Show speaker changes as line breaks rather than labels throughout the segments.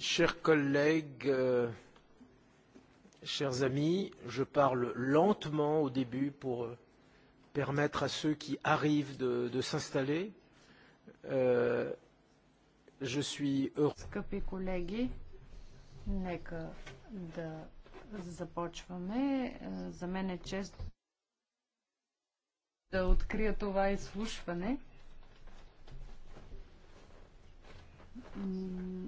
Chers collègues, chers amis, je parle lentement au début pour permettre à ceux qui arrivent de, de s'installer. Euh, je suis heureux.
Скъпи колеги, нека да започваме. За мен е чест да открия това изслушване.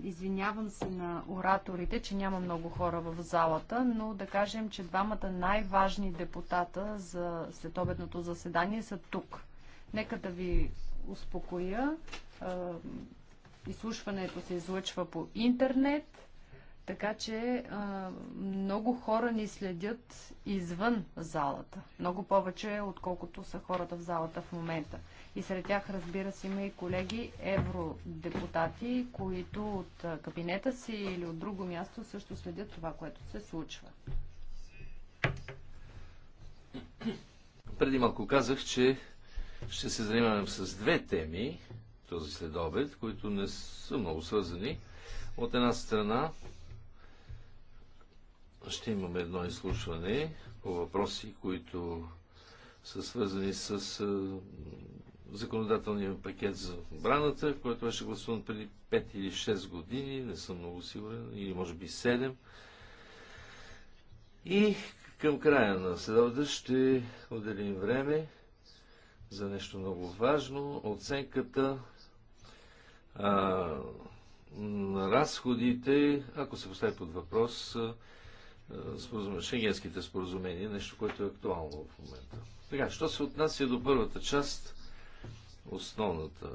Извинявам се на ораторите, че няма много хора в залата, но да кажем, че двамата най-важни депутата за следобедното заседание са тук. Нека да ви успокоя. Изслушването се излъчва по интернет така че много хора ни следят извън залата. Много повече, отколкото са хората в залата в момента. И сред тях, разбира се, има и колеги евродепутати, които от кабинета си или от друго място също следят това, което се случва.
Преди малко казах, че ще се занимавам с две теми този следобед, които не са много свързани. От една страна ще имаме едно изслушване по въпроси, които са свързани с законодателния пакет за отбраната, който беше гласуван преди 5 или 6 години, не съм много сигурен, или може би 7. И към края на следобеда ще отделим време за нещо много важно. Оценката а, на разходите, ако се постави под въпрос, шенгенските споразумения, нещо, което е актуално в момента. Така, що се отнася до първата част, основната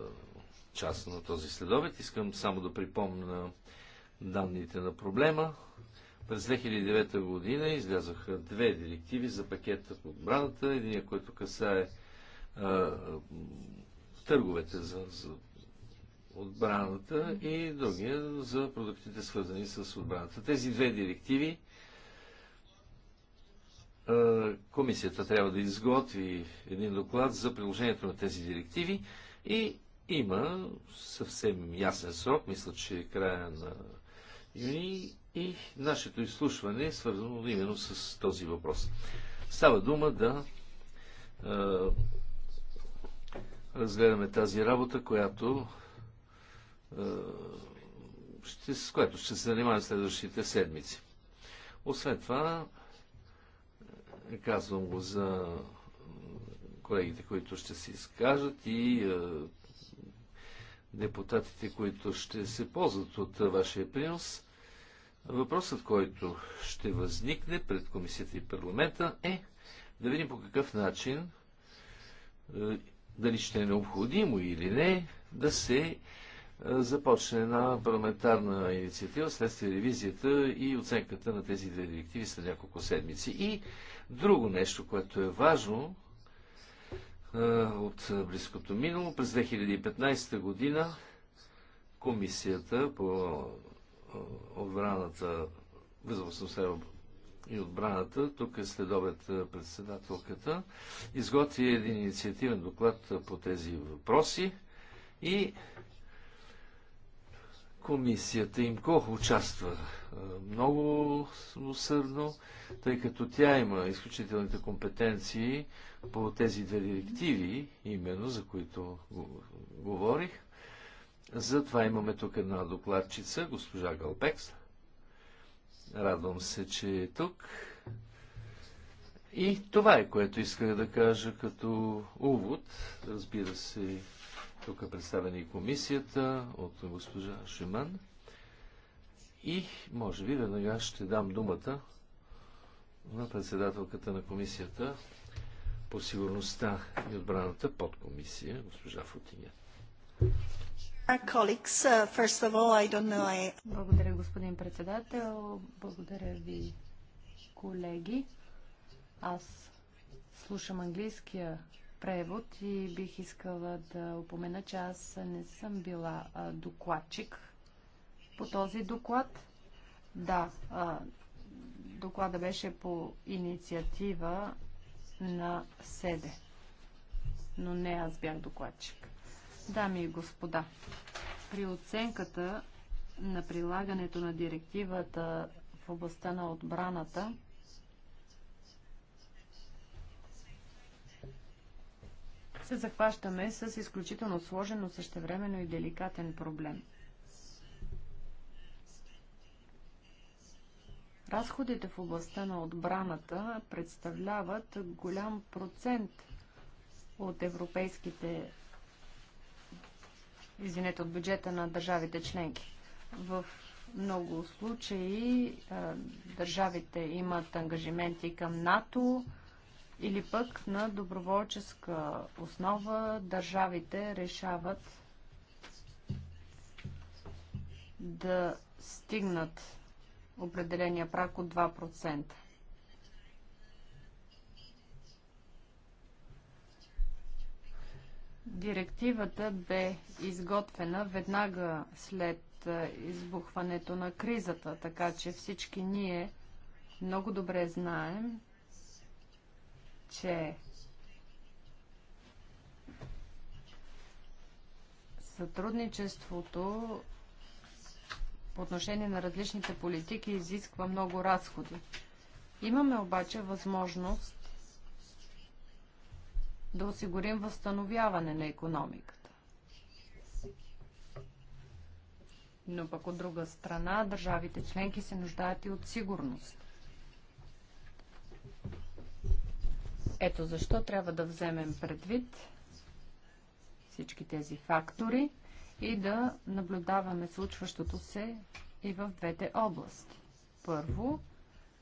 част на този следобед, искам само да припомня данните на проблема. През 2009 година излязоха две директиви за пакета по отбраната. Единия, който касае а, търговете за, за отбраната и другия за продуктите свързани с отбраната. Тези две директиви е, комисията трябва да изготви един доклад за приложението на тези директиви и има съвсем ясен срок, мисля, че е края на юни и нашето изслушване е свързано именно с този въпрос. Става дума да е, разгледаме тази работа, която е, ще, с която ще се занимаваме следващите седмици. Освен това, Казвам го за колегите, които ще се изкажат и е, депутатите, които ще се ползват от вашия принос. Въпросът, който ще възникне пред комисията и парламента е да видим по какъв начин е, дали ще е необходимо или не да се започне една парламентарна инициатива следствие ревизията и оценката на тези две директиви след няколко седмици. И друго нещо, което е важно от близкото минало, през 2015 година комисията по отбраната, безопасността и отбраната, тук е следобед председателката, изготви един инициативен доклад по тези въпроси и Комисията ИМКО участва много усърдно, тъй като тя има изключителните компетенции по тези две директиви, именно за които говорих. Затова имаме тук една докладчица, госпожа Галпекс. Радвам се, че е тук. И това е, което исках да кажа като увод. Разбира се, тук е представена и комисията от госпожа Шиман. И може би веднага ще дам думата на председателката на комисията по сигурността и отбраната под комисия, госпожа Футиня.
Uh, Благодаря, господин председател. Благодаря ви, колеги. Аз слушам английския превод и бих искала да упомена, че аз не съм била докладчик по този доклад. Да, доклада беше по инициатива на СЕДЕ, но не аз бях докладчик. Дами и господа, при оценката на прилагането на директивата в областта на отбраната, се захващаме с изключително сложен, но същевременно и деликатен проблем. Разходите в областта на отбраната представляват голям процент от европейските извинете, от бюджета на държавите членки. В много случаи държавите имат ангажименти към НАТО, или пък на доброволческа основа държавите решават да стигнат определения прак от 2%. Директивата бе изготвена веднага след избухването на кризата, така че всички ние много добре знаем, че сътрудничеството по отношение на различните политики изисква много разходи. Имаме обаче възможност да осигурим възстановяване на економиката. Но пък от друга страна, държавите членки се нуждаят и от сигурност. Ето защо трябва да вземем предвид всички тези фактори и да наблюдаваме случващото се и в двете области. Първо,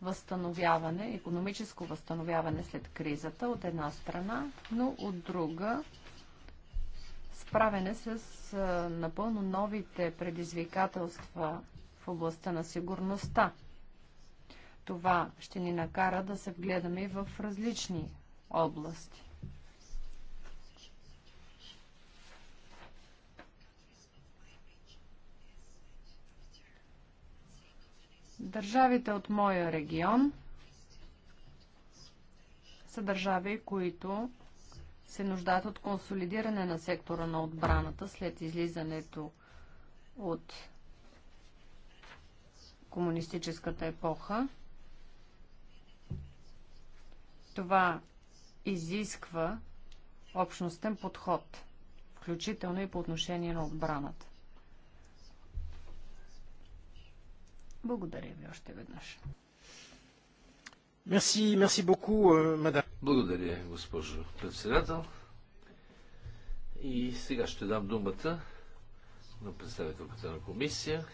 възстановяване, економическо възстановяване след кризата от една страна, но от друга справяне с а, напълно новите предизвикателства в областта на сигурността. Това ще ни накара да се вгледаме и в различни области. Държавите от моя регион са държави, които се нуждаят от консолидиране на сектора на отбраната след излизането от комунистическата епоха. Това изисква общностен подход, включително и по отношение на отбраната. Благодаря ви още веднъж.
Merci, merci beaucoup, мадам. Euh, Благодаря, госпожо председател. И сега ще дам думата на представителката на комисия,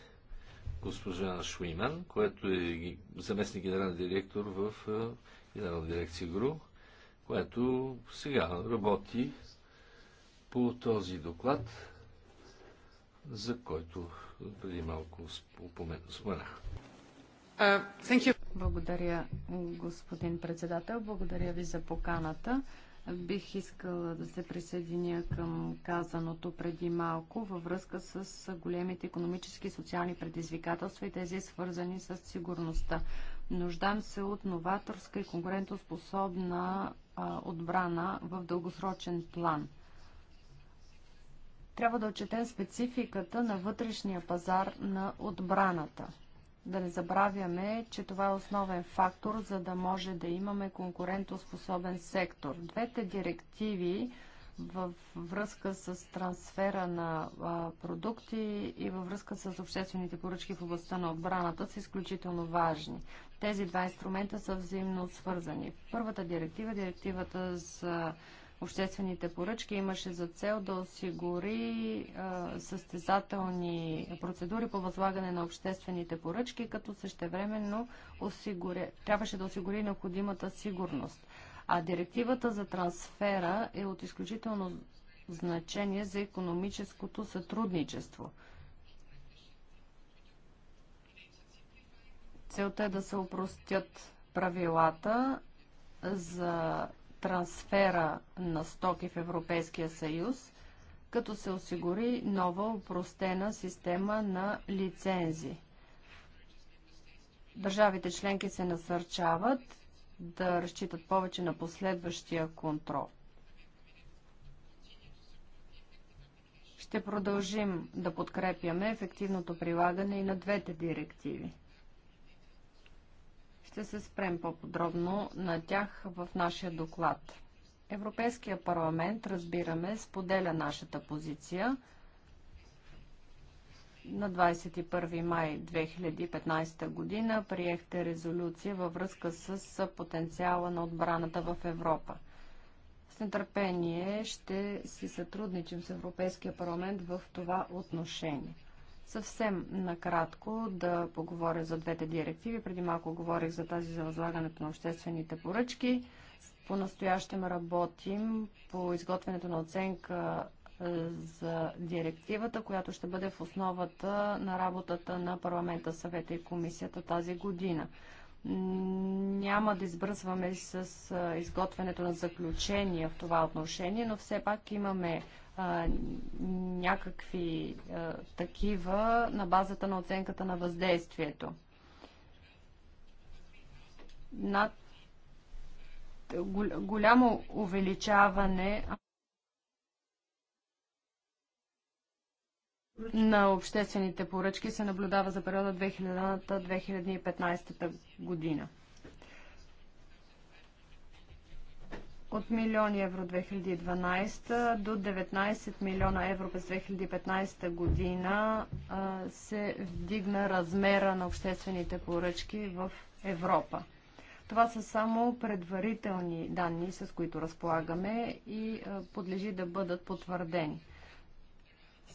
госпожа Шуиман, която е заместник генерален директор в е, генерална дирекция ГРУ което сега работи по този доклад, за който преди малко споменах.
Благодаря, господин председател. Благодаря ви за поканата. Бих искала да се присъединя към казаното преди малко във връзка с големите економически и социални предизвикателства и тези свързани с сигурността. Нуждам се от новаторска и конкурентоспособна отбрана в дългосрочен план. Трябва да отчетем спецификата на вътрешния пазар на отбраната. Да не забравяме, че това е основен фактор, за да може да имаме конкурентоспособен сектор. Двете директиви във връзка с трансфера на а, продукти и във връзка с обществените поръчки в областта на отбраната са изключително важни. Тези два инструмента са взаимно свързани. Първата директива, директивата за обществените поръчки, имаше за цел да осигури а, състезателни процедури по възлагане на обществените поръчки, като същевременно осигуря... трябваше да осигури необходимата сигурност. А директивата за трансфера е от изключително значение за економическото сътрудничество. Целта е да се упростят правилата за трансфера на стоки в Европейския съюз, като се осигури нова упростена система на лицензи. Държавите членки се насърчават да разчитат повече на последващия контрол. Ще продължим да подкрепяме ефективното прилагане и на двете директиви. Ще се спрем по-подробно на тях в нашия доклад. Европейския парламент, разбираме, споделя нашата позиция – на 21 май 2015 година приехте резолюция във връзка с потенциала на отбраната в Европа. С нетърпение ще си сътрудничим с Европейския парламент в това отношение. Съвсем накратко да поговоря за двете директиви. Преди малко говорих за тази за възлагането на обществените поръчки. По-настоящем работим по изготвянето на оценка е, за директивата, която ще бъде в основата на работата на парламента, съвета и комисията тази година. Няма да избързваме с е, изготвянето на заключения в това отношение, но все пак имаме а, някакви а, такива на базата на оценката на въздействието. Над голямо увеличаване. на обществените поръчки се наблюдава за периода 2000-2015 година. От милиони евро 2012 до 19 милиона евро през 2015 година се вдигна размера на обществените поръчки в Европа. Това са само предварителни данни, с които разполагаме и подлежи да бъдат потвърдени.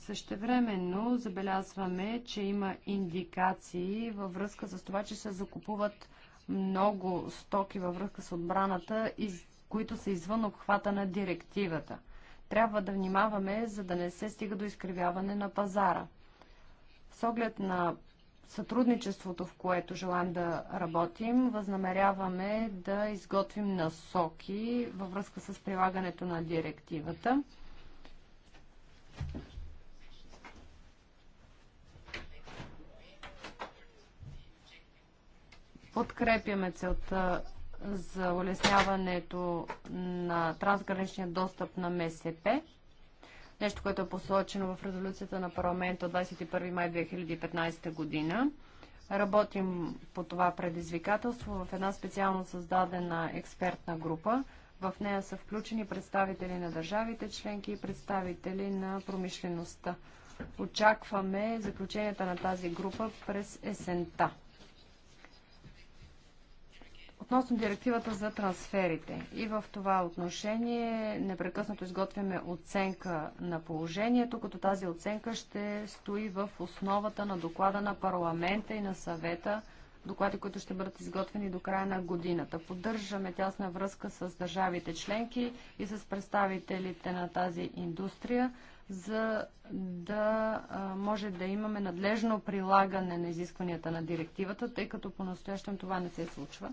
Същевременно забелязваме, че има индикации във връзка с това, че се закупуват много стоки във връзка с отбраната, които са извън обхвата на директивата. Трябва да внимаваме, за да не се стига до изкривяване на пазара. С оглед на сътрудничеството, в което желаем да работим, възнамеряваме да изготвим насоки във връзка с прилагането на директивата. Подкрепяме целта за улесняването на трансграничния достъп на МСП. Нещо, което е посочено в резолюцията на парламента от 21 май 2015 година. Работим по това предизвикателство в една специално създадена експертна група. В нея са включени представители на държавите членки и представители на промишлеността. Очакваме заключенията на тази група през есента. Относно директивата за трансферите и в това отношение непрекъснато изготвяме оценка на положението, като тази оценка ще стои в основата на доклада на парламента и на съвета, доклади, които ще бъдат изготвени до края на годината. Поддържаме тясна връзка с държавите членки и с представителите на тази индустрия, за да може да имаме надлежно прилагане на изискванията на директивата, тъй като по-настоящем това не се случва.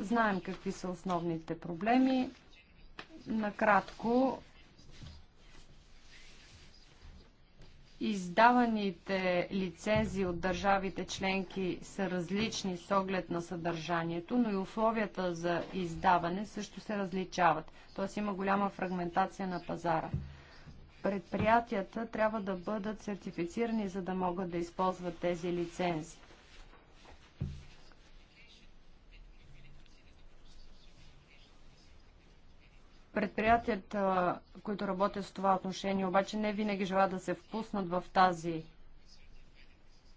Знаем какви са основните проблеми. Накратко, Издаваните лицензи от държавите членки са различни с оглед на съдържанието, но и условията за издаване също се различават. Тоест има голяма фрагментация на пазара. Предприятията трябва да бъдат сертифицирани, за да могат да използват тези лицензи. Предприятията, които работят с това отношение, обаче не винаги желаят да се впуснат в тази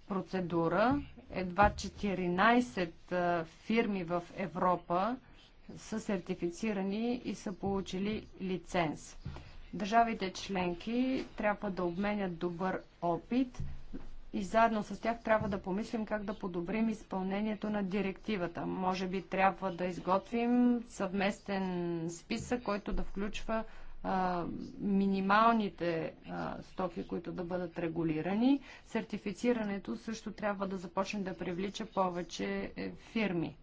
процедура. Едва 14 фирми в Европа са сертифицирани и са получили лиценз. Държавите членки трябва да обменят добър опит – и заедно с тях трябва да помислим как да подобрим изпълнението на директивата. Може би трябва да изготвим съвместен списък, който да включва а, минималните а, стоки, които да бъдат регулирани. Сертифицирането също трябва да започне да привлича повече е, фирми.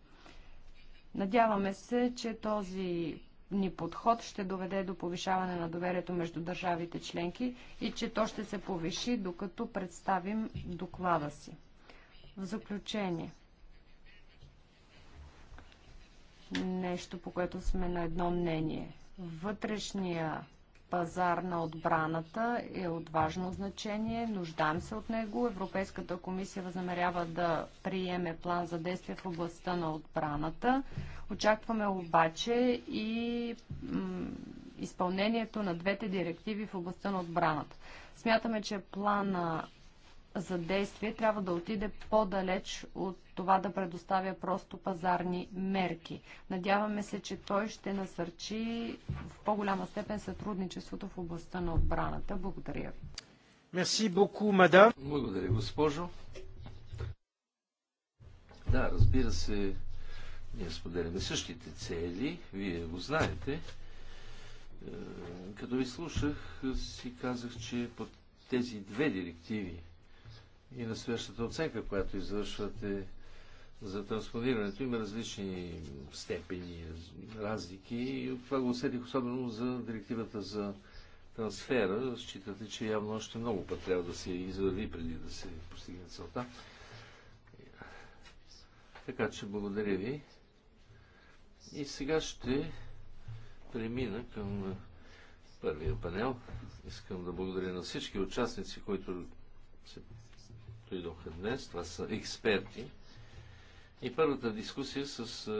Надяваме се, че този ни подход ще доведе до повишаване на доверието между държавите членки и че то ще се повиши, докато представим доклада си. В заключение, нещо по което сме на едно мнение. Вътрешния пазар на отбраната е от важно значение. Нуждам се от него. Европейската комисия възнамерява да приеме план за действие в областта на отбраната. Очакваме обаче и изпълнението на двете директиви в областта на отбраната. Смятаме, че плана за действие трябва да отиде по-далеч от това да предоставя просто пазарни мерки. Надяваме се, че той ще насърчи в по-голяма степен сътрудничеството в областта на отбраната. Благодаря ви.
Мерси боку, мадам. Благодаря, госпожо. Да, разбира се, ние споделяме същите цели, вие го знаете. Е, като ви слушах, си казах, че под тези две директиви, и на следващата оценка, която извършвате за транспонирането, има различни степени, разлики и това го усетих особено за директивата за трансфера. Считате, че явно още много път трябва да се извърви преди да се постигне целта. Така че благодаря ви. И сега ще премина към първия панел. Искам да благодаря на всички участници, които се дойдоха днес. Това са експерти. И първата дискусия с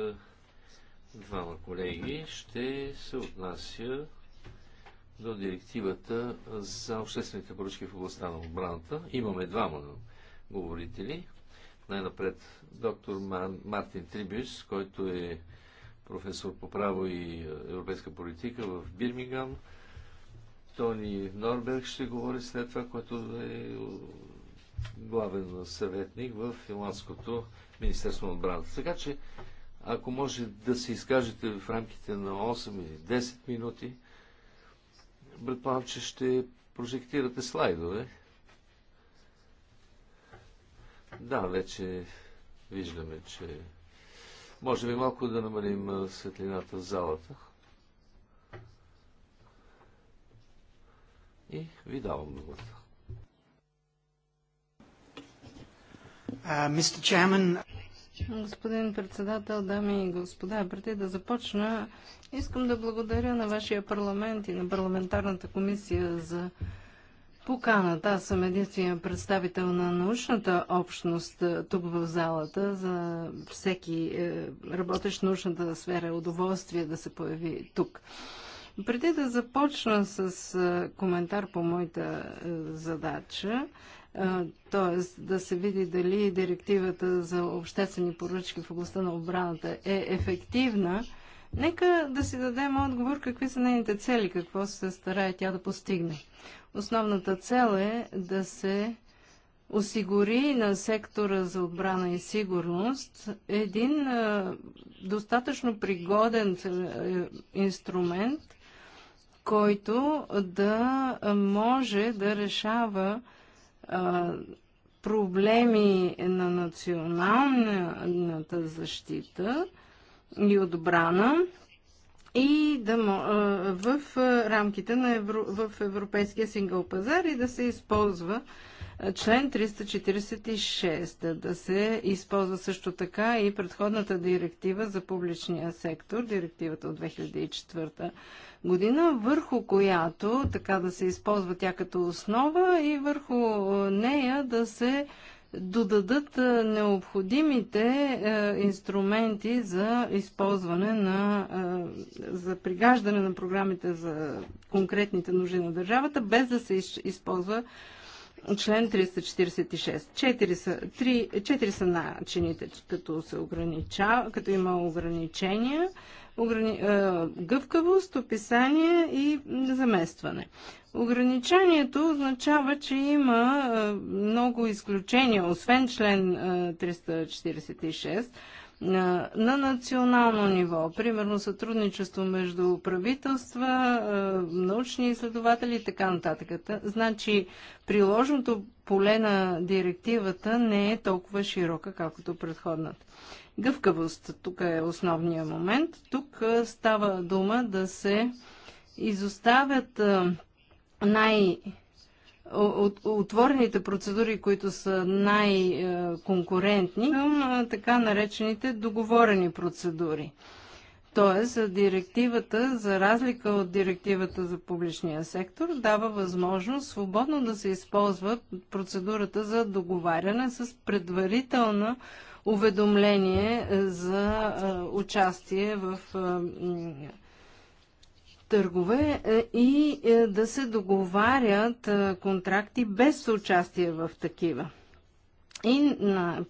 двама колеги ще се отнася до директивата за обществените поръчки в областта на отбраната. Имаме двама говорители. Най-напред доктор Мартин Трибюс, който е професор по право и европейска политика в Бирмингам. Тони Норберг ще говори след това, което е главен съветник в Финландското Министерство на отбраната. Така че, ако може да се изкажете в рамките на 8 или 10 минути, предполагам, че ще прожектирате слайдове. Да, вече виждаме, че може би малко да намалим светлината в залата. И ви давам думата.
Uh, Господин председател, дами и господа, преди да започна, искам да благодаря на вашия парламент и на парламентарната комисия за поканата. Аз съм единствения представител на научната общност тук в залата. За всеки е, работещ в научната сфера е удоволствие да се появи тук. Преди да започна с коментар по моята е, задача, т.е. да се види дали директивата за обществени поръчки в областта на обраната е ефективна, нека да си дадем отговор какви са нейните цели, какво се старае тя да постигне. Основната цел е да се осигури на сектора за отбрана и сигурност един а, достатъчно пригоден инструмент, който да може да решава проблеми на националната защита и отбрана и да, в рамките на Евро, в европейския сингъл пазар и да се използва Член 346 да се използва също така и предходната директива за публичния сектор, директивата от 2004 година, върху която така да се използва тя като основа и върху е, нея да се додадат е, необходимите е, инструменти за използване на, е, за пригаждане на програмите за конкретните нужди на държавата, без да се използва член 346. Четири са, са начините, като се ограничава, като има ограничения, ограни, е, гъвкавост, описание и заместване. Ограничението означава, че има е, много изключения, освен член е, 346 на, национално ниво. Примерно сътрудничество между правителства, научни изследователи и така нататък. Значи приложното поле на директивата не е толкова широка, както предходната. Гъвкавост тук е основният момент. Тук става дума да се изоставят най- отворените процедури, които са най-конкурентни, към така наречените договорени процедури. Тоест, директивата, за разлика от директивата за публичния сектор, дава възможност свободно да се използва процедурата за договаряне с предварително уведомление за участие в търгове е, и е, да се договарят е, контракти без участие в такива. И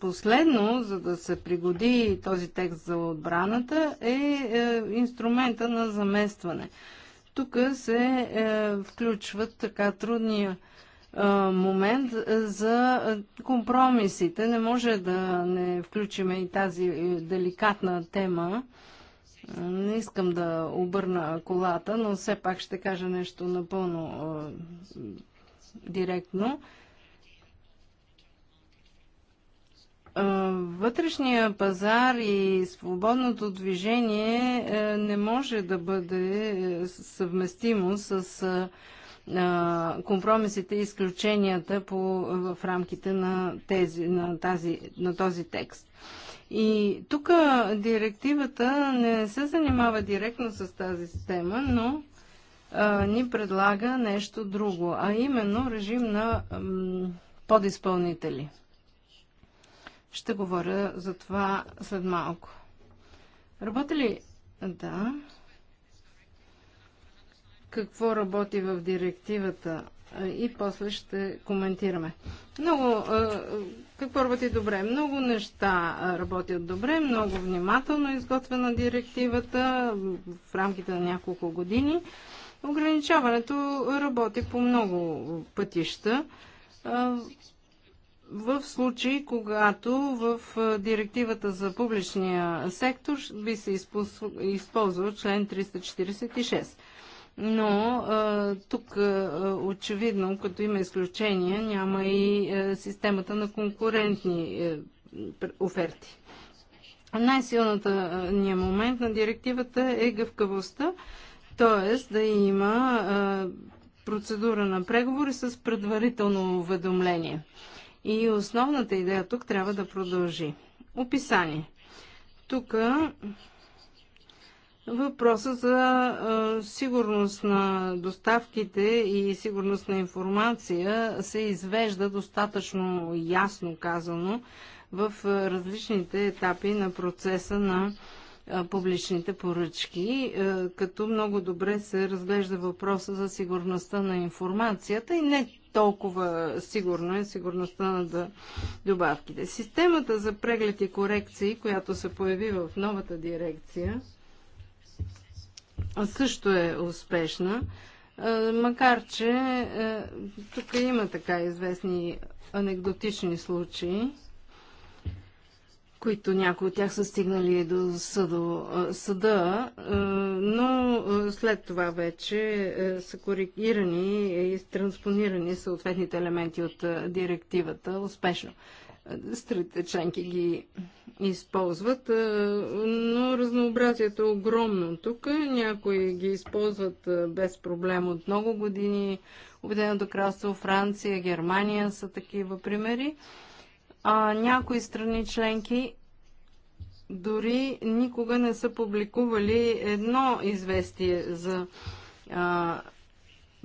последно, за да се пригоди този текст за отбраната, е инструмента на заместване. Тук се включват така трудния момент за компромисите. Не може да не включиме и тази деликатна тема не искам да обърна колата, но все пак ще кажа нещо напълно а, директно. вътрешния пазар и свободното движение не може да бъде съвместимо с компромисите и изключенията по, в рамките на, тези, на, тази, на този текст. И тук директивата не се занимава директно с тази система, но а, ни предлага нещо друго, а именно режим на м, подизпълнители. Ще говоря за това след малко. Работи ли? Да. Какво работи в директивата? И после ще коментираме. Много какво работи добре? Много неща работят добре, много внимателно изготвена директивата в рамките на няколко години. Ограничаването работи по много пътища в случаи, когато в директивата за публичния сектор би се използвал член 346 но а, тук а, очевидно, като има изключения, няма и а, системата на конкурентни е, оферти. Най-силната ни момент на директивата е гъвкавостта, т.е. да има процедура на преговори с предварително уведомление. И основната идея тук трябва да продължи. Описание. Тук Въпроса за сигурност на доставките и сигурност на информация се извежда достатъчно ясно казано в различните етапи на процеса на публичните поръчки, като много добре се разглежда въпроса за сигурността на информацията и не толкова сигурно е сигурността на добавките. Системата за преглед и корекции, която се появи в новата дирекция, също е успешна, макар че тук има така известни анекдотични случаи, които някои от тях са стигнали до съдо, съда, но след това вече са коригирани и транспонирани съответните елементи от директивата успешно. Страните членки ги използват, но разнообразието е огромно тук. Някои ги използват без проблем от много години. Обединеното кралство, Франция, Германия са такива примери. А някои страни членки дори никога не са публикували едно известие за а,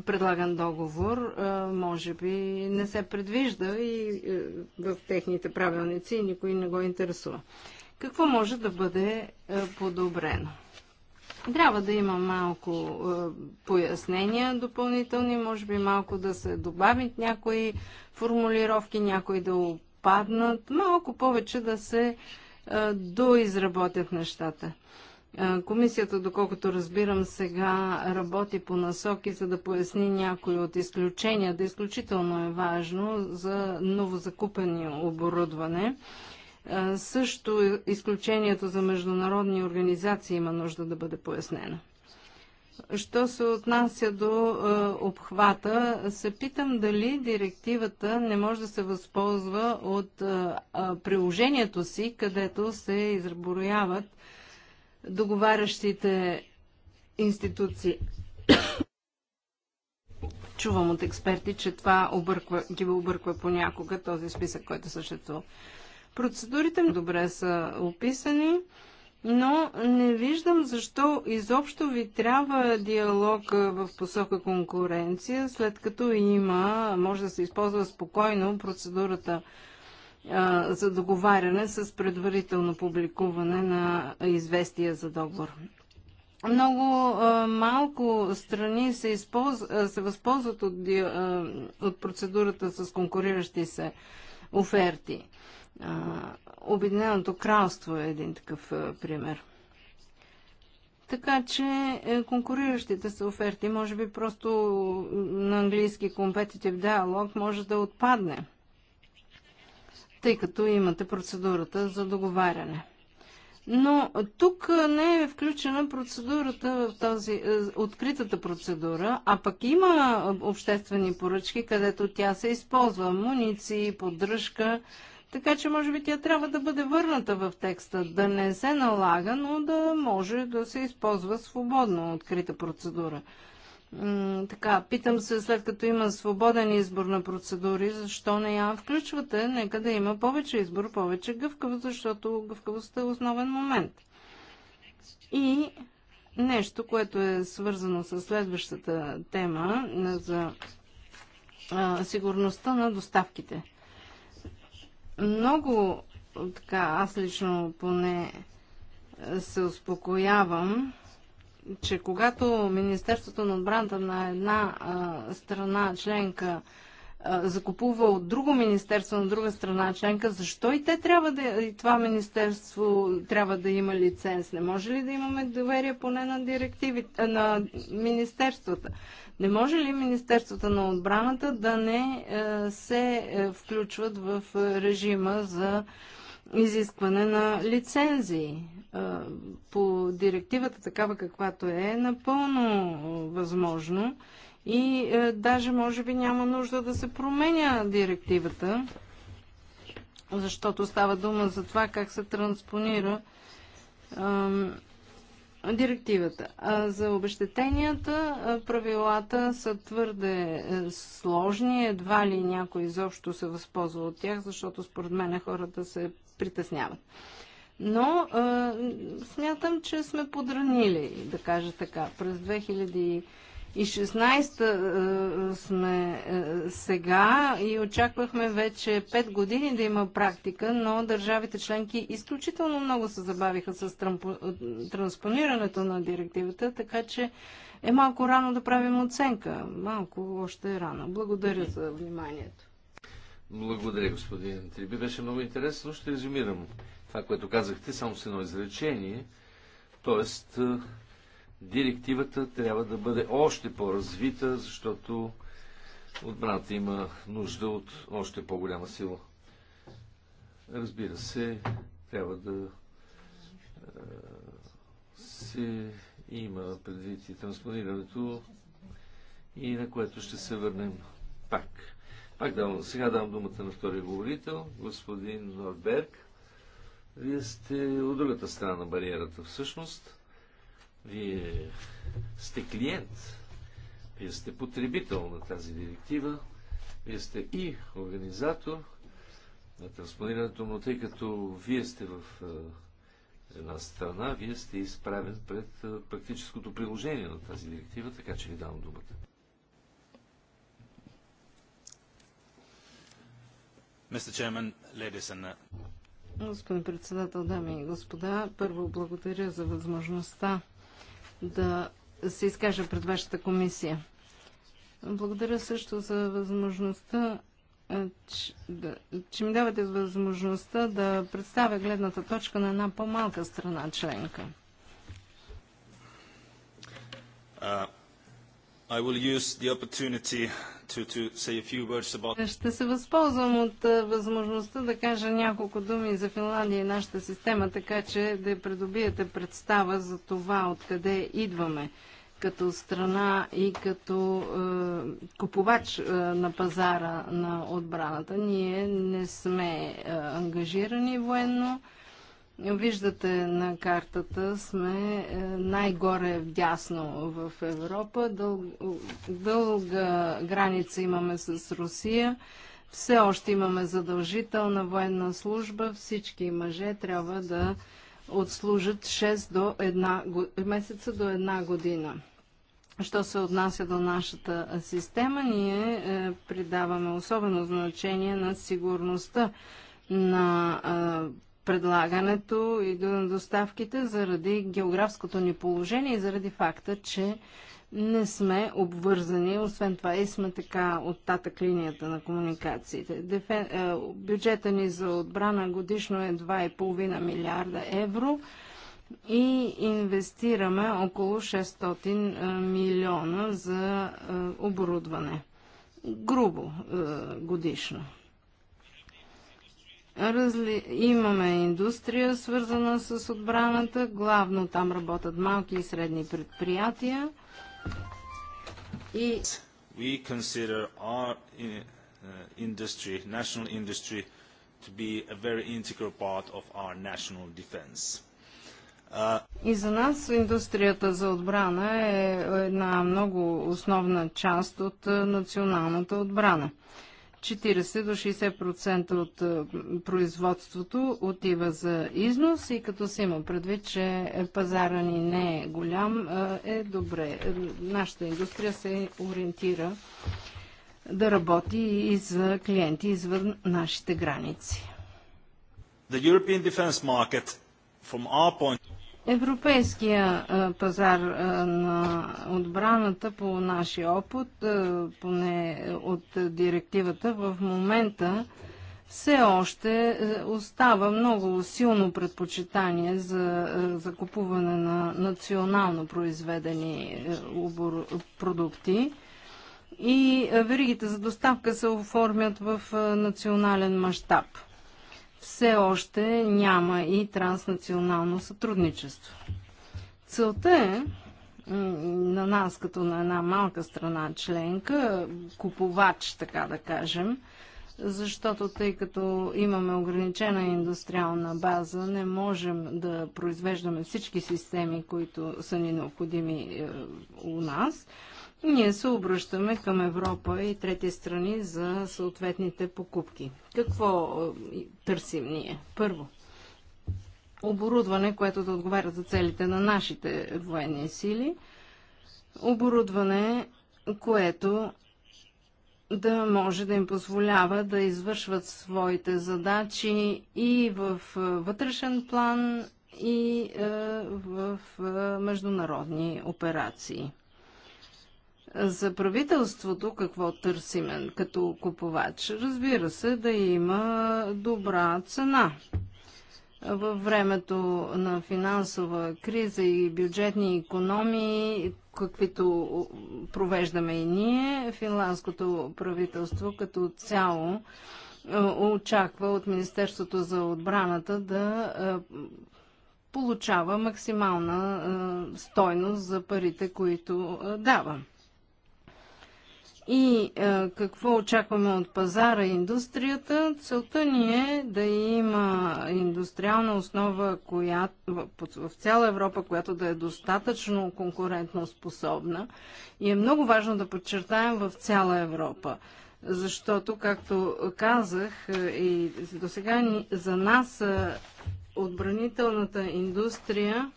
предлаган договор, може би не се предвижда и е, в техните правилници и никой не го интересува. Какво може да бъде е, подобрено? Трябва да има малко е, пояснения допълнителни, може би малко да се добавят някои формулировки, някои да опаднат, малко повече да се доизработят нещата. Комисията, доколкото разбирам сега, работи по насоки, за да поясни някои от изключенията. Изключително е важно за новозакупени оборудване. Също изключението за международни организации има нужда да бъде пояснено. Що се отнася до е, обхвата, се питам дали директивата не може да се възползва от е, приложението си, където се изброяват договарящите институции. Чувам от експерти, че това обърква, ги обърква понякога този списък, който съществува. Процедурите добре са описани, но не виждам защо изобщо ви трябва диалог в посока конкуренция, след като има, може да се използва спокойно процедурата за договаряне с предварително публикуване на известия за договор. Много а, малко страни се, използ... се възползват от, а, от процедурата с конкуриращи се оферти. А, Обединеното кралство е един такъв а, пример. Така че е, конкуриращите се оферти, може би просто на английски competitive dialogue може да отпадне тъй като имате процедурата за договаряне. Но тук не е включена процедурата в тази е, откритата процедура, а пък има обществени поръчки, където тя се използва. Муниции, поддръжка, така че може би тя трябва да бъде върната в текста, да не се налага, но да може да се използва свободно открита процедура така, питам се, след като има свободен избор на процедури, защо не я включвате? Нека да има повече избор, повече гъвкавост, защото гъвкавостта е основен момент. И нещо, което е свързано с следващата тема за а, сигурността на доставките. Много, така, аз лично поне се успокоявам, че когато Министерството на отбраната на една а, страна членка а, закупува от друго министерство на друга страна членка, защо и те трябва да, и това министерство трябва да има лиценз? Не може ли да имаме доверие поне на директивите, на министерствата? Не може ли Министерството на отбраната да не а, се е, включват в режима за а, изискване на лицензии. По директивата, такава каквато е, е напълно възможно и даже може би няма нужда да се променя директивата, защото става дума за това как се транспонира директивата. А за обещетенията правилата са твърде е, сложни, едва ли някой изобщо се възползва от тях, защото според мен е хората се притесняват. Но а, смятам, че сме подранили, да кажа така. През 2016 а, 16 сме сега и очаквахме вече 5 години да има практика, но държавите членки изключително много се забавиха с транспонирането на директивата, така че е малко рано да правим оценка. Малко още е рано. Благодаря за вниманието.
Благодаря, господин Триби. Беше много интересно. Ще резюмирам това, което казахте, само с едно изречение. Тоест, директивата трябва да бъде още по-развита, защото отбраната има нужда от още по-голяма сила. Разбира се, трябва да се има предвид и транспонирането и на което ще се върнем пак. Пак давам, сега давам думата на втория говорител, господин Норберг. Вие сте от другата страна на бариерата всъщност. Вие сте клиент, вие сте потребител на тази директива, вие сте и организатор на транспонирането му, тъй като вие сте в е, една страна, вие сте изправен пред е, практическото приложение на тази директива, така че ви давам думата.
Uh, Господин председател, дами и господа, първо благодаря за възможността да се изкажа пред вашата комисия. Благодаря също за възможността, е, че, да, че ми давате възможността да представя гледната точка на една по-малка страна членка. Uh,
About... Ще
се възползвам от е, възможността да кажа няколко думи за Финландия и нашата система, така че да придобиете представа за това откъде идваме като страна и като е, купувач е, на пазара на отбраната. Ние не сме е, ангажирани военно Виждате на картата, сме е, най-горе вдясно в Европа. Дъл... Дълга граница имаме с Русия. Все още имаме задължителна военна служба. Всички мъже трябва да отслужат 6 до 1 месеца до 1 година. Що се отнася до нашата система, ние е, придаваме особено значение на сигурността на е, предлагането и на доставките заради географското ни положение и заради факта, че не сме обвързани, освен това и сме така от татък линията на комуникациите. Дефен... Е, бюджета ни за отбрана годишно е 2,5 милиарда евро и инвестираме около 600 е, милиона за е, оборудване. Грубо годишно. Разли... Имаме индустрия, свързана с отбраната. Главно там работят малки и средни предприятия. И... We consider our uh, uh, industry, national industry, to be a very integral part of our national defense. Uh, и за нас индустрията за отбрана е една много основна част от националната отбрана. 40 до 60% от е, производството отива за износ и като се има предвид, че пазара ни не е голям, е, е добре. Е, нашата индустрия се ориентира да работи и за клиенти извън нашите граници. The European defense market, from our point... Европейския пазар на отбраната по нашия опит, поне от директивата, в момента все още остава много силно предпочитание за закупуване на национално произведени продукти и веригите за доставка се оформят в национален мащаб все още няма и транснационално сътрудничество. Целта е на нас, като на една малка страна членка, купувач, така да кажем, защото тъй като имаме ограничена индустриална база, не можем да произвеждаме всички системи, които са ни необходими е, у нас ние се обръщаме към Европа и трети страни за съответните покупки. Какво е, търсим ние? Първо, оборудване, което да отговаря за целите на нашите военни сили. Оборудване, което да може да им позволява да извършват своите задачи и в е, вътрешен план, и е, в международни операции за правителството какво търсиме като купувач? Разбира се, да има добра цена. Във времето на финансова криза и бюджетни економии, каквито провеждаме и ние, финландското правителство като цяло е, очаква от Министерството за отбраната да е, получава максимална е, стойност за парите, които дава и е, какво очакваме от пазара и индустрията. Целта ни е да има индустриална основа която, в, в цяла Европа, която да е достатъчно конкурентно способна. И е много важно да подчертаем в цяла Европа. Защото, както казах, е, и до сега за нас е, отбранителната индустрия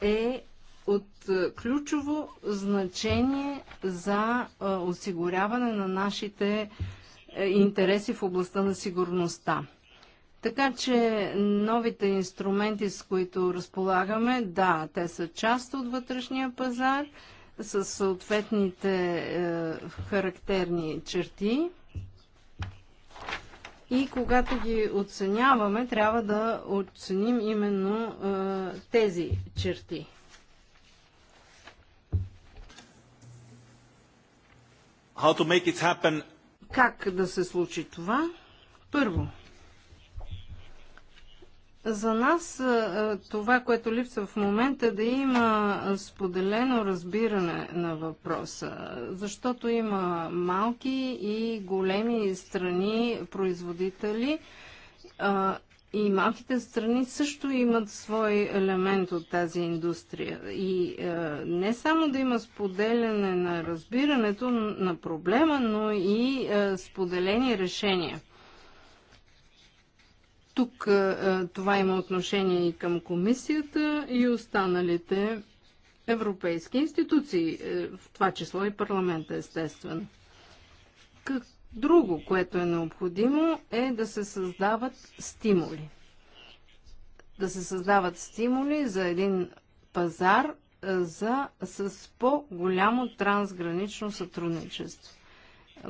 е от е, ключово значение за е, осигуряване на нашите е, интереси в областта на сигурността. Така че новите инструменти, с които разполагаме, да, те са част от вътрешния пазар с съответните е, характерни черти. И когато ги оценяваме, трябва да оценим именно е, тези черти. how to make it happen. Как да се случи това? Първо, за нас това, което липсва в момента, е да има споделено разбиране на въпроса, защото има малки и големи страни производители и малките страни също имат свой елемент от тази индустрия. И е, не само да има споделяне на разбирането на проблема, но и е, споделени решения. Тук е, е това има отношение и към комисията и останалите европейски институции, е, в това число и парламента, естествено. Как Друго, което е необходимо, е да се създават стимули. Да се създават стимули за един пазар е, за, с по-голямо трансгранично сътрудничество.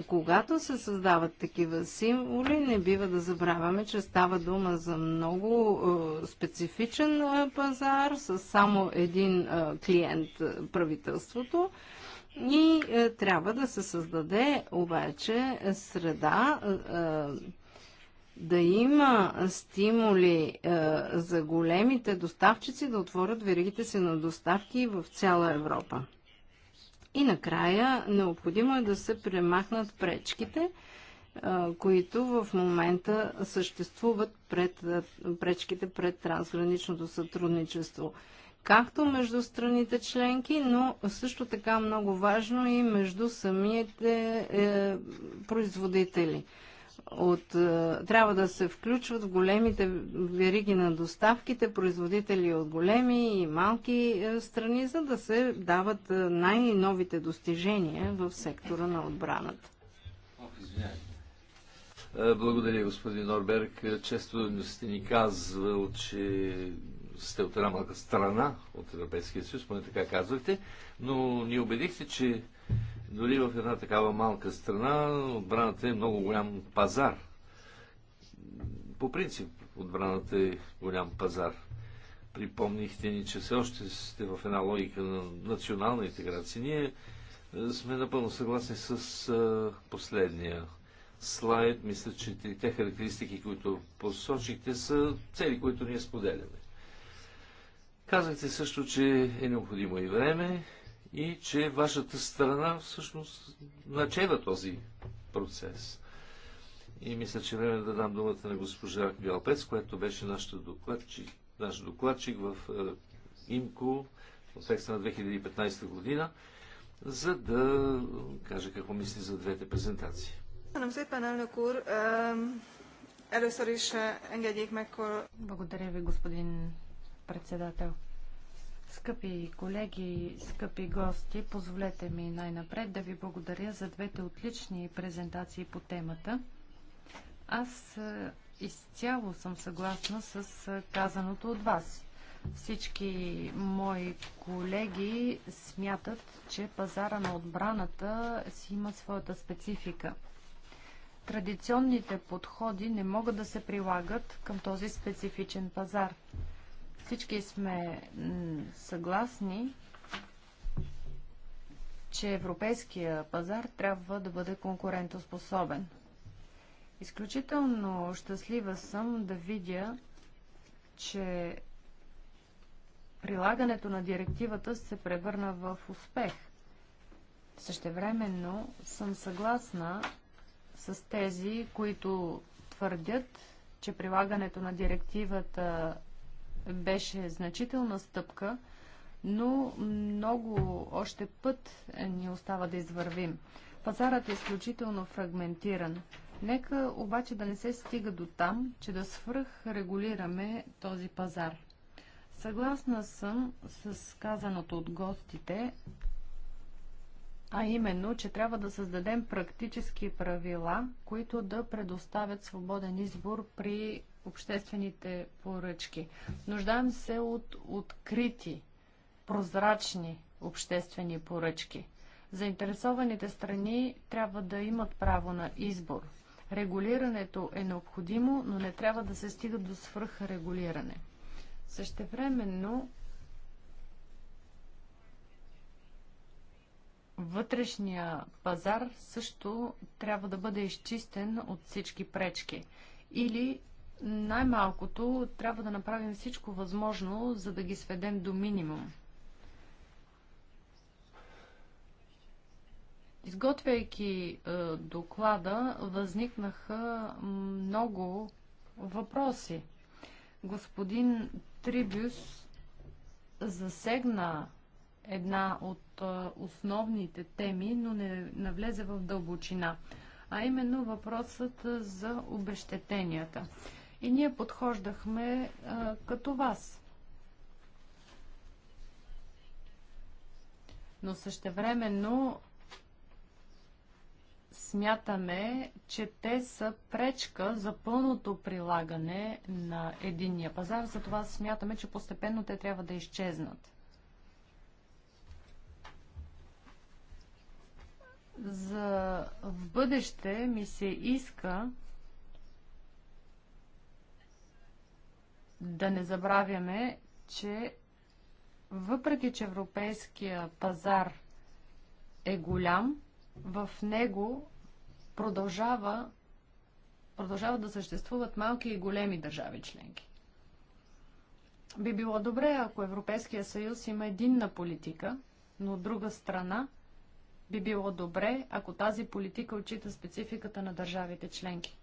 Когато се създават такива символи, не бива да забравяме, че става дума за много е, специфичен е, пазар с само един е, клиент е, правителството. И е, трябва да се създаде обаче среда, е, е, да има стимули е, за големите доставчици да отворят веригите си на доставки в цяла Европа. И накрая необходимо е да се премахнат пречките, е, които в момента съществуват пред е, пречките пред трансграничното сътрудничество както между страните членки, но също така много важно и между самите е, производители. От, е, трябва да се включват в големите вериги на доставките, производители от големи и малки е, страни, за да се дават е, най-новите достижения в сектора на отбраната.
Е, благодаря, господин Норберг. Често сте ни казвал, че сте от една малка страна от Европейския съюз, поне така казвате, но ни убедихте, че дори в една такава малка страна отбраната е много голям пазар. По принцип отбраната е голям пазар. Припомнихте ни, че все още сте в една логика на национална интеграция. Ние е, сме напълно съгласни с е, последния слайд. Мисля, че те характеристики, които посочихте, са цели, които ние споделяме. Казахте също, че е необходимо и време и че вашата страна всъщност начева този процес. И мисля, че е време да дам думата на госпожа Бялпец, която беше наш докладчик, наш докладчик в е, ИМКО в текста на 2015 година, за да каже какво мисли за двете презентации.
Е, Благодаря ви, господин председател. Скъпи колеги, скъпи гости, позволете ми най-напред да ви благодаря за двете отлични презентации по темата. Аз е, изцяло съм съгласна с е, казаното от вас. Всички мои колеги смятат, че пазара на отбраната си има своята специфика. Традиционните подходи не могат да се прилагат към този специфичен пазар. Всички сме съгласни, че европейския пазар трябва да бъде конкурентоспособен. Изключително щастлива съм да видя, че прилагането на директивата се превърна в успех. Същевременно съм съгласна с тези, които твърдят, че прилагането на директивата беше значителна стъпка, но много още път ни остава да извървим. Пазарът е изключително фрагментиран. Нека обаче да не се стига до там, че да свръхрегулираме този пазар. Съгласна съм с казаното от гостите, а именно, че трябва да създадем практически правила, които да предоставят свободен избор при обществените поръчки. Нуждаем се от открити, прозрачни обществени поръчки. Заинтересованите страни трябва да имат право на избор. Регулирането е необходимо, но не трябва да се стига до свръхрегулиране. Същевременно вътрешния пазар също трябва да бъде изчистен от всички пречки. Или най-малкото трябва да направим всичко възможно, за да ги сведем до минимум. Изготвяйки е, доклада, възникнаха много въпроси. Господин Трибюс засегна една от е, основните теми, но не навлезе в дълбочина, а именно въпросът за обещетенията. И ние подхождахме а, като вас. Но същевременно смятаме, че те са пречка за пълното прилагане на единния пазар. Затова смятаме, че постепенно те трябва да изчезнат. За в бъдеще ми се иска Да не забравяме, че въпреки, че европейския пазар е голям, в него продължава, продължава да съществуват малки и големи държави членки. Би било добре, ако Европейския съюз има единна политика, но от друга страна би било добре, ако тази политика отчита спецификата на държавите членки.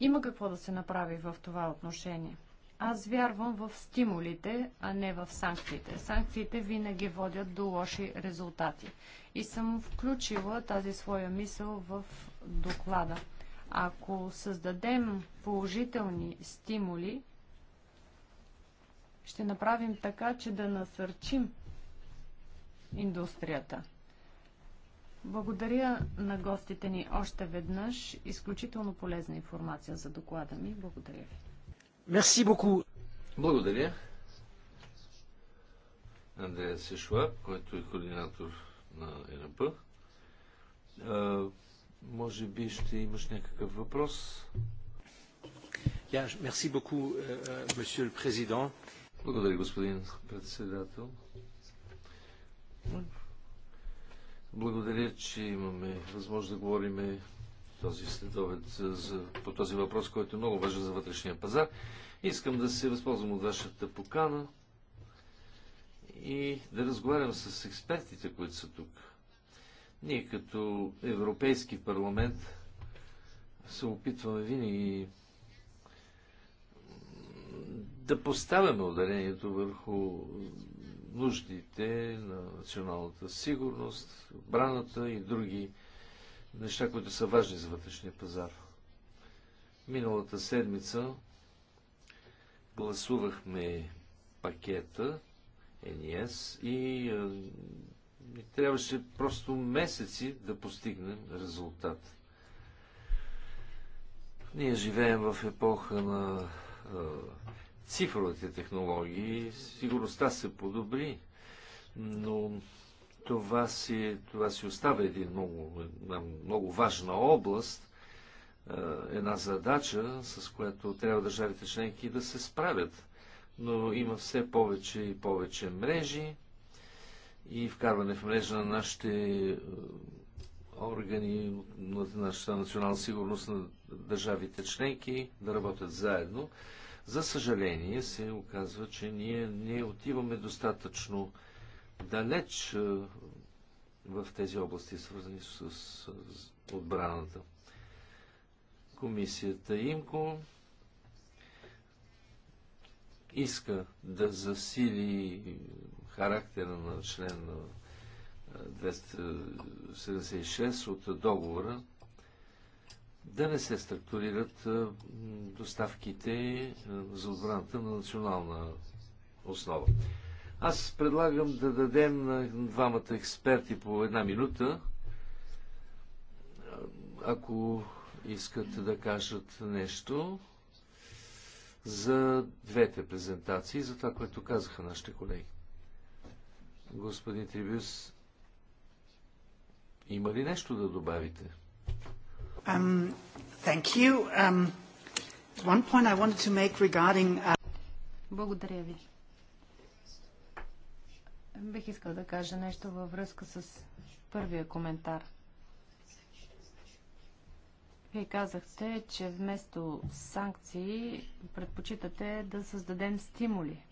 Има какво да се направи в това отношение – аз вярвам в стимулите, а не в санкциите. Санкциите винаги водят до лоши резултати. И съм включила тази своя мисъл в доклада. Ако създадем положителни стимули, ще направим така, че да насърчим индустрията. Благодаря на гостите ни още веднъж. Изключително полезна информация за доклада ми. Благодаря ви.
Мерси боку. Благодаря. Андрея Сешла, който е координатор на ЕНП. Може би ще имаш някакъв въпрос. Мерси боку, месье президент. Благодаря, господин председател. Благодаря, че имаме възможност да говорим този следовет е, по този въпрос, който е много важен за вътрешния пазар. Искам да се възползвам от вашата покана и да разговарям с експертите, които са тук. Ние като Европейски парламент се опитваме винаги да поставяме ударението върху нуждите на националната сигурност, браната и други неща, които са важни за вътрешния пазар. Миналата седмица гласувахме пакета НИС е и ни трябваше просто месеци да постигнем резултат. Ние живеем в епоха на а, цифровите технологии. Сигурността се подобри, но това си, това си остава един много, една много важна област, е, една задача, с която трябва държавите членки да се справят. Но има все повече и повече мрежи и вкарване в мрежа на нашите е, органи, на нашата национална сигурност на държавите членки да работят заедно. За съжаление се оказва, че ние не отиваме достатъчно далеч в тези области, свързани с отбраната. Комисията ИМКО иска да засили характера на член 276 от договора, да не се структурират доставките за отбраната на национална основа. Аз предлагам да дадем на двамата експерти по една минута, ако искат да кажат нещо за двете презентации, за това, което казаха нашите колеги. Господин Трибюс, има ли нещо да добавите?
Um, thank you. Um, one point I wanted to make regarding... Uh,
Благодаря ви. Бих искал да кажа нещо във връзка с първия коментар. Вие казахте, че вместо санкции предпочитате да създадем стимули.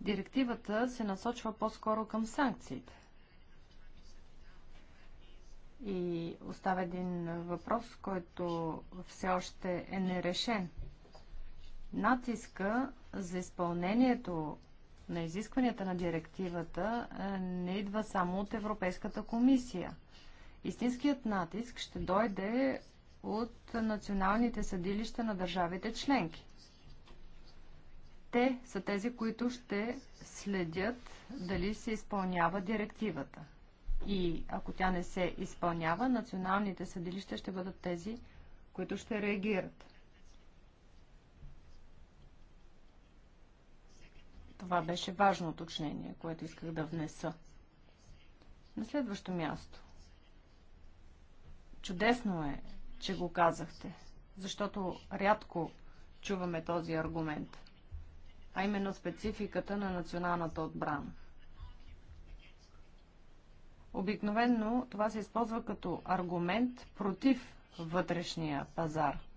Директивата се насочва по-скоро към санкциите. И остава един въпрос, който все още е нерешен – Натиска за изпълнението на изискванията на директивата е, не идва само от Европейската комисия. Истинският натиск ще дойде от националните съдилища на държавите членки. Те са тези, които ще следят дали се изпълнява директивата. И ако тя не се изпълнява, националните съдилища ще бъдат тези, които ще реагират. Това беше важно уточнение, което исках да внеса. На следващо място. Чудесно е, че го казахте, защото рядко чуваме този аргумент, а именно спецификата на националната отбрана. Обикновенно това се използва като аргумент против вътрешния пазар –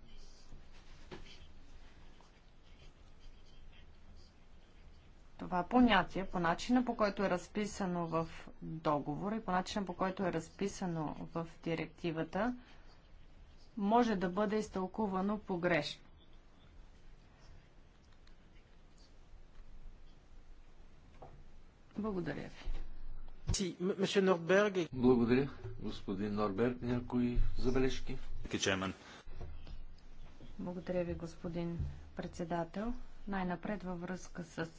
това понятие, по начина по който е разписано в договора и по начина по който е разписано в директивата, може да бъде изтълкувано погрешно. Благодаря
ви. Благодаря, господин Норберг. Някои забележки?
Благодаря ви, господин председател. Най-напред във връзка с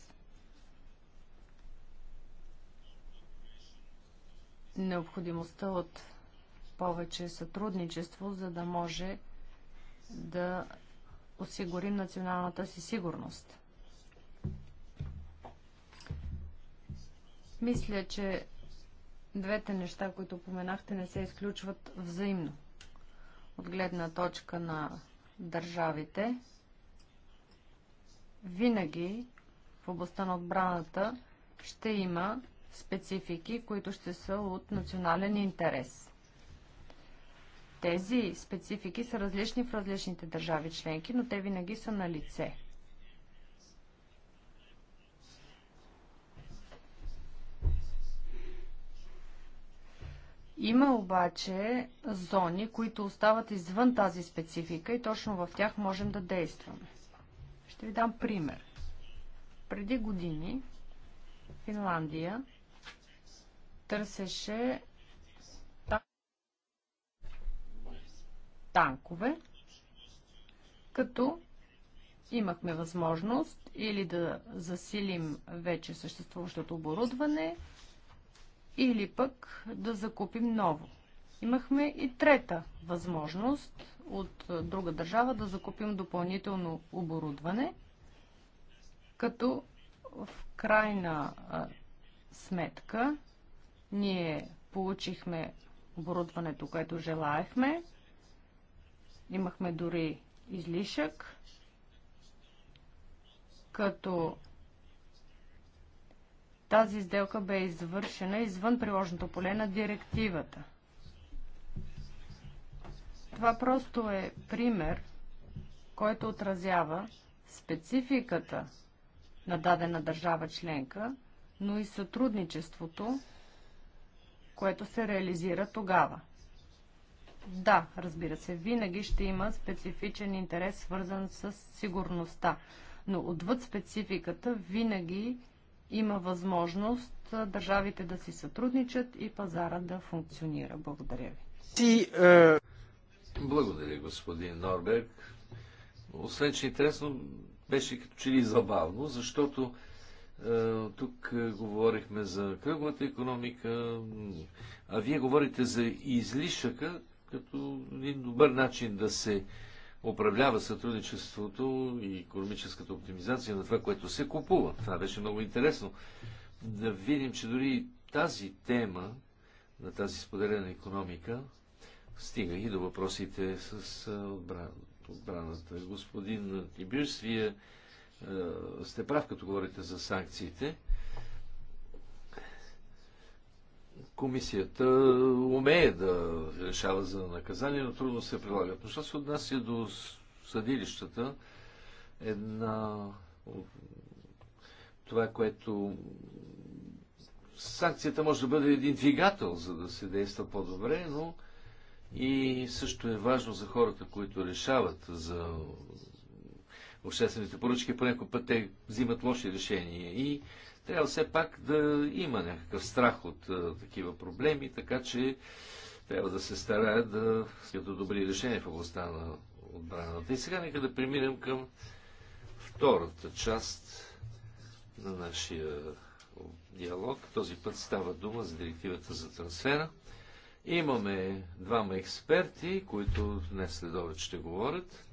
необходимостта от повече сътрудничество, за да може да осигурим националната си сигурност. Мисля, че двете неща, които поменахте, не се изключват взаимно. От гледна точка на държавите, винаги в областта на отбраната ще има специфики, които ще са от национален интерес. Тези специфики са различни в различните държави членки, но те винаги са на лице. Има обаче зони, които остават извън тази специфика и точно в тях можем да действаме. Ще ви дам пример. Преди години Финландия търсеше танкове, като имахме възможност или да засилим вече съществуващото оборудване, или пък да закупим ново. Имахме и трета възможност от друга държава да закупим допълнително оборудване, като в крайна сметка ние получихме оборудването, което желаехме. Имахме дори излишък, като тази сделка бе извършена извън приложното поле на директивата. Това просто е пример, който отразява спецификата на дадена държава членка, но и сътрудничеството което се реализира тогава. Да, разбира се, винаги ще има специфичен интерес, свързан с сигурността. Но отвъд спецификата винаги има възможност държавите да си сътрудничат и пазара да функционира. Благодаря ви.
Ти, е... Благодаря, господин Норберг. Освен, че интересно, беше като че ли забавно, защото е, тук е, говорихме за кръглата економика, а вие говорите за излишъка като един добър начин да се управлява сътрудничеството и економическата оптимизация на това, което се купува. Това беше много интересно. Да видим, че дори тази тема на тази споделена економика стига и до въпросите с е, отбраната. Господин Тибирс, вие е, сте прав, като говорите за санкциите. Комисията умее да решава за наказание, но трудно се прилагат. Но що се отнася до съдилищата, една това, което санкцията може да бъде един двигател, за да се действа по-добре, но и също е важно за хората, които решават за обществените поръчки, по някой път те взимат лоши решения и трябва все пак да има някакъв страх от а, такива проблеми, така че трябва да се старая да като добри решения в областта на отбраната. И сега нека да преминем към втората част на нашия диалог. Този път става дума за директивата за трансфера. Имаме двама експерти, които днес следове ще говорят.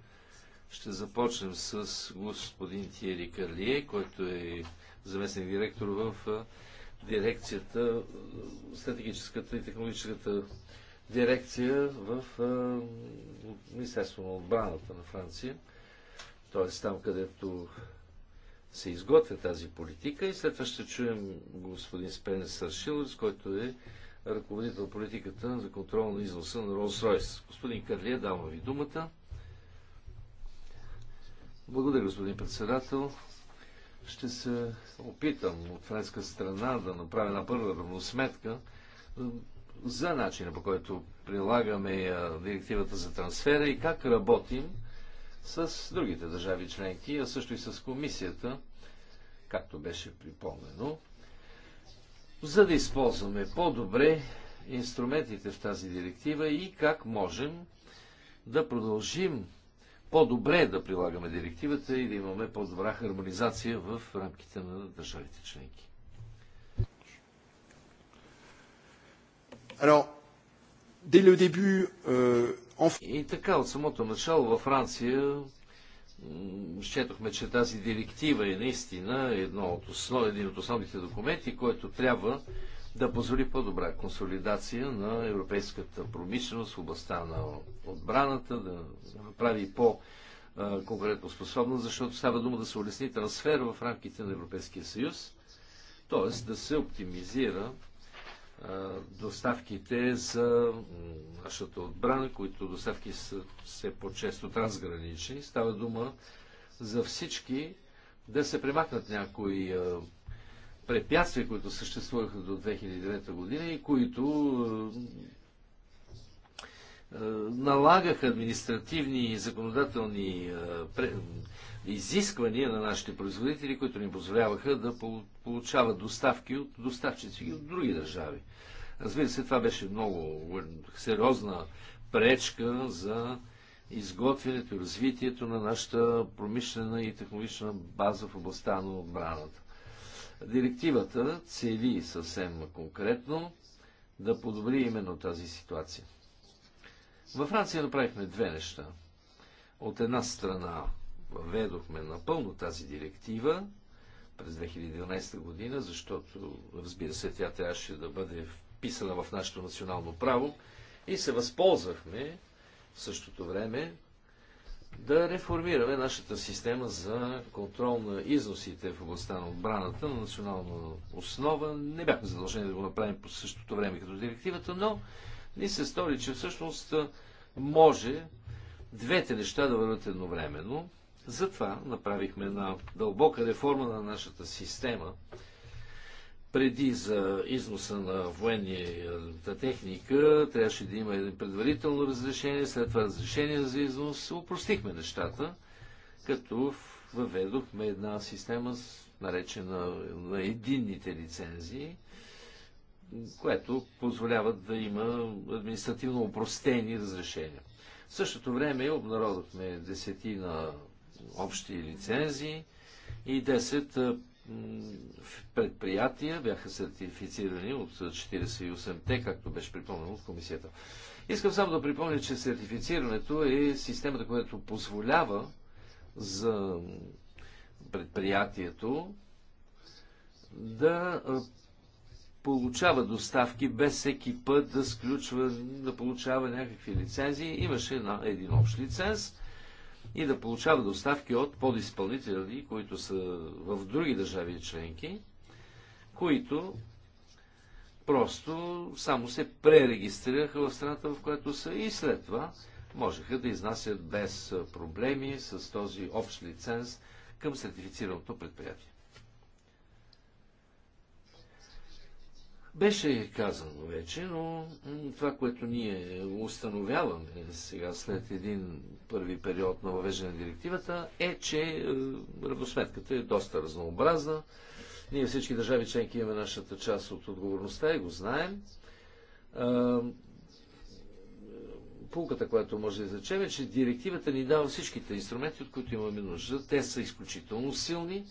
Ще започнем с господин Тиери Карлие, който е заместник директор в дирекцията, стратегическата и технологическата дирекция в Министерство на отбраната на Франция, т.е. там, където се изготвя тази политика и след това ще чуем господин Спенес Саршиловец, който е ръководител политиката за контрол на износа на Ролс Ройс. Господин Карлие, давам ви думата. Благодаря, господин председател. Ще се опитам от френска страна да направя една първа равносметка за начина по който прилагаме директивата за трансфера и как работим с другите държави членки, а също и с комисията, както беше припомнено, за да използваме по-добре инструментите в тази директива и как можем да продължим по-добре е да прилагаме директивата и да имаме по-добра хармонизация в рамките на държавите членки. Alors, dès le début, euh, en... И така, от самото начало във Франция счетохме, че тази директива е наистина едно от основ... един от основните документи, който трябва да позволи по-добра консолидация на европейската промишленост в областта на отбраната, да направи по- конкурентоспособна, защото става дума да се улесни трансфер в рамките на Европейския съюз, т.е. да се оптимизира доставките за нашата отбрана, които доставки са все по-често трансгранични. Става дума за всички да се премахнат някои препятствия, които съществуваха до 2009 година и които е, е, налагаха административни и законодателни е, изисквания на нашите производители, които ни позволяваха да получават доставки от доставчици от други държави. Разбира се, това беше много сериозна пречка за изготвянето и развитието на нашата промишлена и технологична база в областта на отбраната. Директивата цели съвсем конкретно да подобри именно тази ситуация. Във Франция направихме две неща. От една страна въведохме напълно тази директива през 2011 година, защото, разбира се, тя трябваше да бъде вписана в нашето национално право и се възползвахме в същото време да реформираме нашата система за контрол на износите в областта на отбраната на национална основа. Не бяхме задължени да го направим по същото време като директивата, но ни се стори, че всъщност може двете неща да върват едновременно. Затова направихме една дълбока реформа на нашата система преди за износа на военната е, техника трябваше да има предварително разрешение, след това разрешение за износ. Упростихме нещата, като въведохме една система, наречена на единните лицензии, което позволява да има административно упростени разрешения. В същото време обнародахме десетина общи лицензии и 10 предприятия бяха сертифицирани от 48-те, както беше припомнено от комисията. Искам само да припомня, че сертифицирането е системата, която позволява за предприятието да получава доставки без всеки път да сключва, да получава някакви лицензии. Имаше една, един общ лиценз, и да получава доставки от подизпълнители, които са в други държави членки, които просто само се пререгистрираха в страната, в която са и след това можеха да изнасят без проблеми с този общ лиценз към сертифицираното предприятие. Беше казано вече, но това, което ние установяваме сега след един първи период на въвеждане на директивата е, че е, равносметката е доста разнообразна. Ние всички държави членки имаме нашата част от отговорността и го знаем. Пулката, която може да изречем е, че директивата ни дава всичките инструменти, от които имаме нужда. Те са изключително силни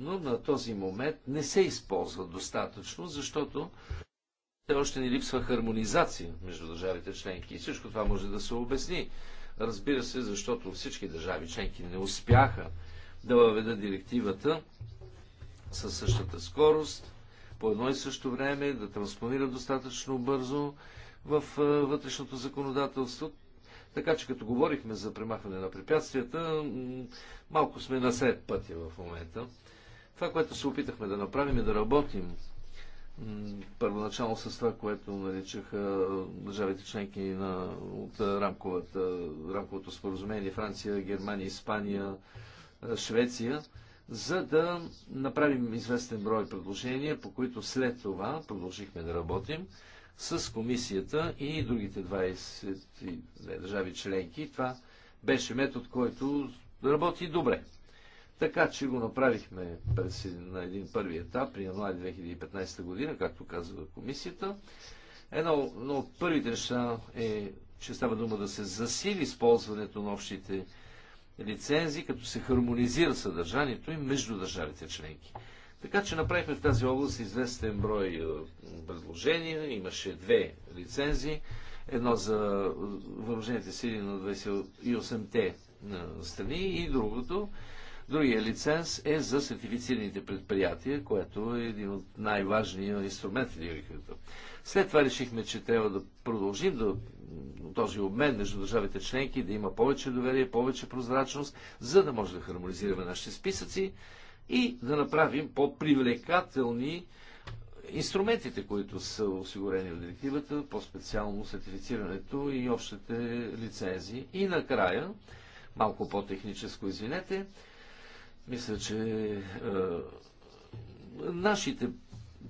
но на този момент не се използва достатъчно, защото все още ни липсва хармонизация между държавите членки. И всичко това може да се обясни. Разбира се, защото всички държави членки не успяха да въведат директивата със същата скорост, по едно и също време, да транспонира достатъчно бързо в е, вътрешното законодателство. Така че като говорихме за премахване на препятствията, малко сме насред пътя в момента. Това, което се опитахме да направим и е да работим първоначално с това, което наричаха държавите членки на, от рамковата, рамковото споразумение Франция, Германия, Испания, Швеция, за да направим известен брой предложения, по които след това продължихме да работим с комисията и другите 20 държави членки. Това беше метод, който работи добре. Така че го направихме през, на един първи етап при януари 2015 година, както казва комисията. Едно, но от първите неща е, че става дума да се засили използването на общите лицензии, като се хармонизира съдържанието и между държавите членки. Така че направихме в тази област известен брой е, предложения. Имаше две лицензии. Едно за въоръжените сили на 28-те е, страни и другото Другия лиценз е за сертифицираните предприятия, което е един от най-важния инструменти на директивата. След това решихме, че трябва да продължим да, този обмен между държавите членки, да има повече доверие, повече прозрачност, за да може да хармонизираме нашите списъци и да направим по-привлекателни инструментите, които са осигурени в директивата, по-специално сертифицирането и общите лицензии. И накрая, малко по-техническо, извинете, мисля, че а, е, нашите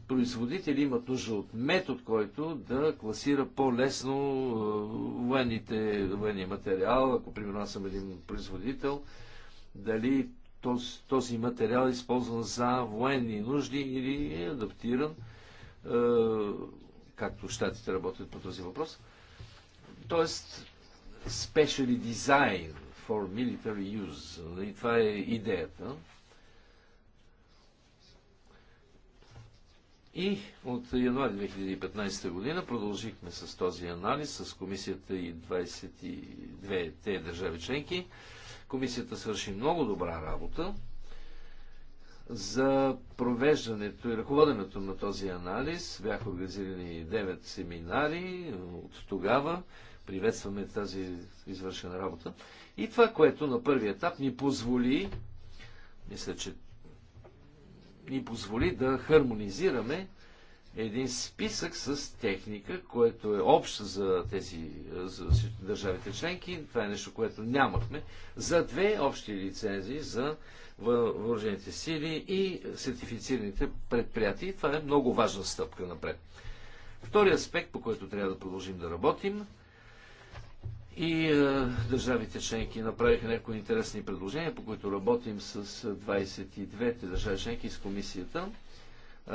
производители имат нужда от метод, който да класира по-лесно е, военните, военния материал. Ако, примерно, аз съм един производител, дали този, този материал е използван за военни нужди или е адаптиран, е, както щатите работят по този въпрос. Тоест, спешали дизайн – for military use. И това е идеята. И от януари 2015 година продължихме с този анализ с комисията и 22-те държави членки. Комисията свърши много добра работа за провеждането и ръководенето на този анализ. Бяха организирани 9 семинари от тогава. Приветстваме тази извършена работа. И това, което на първи етап ни позволи, мисля, че ни позволи да хармонизираме един списък с техника, което е обща за тези за държавите членки. Това е нещо, което нямахме. За две общи лицензии за въоръжените сили и сертифицираните предприятия. Това е много важна стъпка напред. Втори аспект, по който трябва да продължим да работим – и е, държавите членки направиха някои интересни предложения, по които работим с 22-те е, държави членки с комисията. Е,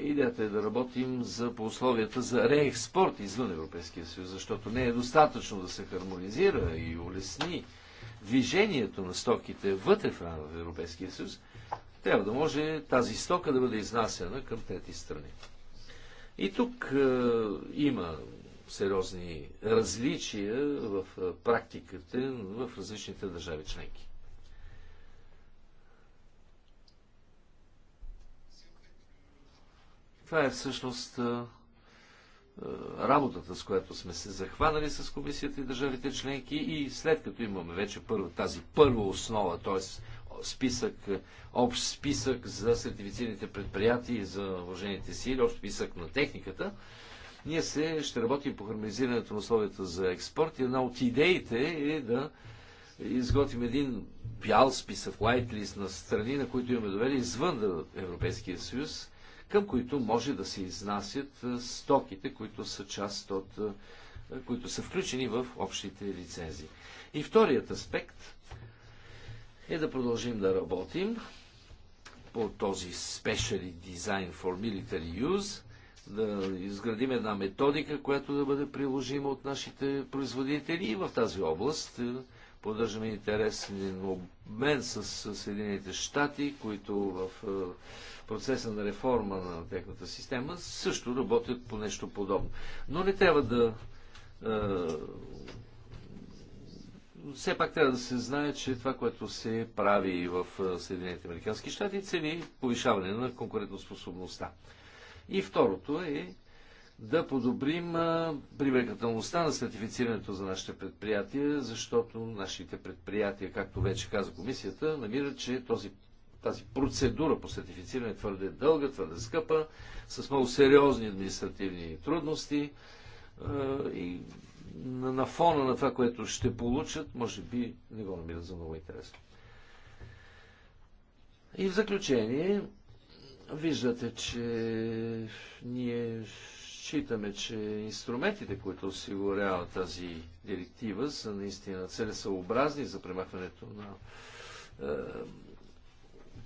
идеята е да работим за, по условията за реекспорт извън Европейския съюз, защото не е достатъчно да се хармонизира и улесни движението на стоките вътре в Европейския съюз. Трябва да може тази стока да бъде изнасяна към трети страни. И тук е, има сериозни различия в практиката в различните държави членки. Това е всъщност работата, с която сме се захванали с комисията и държавите членки и след като имаме вече първо, тази първа основа, т.е. списък, общ списък за сертифицираните предприятия и за въжените сили, общ списък на техниката, ние се, ще работим по хармонизирането на условията за експорт и една от идеите е да изготвим един бял списък, white list на страни, на които имаме доверие извън Европейския съюз, към които може да се изнасят стоките, които са част от които са включени в общите лицензии. И вторият аспект е да продължим да работим по този Specially Design for Military Use да изградим една методика, която да бъде приложима от нашите производители и в тази област. Е, поддържаме интересен обмен с Съединените щати, които в е, процеса на реформа на техната система също работят по нещо подобно. Но не трябва да е, все пак трябва да се знае, че това, което се прави в Съединените Американски щати, цели повишаване на конкурентоспособността. И второто е да подобрим привлекателността на сертифицирането за нашите предприятия, защото нашите предприятия, както вече каза комисията, намират, че този, тази процедура по сертифициране е твърде дълга, твърде скъпа, с много сериозни административни трудности и на, на фона на това, което ще получат, може би не го намират за много интересно. И в заключение, Виждате, че ние считаме, че инструментите, които осигурява тази директива, са наистина целесъобразни за премахването на е,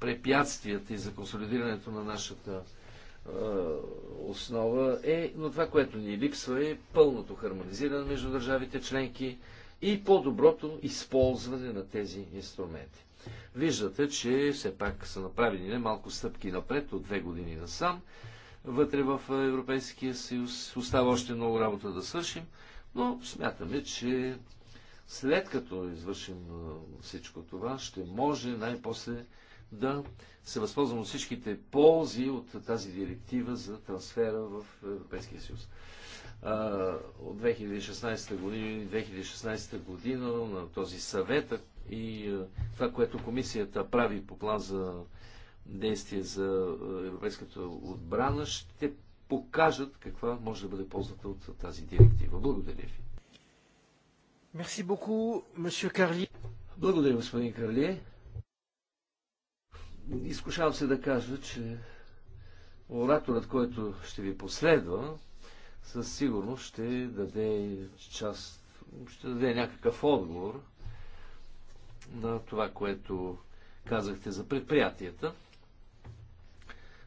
препятствията и за консолидирането на нашата е, основа. Е, но това, което ни липсва е пълното хармонизиране между държавите членки и по-доброто използване на тези инструменти. Виждате, че все пак са направени малко стъпки напред от две години насам. Вътре в Европейския съюз остава още много работа да свършим, но смятаме, че след като извършим всичко това, ще може най-после да се възползвам от всичките ползи от тази директива за трансфера в Европейския съюз. От 2016 година, 2016 година на този съвет и е, това, което комисията прави по план за действие за е, европейската отбрана, ще покажат каква може да бъде ползата от тази директива. Благодаря ви. Мерси боку, Карли. Благодаря, господин Карли. Изкушавам се да кажа, че ораторът, който ще ви последва, със сигурност ще даде част, ще даде някакъв отговор на това, което казахте за предприятията.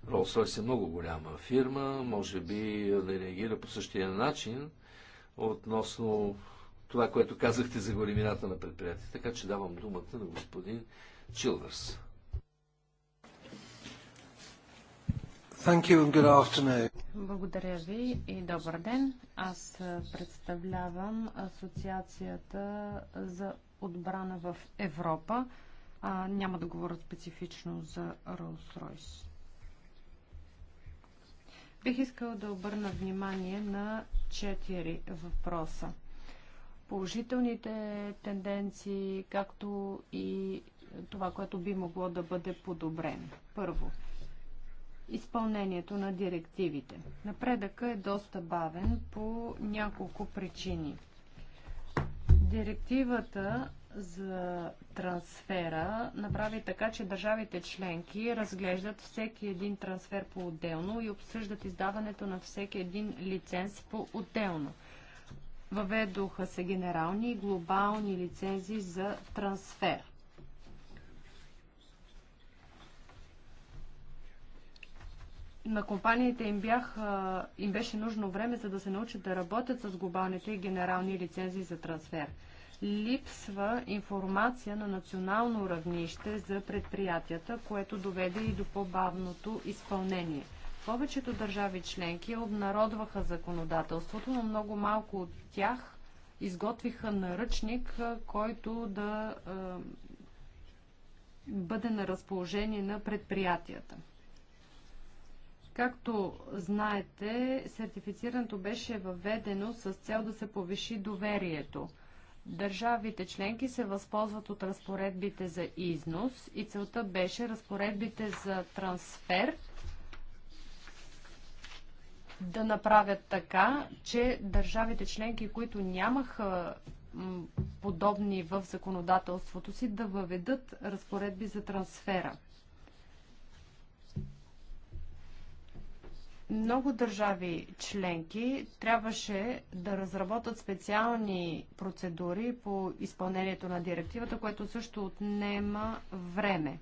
Rolls-Royce е много голяма фирма, може би да реагира по същия начин относно това, което казахте за големината на предприятията. Така че давам думата на господин Чилвърс.
Благодаря ви и добър ден. Аз представлявам Асоциацията за отбрана в Европа. А, няма да говоря специфично за Rolls-Royce. Бих искала да обърна внимание на четири въпроса. Положителните тенденции, както и това, което би могло да бъде подобрено. Първо, изпълнението на директивите. Напредъка е доста бавен по няколко причини – Директивата за трансфера направи така, че държавите членки разглеждат всеки един трансфер по-отделно и обсъждат издаването на всеки един лиценз по-отделно. Въведоха се генерални и глобални лицензи за трансфер. на компаниите им, бях, им беше нужно време, за да се научат да работят с глобалните и генерални лицензии за трансфер. Липсва информация на национално равнище за предприятията, което доведе и до по-бавното изпълнение. Повечето държави членки обнародваха законодателството, но много малко от тях изготвиха наръчник, който да е, бъде на разположение на предприятията. Както знаете, сертифицирането беше въведено с цел да се повиши доверието. Държавите членки се възползват от разпоредбите за износ и целта беше разпоредбите за трансфер да направят така, че държавите членки, които нямаха подобни в законодателството си, да въведат разпоредби за трансфера. много държави членки трябваше да разработят специални процедури по изпълнението на директивата, което също отнема време.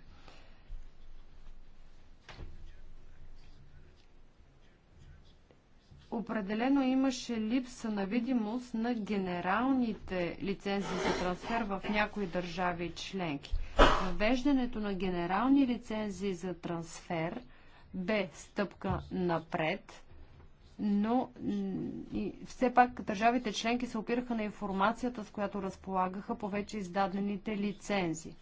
Определено имаше липса на видимост на генералните лицензии за трансфер в някои държави членки. Въвеждането на генерални лицензии за трансфер – б стъпка напред, но все пак държавите членки се опираха на информацията, с която разполагаха по вече издадените лицензи.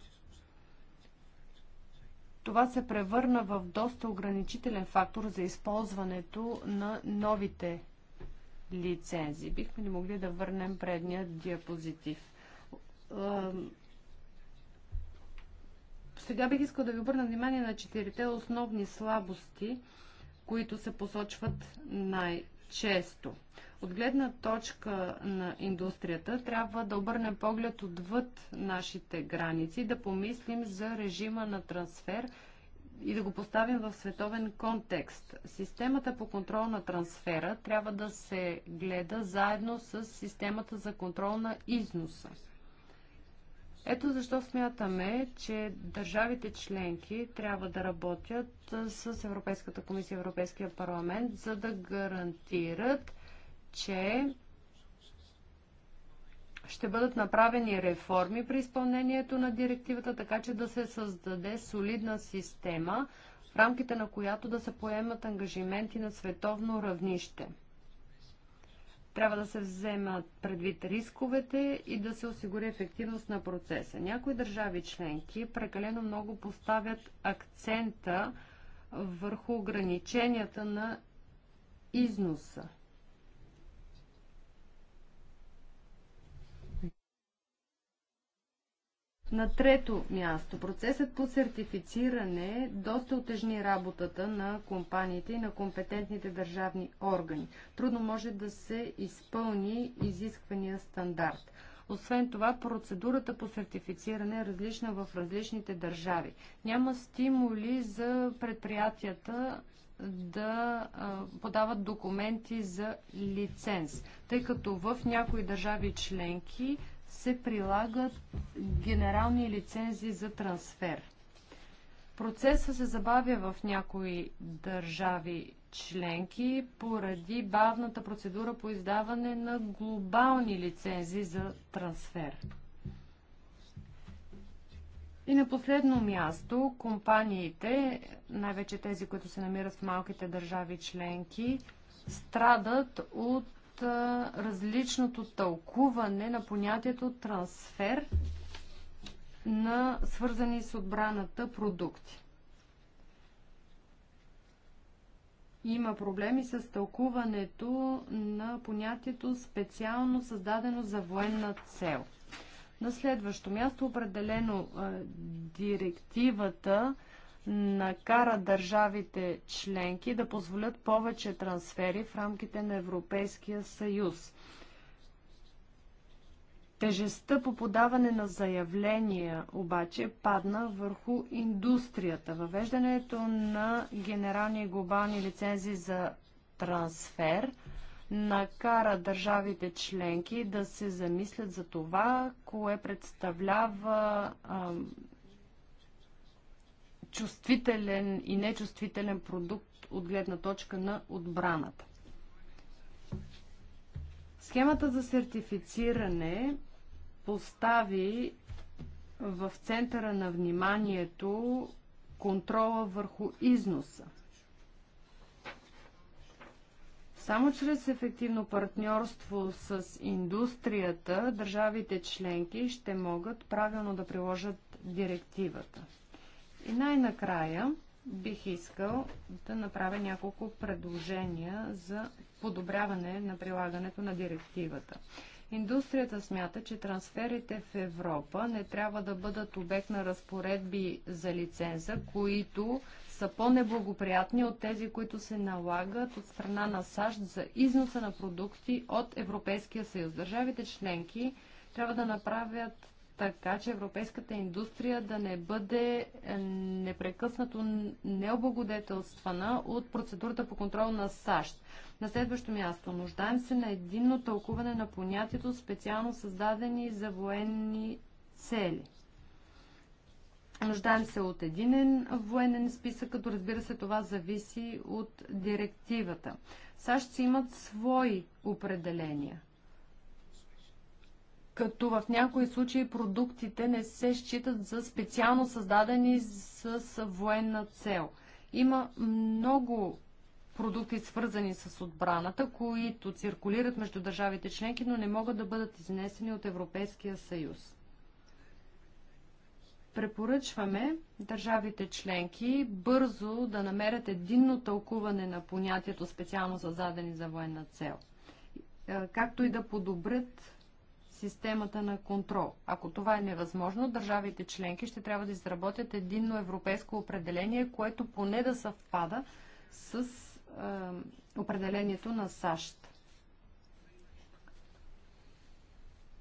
Това се превърна в доста ограничителен фактор за използването на новите лицензи. Бихме ли могли да върнем предния диапозитив? Сега бих искал да ви обърна внимание на четирите основни слабости, които се посочват най-често. От гледна точка на индустрията трябва да обърнем поглед отвъд нашите граници, да помислим за режима на трансфер и да го поставим в световен контекст. Системата по контрол на трансфера трябва да се гледа заедно с системата за контрол на износа. Ето защо смятаме, че държавите членки трябва да работят с Европейската комисия, Европейския парламент, за да гарантират, че ще бъдат направени реформи при изпълнението на директивата, така че да се създаде солидна система, в рамките на която да се поемат ангажименти на световно равнище. Трябва да се вземат предвид рисковете и да се осигури ефективност на процеса. Някои държави членки прекалено много поставят акцента върху ограниченията на износа. На трето място, процесът по сертифициране доста отежни работата на компаниите и на компетентните държавни органи. Трудно може да се изпълни изисквания стандарт. Освен това, процедурата по сертифициране е различна в различните държави. Няма стимули за предприятията да подават документи за лиценз, тъй като в някои държави членки се прилагат генерални лицензии за трансфер. Процесът се забавя в някои държави членки поради бавната процедура по издаване на глобални лицензии за трансфер. И на последно място, компаниите, най-вече тези, които се намират в малките държави членки, страдат от от различното тълкуване на понятието трансфер на свързани с отбраната продукти. Има проблеми с тълкуването на понятието специално създадено за военна цел. На следващо място определено директивата накара държавите членки да позволят повече трансфери в рамките на Европейския съюз. Тежестта по подаване на заявления обаче падна върху индустрията. Въвеждането на генерални и глобални лицензии за трансфер накара държавите членки да се замислят за това, кое представлява чувствителен и нечувствителен продукт от гледна точка на отбраната. Схемата за сертифициране постави в центъра на вниманието контрола върху износа. Само чрез ефективно партньорство с индустрията, държавите членки ще могат правилно да приложат директивата. И най-накрая бих искал да направя няколко предложения за подобряване на прилагането на директивата. Индустрията смята, че трансферите в Европа не трябва да бъдат обект на разпоредби за лиценза, които са по-неблагоприятни от тези, които се налагат от страна на САЩ за износа на продукти от Европейския съюз. Държавите членки трябва да направят така че европейската индустрия да не бъде е, непрекъснато необлагодетелствана от процедурата по контрол на САЩ. На следващо място, нуждаем се на единно тълкуване на понятието специално създадени за военни цели. Нуждаем се от единен военен списък, като разбира се това зависи от директивата. САЩ си имат свои определения – като в някои случаи продуктите не се считат за специално създадени с военна цел. Има много продукти, свързани с отбраната, които циркулират между държавите членки, но не могат да бъдат изнесени от Европейския съюз. Препоръчваме държавите членки бързо да намерят единно тълкуване на понятието специално създадени за военна цел, е, както и да подобрят системата на контрол. Ако това е невъзможно, държавите членки ще трябва да изработят единно европейско определение, което поне да съвпада с е, определението на САЩ.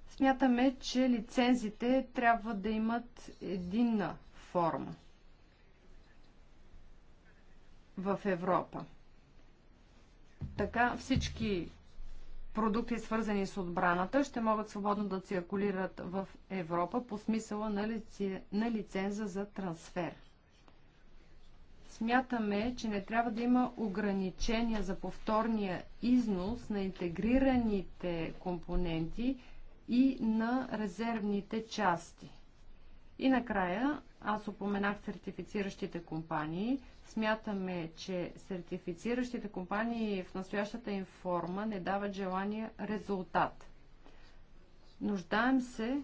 Смятаме, че лицензите трябва да имат единна форма в Европа. Така всички продукти, свързани с отбраната, ще могат свободно да циркулират в Европа по смисъла на, лице, на лиценза за трансфер. Смятаме, че не трябва да има ограничения за повторния износ на интегрираните компоненти и на резервните части. И накрая, аз упоменах сертифициращите компании – Смятаме, че сертифициращите компании в настоящата им форма не дават желания резултат. Нуждаем се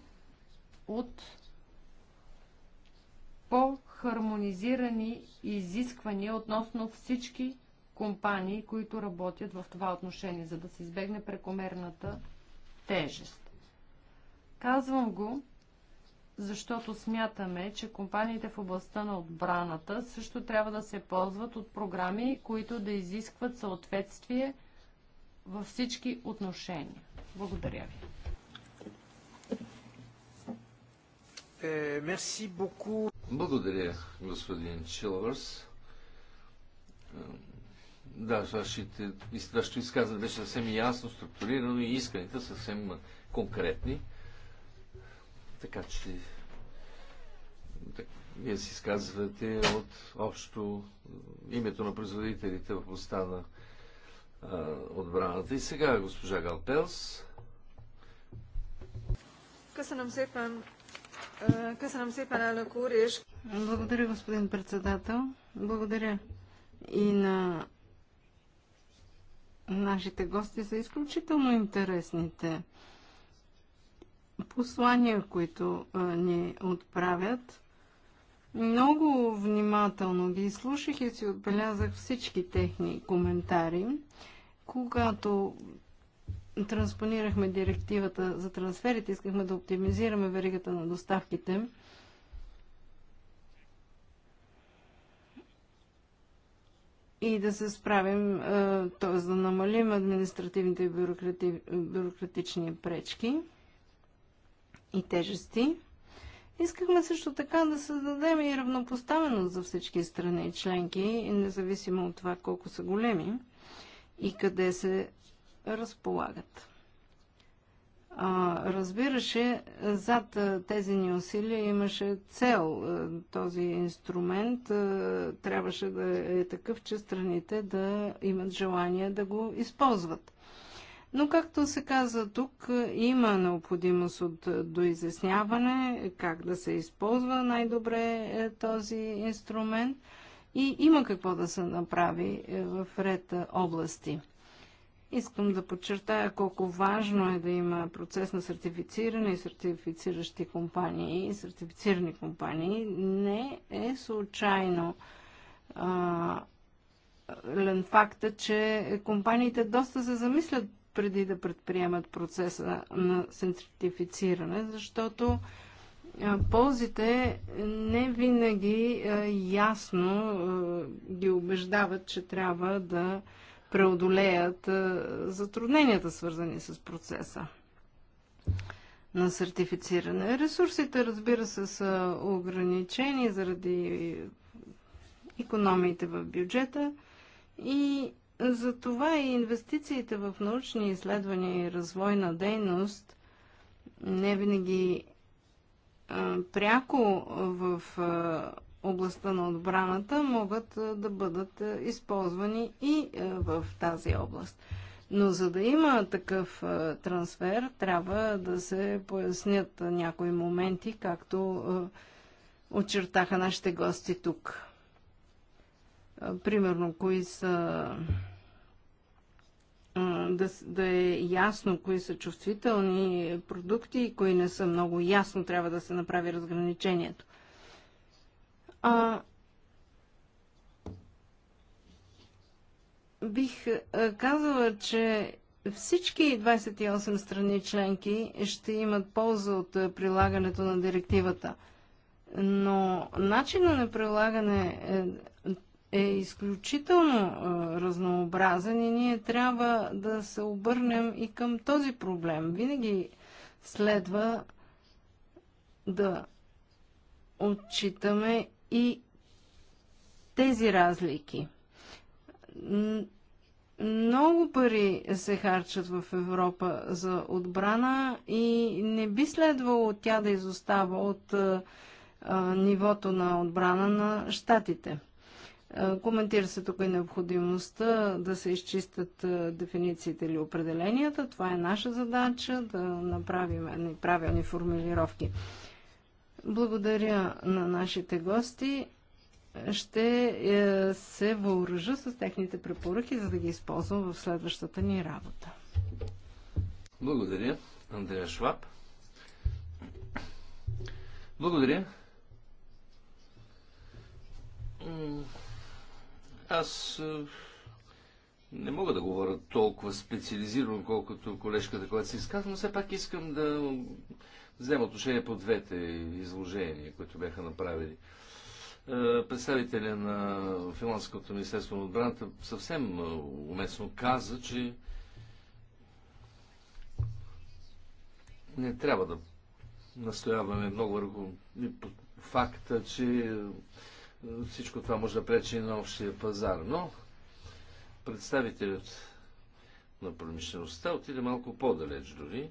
от по-хармонизирани изисквания относно всички компании, които работят в това отношение, за да се избегне прекомерната тежест. Казвам го, защото смятаме, че компаниите в областта на отбраната също трябва да се ползват от програми, които да изискват съответствие във всички отношения. Благодаря ви.
Е, Благодаря, господин Чилвърс. Е, да, вашето изказване беше съвсем ясно, структурирано и исканите съвсем конкретни. Така че вие си изказвате от общо името на производителите в областта на а, отбраната. И сега госпожа Галпелс.
Благодаря, господин председател. Благодаря и на нашите гости за изключително интересните послания, които а, ни отправят. Много внимателно ги слушах и си отбелязах всички техни коментари. Когато транспонирахме директивата за трансферите, искахме да оптимизираме веригата на доставките. и да се справим, т.е. да намалим административните и бюрократични пречки и тежести. Искахме също така да създадем и равнопоставеност за всички страни и членки, независимо от това колко са големи и къде се разполагат. А, разбираше, зад тези ни усилия имаше цел. Този инструмент трябваше да е такъв, че страните да имат желание да го използват. Но, както се каза тук, има необходимост от е, доизясняване, как да се използва най-добре е, този инструмент и има какво да се направи е, в ред области. Искам да подчертая колко важно е да има процес на сертифициране и сертифициращи компании, и сертифицирани компании. Не е случайно а, факта, че компаниите доста се замислят преди да предприемат процеса на сертифициране, защото ползите не винаги ясно ги убеждават, че трябва да преодолеят затрудненията, свързани с процеса на сертифициране. Ресурсите, разбира се, са ограничени заради економиите в бюджета и затова и инвестициите в научни изследвания и развойна дейност не винаги а, пряко в а, областта на отбраната могат а, да бъдат а, използвани и а, в тази област. Но за да има такъв а, трансфер, трябва да се пояснят а, някои моменти, както а, очертаха нашите гости тук примерно, кои са да, да е ясно кои са чувствителни продукти и кои не са много ясно, трябва да се направи разграничението. А, бих казала, че всички 28 страни членки ще имат полза от прилагането на директивата. Но начина на прилагане е, е изключително разнообразен и ние трябва да се обърнем и към този проблем. Винаги следва да отчитаме и тези разлики. Много пари се харчат в Европа за отбрана и не би следвало тя да изостава от а, нивото на отбрана на щатите. Е, коментира се тук и необходимостта да се изчистят е, дефинициите или определенията. Това е наша задача да направим правилни формулировки. Благодаря на нашите гости. Ще е, се въоръжа с техните препоръки, за да ги използвам в следващата ни работа.
Благодаря, Андрея Шваб. Благодаря. Аз е, не мога да говоря толкова специализирано, колкото колежката, която се изказва, но все пак искам да взема отношение по двете изложения, които бяха направили. Е, представителя на Финландското министерство на отбраната съвсем е, уместно каза, че не трябва да настояваме много върху факта, че всичко това може да пречи на общия пазар, но представителят на промишлеността отиде малко по-далеч дори,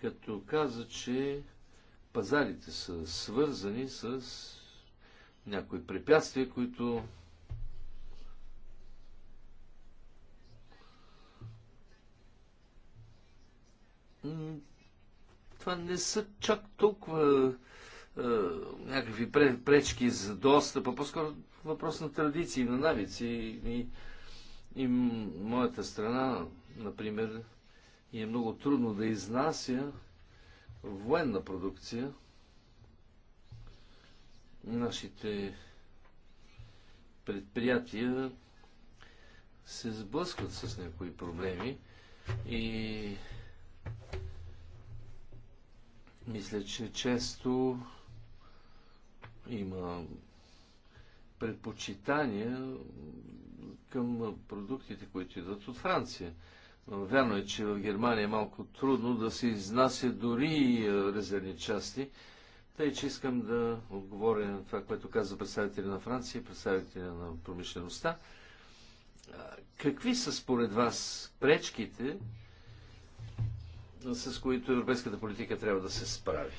като каза, че пазарите са свързани с някои препятствия, които това не са чак толкова е, някакви пречки за достъп, а по-скоро въпрос на традиции, на навици. И, и, и моята страна, например, и е много трудно да изнася военна продукция. Нашите предприятия се сблъскват с някои проблеми и мисля, че често има предпочитания към продуктите, които идват от Франция. Вярно е, че в Германия е малко трудно да се изнася дори е, резервни части, тъй че искам да отговоря на това, което каза представители на Франция и представители на промишлеността. Какви са според вас пречките, с които европейската политика трябва да се справи?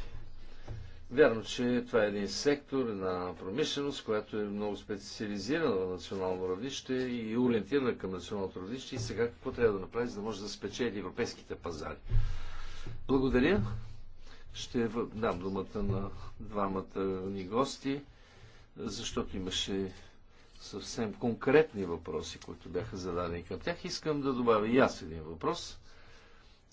Вярно, че това е един сектор на промишленост, която е много специализирана на национално равнище и ориентирана към националното равнище. И сега какво трябва да направи, за да може да спечели европейските пазари? Благодаря. Ще дам думата на двамата ни гости, защото имаше съвсем конкретни въпроси, които бяха зададени към тях. Искам да добавя и аз един въпрос,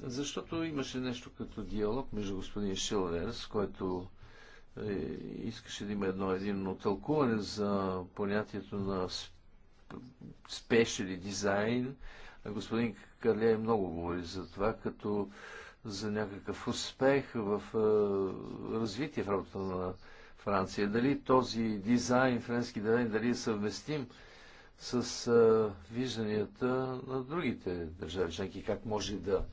защото имаше нещо като диалог между господин Шилверс, който е, искаше да има едно единно тълкуване за понятието на спешили дизайн. Господин Карлия много говори за това, като за някакъв успех в е, развитие в работата на Франция. Дали този дизайн, френски дизайн, дали е съвместим с е, вижданията на другите държави членки? Как може да,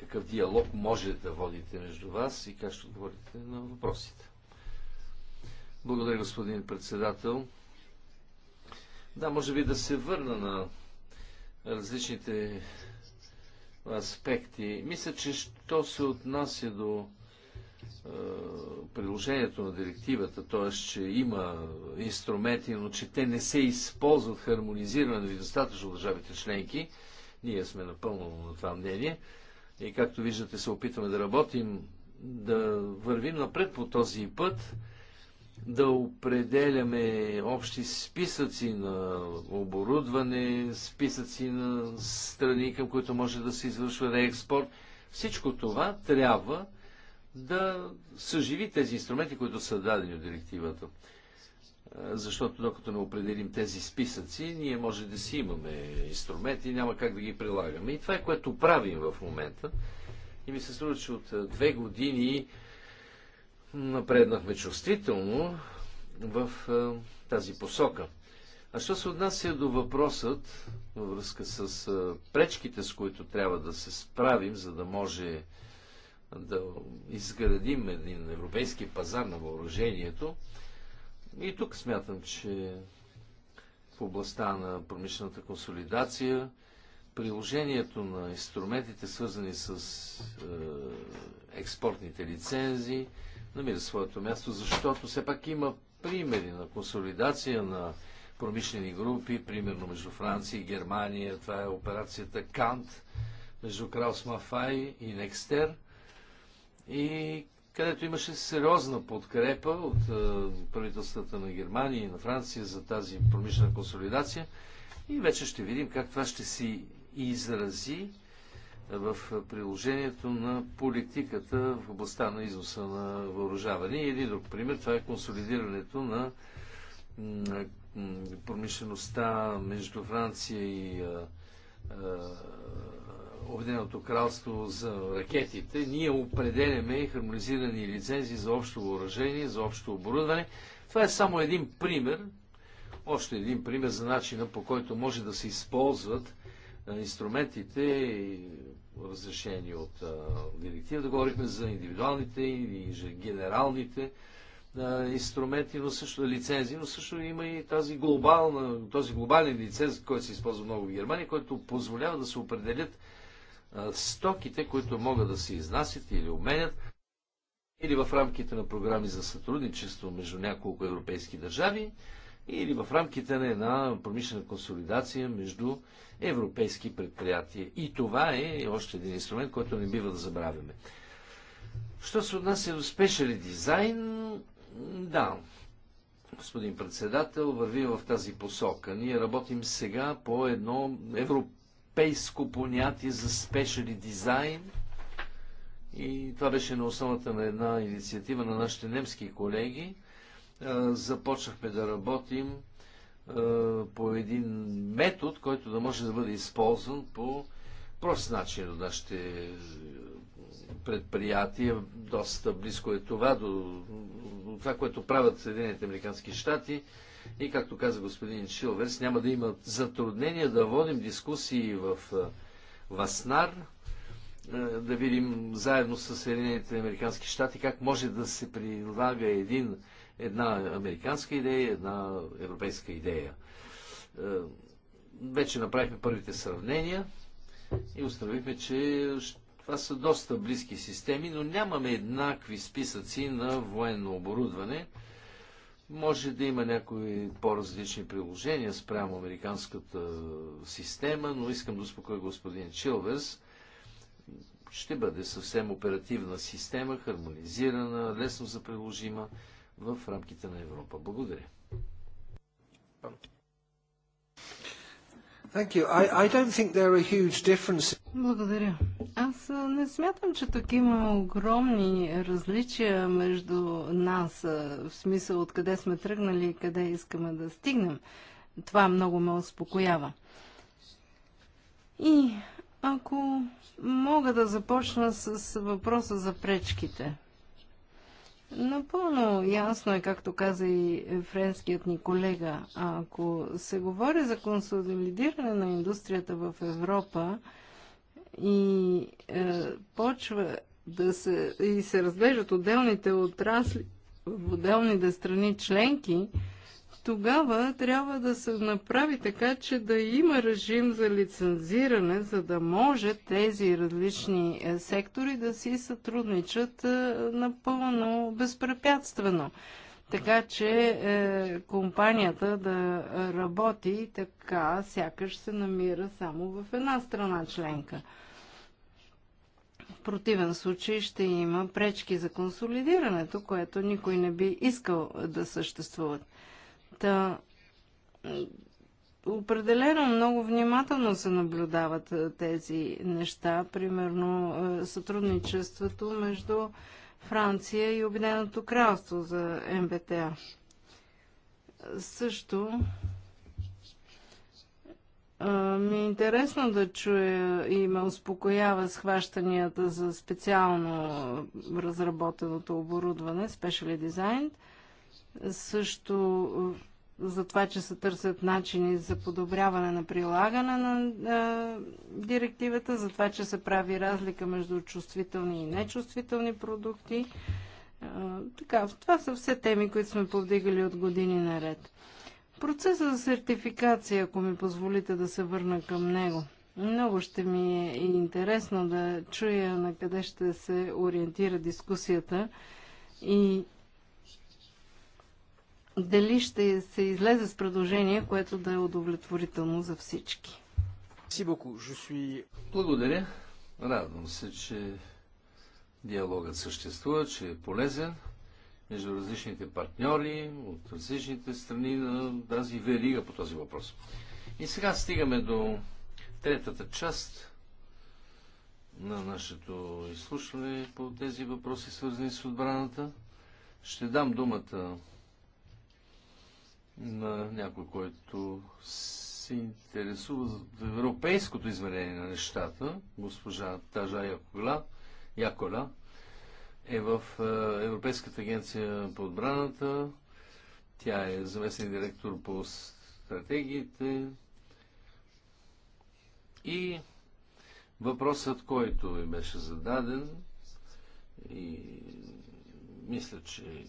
какъв диалог може да водите между вас и как ще отговорите на въпросите? Благодаря, господин председател. Да, може би да се върна на различните аспекти. Мисля, че що се отнася до е, приложението на директивата, т.е. че има инструменти, но че те не се използват хармонизирано и достатъчно държавите членки, ние сме напълно на това мнение. И както виждате, се опитваме да работим, да вървим напред по този път да определяме общи списъци на оборудване, списъци на страни, към които може да се извършва реекспорт. Всичко това трябва да съживи тези инструменти, които са дадени от директивата. Защото докато не определим тези списъци, ние може да си имаме инструменти, няма как да ги прилагаме. И това е което правим в момента. И ми се струва, че от две години напреднахме чувствително в е, тази посока. А що се отнася до въпросът във връзка с е, пречките, с които трябва да се справим, за да може да изградим един европейски пазар на въоръжението, и тук смятам, че в областта на промишлената консолидация, приложението на инструментите, свързани с е, експортните лицензии, намира своето място, защото все пак има примери на консолидация на промишлени групи, примерно между Франция и Германия. Това е операцията Кант между Краус Мафай и Некстер. И където имаше сериозна подкрепа от е, правителствата на Германия и на Франция за тази промишлена консолидация. И вече ще видим как това ще си изрази в приложението на политиката в областта на износа на въоръжаване. И един друг пример, това е консолидирането на промишлеността между Франция и Обединеното кралство за ракетите. Ние определяме хармонизирани лицензии за общо въоръжение, за общо оборудване. Това е само един пример, още един пример за начина по който може да се използват инструментите разрешени от Да Говорихме за индивидуалните и генералните инструменти, но също лицензии, но също има и тази глобална, този глобален лиценз, който се използва много в Германия, който позволява да се определят стоките, които могат да се изнасят или обменят или в рамките на програми за сътрудничество между няколко европейски държави, или в рамките на една промишлена консолидация между европейски предприятия. И това е още един инструмент, който не бива да забравяме. Що се отнася до спешен дизайн, да, господин председател, върви в тази посока. Ние работим сега по едно европейско понятие за спешен дизайн. И това беше на основата на една инициатива на нашите немски колеги. Започнахме да работим е, по един метод, който да може да бъде използван по прост начин от нашите предприятия. Доста близко е това до, до това, което правят Съединените Американски щати. И както каза господин Шилверс, няма да има затруднения да водим дискусии в е, Васнар, е, да видим заедно с Съединените Американски щати как може да се прилага един Една американска идея, една европейска идея. Е, вече направихме първите сравнения и установихме, че това са доста близки системи, но нямаме еднакви списъци на военно оборудване. Може да има някои по-различни приложения спрямо американската система, но искам да успокоя господин Чилверс. Ще бъде съвсем оперативна система, хармонизирана, лесно за приложима в рамките на Европа. Благодаря. I,
I Благодаря. Аз не смятам, че тук има огромни различия между нас, в смисъл от къде сме тръгнали и къде искаме да стигнем. Това много ме успокоява. И ако мога да започна с въпроса за пречките. Напълно ясно е, както каза и френският ни колега, ако се говори за консолидиране на индустрията в Европа и е, почва да се, и се разглеждат отделните отрасли в отделните страни членки, тогава трябва да се направи така, че да има режим за лицензиране, за да може тези различни е, сектори да си сътрудничат е, напълно безпрепятствено. Така че е, компанията да работи така, сякаш се намира само в една страна членка. В противен случай ще има пречки за консолидирането, което никой не би искал да съществуват. Та, определено много внимателно се наблюдават е, тези неща, примерно е, сътрудничеството между Франция и Обединеното кралство за МБТА. Също е, ми е интересно да чуя и ме успокоява схващанията за специално разработеното оборудване, Special Design – също е, за това, че се търсят начини за подобряване на прилагане на, а, е, директивата, за това, че се прави разлика между чувствителни и нечувствителни продукти. А, е, така, това са все теми, които сме повдигали от години наред. Процесът за сертификация, ако ми позволите да се върна към него. Много ще ми е интересно да чуя на къде ще се ориентира дискусията и дали ще се излезе с предложение, което да е удовлетворително за всички.
Благодаря. Радвам се, че диалогът съществува, че е полезен между различните партньори от различните страни на тази верига по този въпрос. И сега стигаме до третата част на нашето изслушване по тези въпроси, свързани с отбраната. Ще дам думата на някой, който се интересува за европейското измерение на нещата, госпожа Тажа Якола, Якола е в е, Европейската агенция по отбраната. Тя е заместен директор по стратегиите. И въпросът, който ми беше зададен, и мисля, че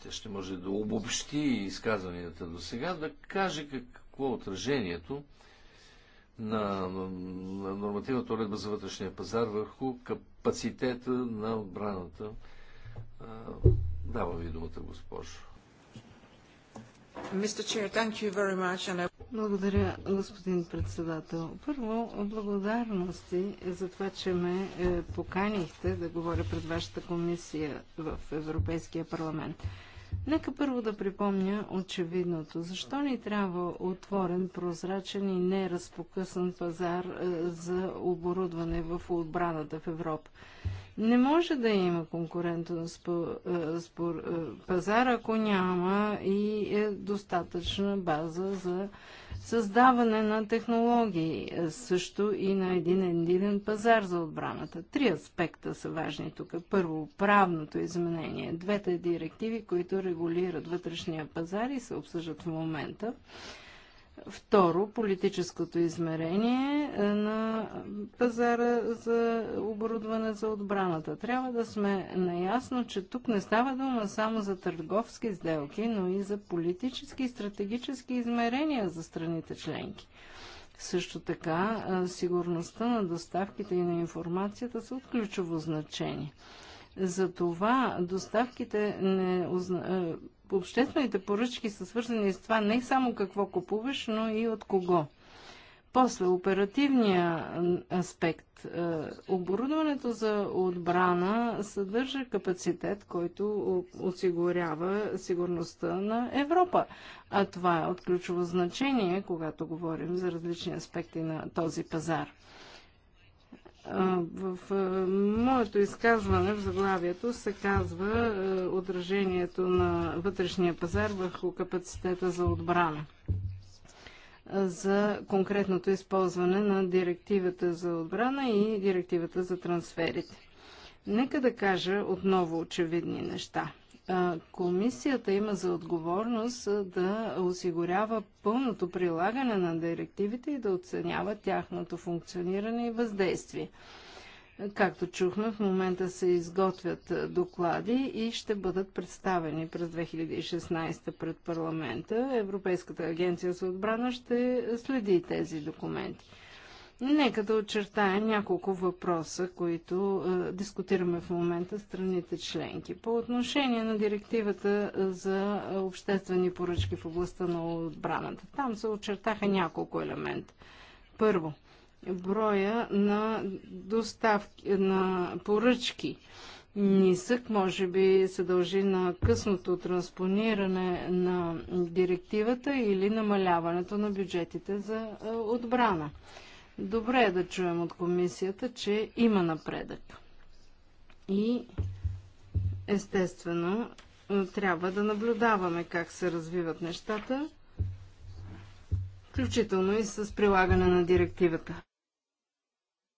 тя ще може да обобщи изказванията до сега, да каже какво е отражението на, на нормативната уредба за вътрешния пазар върху капацитета на отбраната. Давам ви думата, госпожо.
Благодаря, господин председател. Първо, благодарности за това, че ме е, поканихте да говоря пред вашата комисия в Европейския парламент. Нека първо да припомня очевидното. Защо ни трябва отворен, прозрачен и неразпокъсан пазар е, за оборудване в отбраната в Европа? Не може да има конкурентен е, е, пазар, ако няма и достатъчна база за създаване на технологии, също и на един единен пазар за отбраната. Три аспекта са важни тук. Първо, правното изменение. Двете директиви, които регулират вътрешния пазар и се обсъждат в момента. Второ, политическото измерение е, на пазара за оборудване за отбраната. Трябва да сме наясно, че тук не става дума само за търговски сделки, но и за политически и стратегически измерения за страните членки. Също така, е, сигурността на доставките и на информацията са от ключово значение. Затова доставките не е, обществените поръчки са свързани с това не само какво купуваш, но и от кого. После оперативния аспект. Е, оборудването за отбрана съдържа капацитет, който осигурява сигурността на Европа. А това е от ключово значение, когато говорим за различни аспекти на този пазар. В моето изказване в заглавието се казва отражението на вътрешния пазар върху капацитета за отбрана за конкретното използване на директивата за отбрана и директивата за трансферите. Нека да кажа отново очевидни неща. Комисията има за отговорност да осигурява пълното прилагане на директивите и да оценява тяхното функциониране и въздействие. Както чухме, в момента се изготвят доклади и ще бъдат представени през 2016 пред парламента. Европейската агенция за отбрана ще следи тези документи. Нека да очертая няколко въпроса, които е, дискутираме в момента страните членки. По отношение на директивата е, за обществени поръчки в областта на отбраната, там се очертаха няколко елемента. Първо, броя на доставки, на поръчки нисък, може би се дължи на късното транспониране на директивата или намаляването на бюджетите за е, отбрана. Добре е да чуем от комисията, че има напредък. И естествено трябва да наблюдаваме как се развиват нещата, включително и с прилагане на директивата.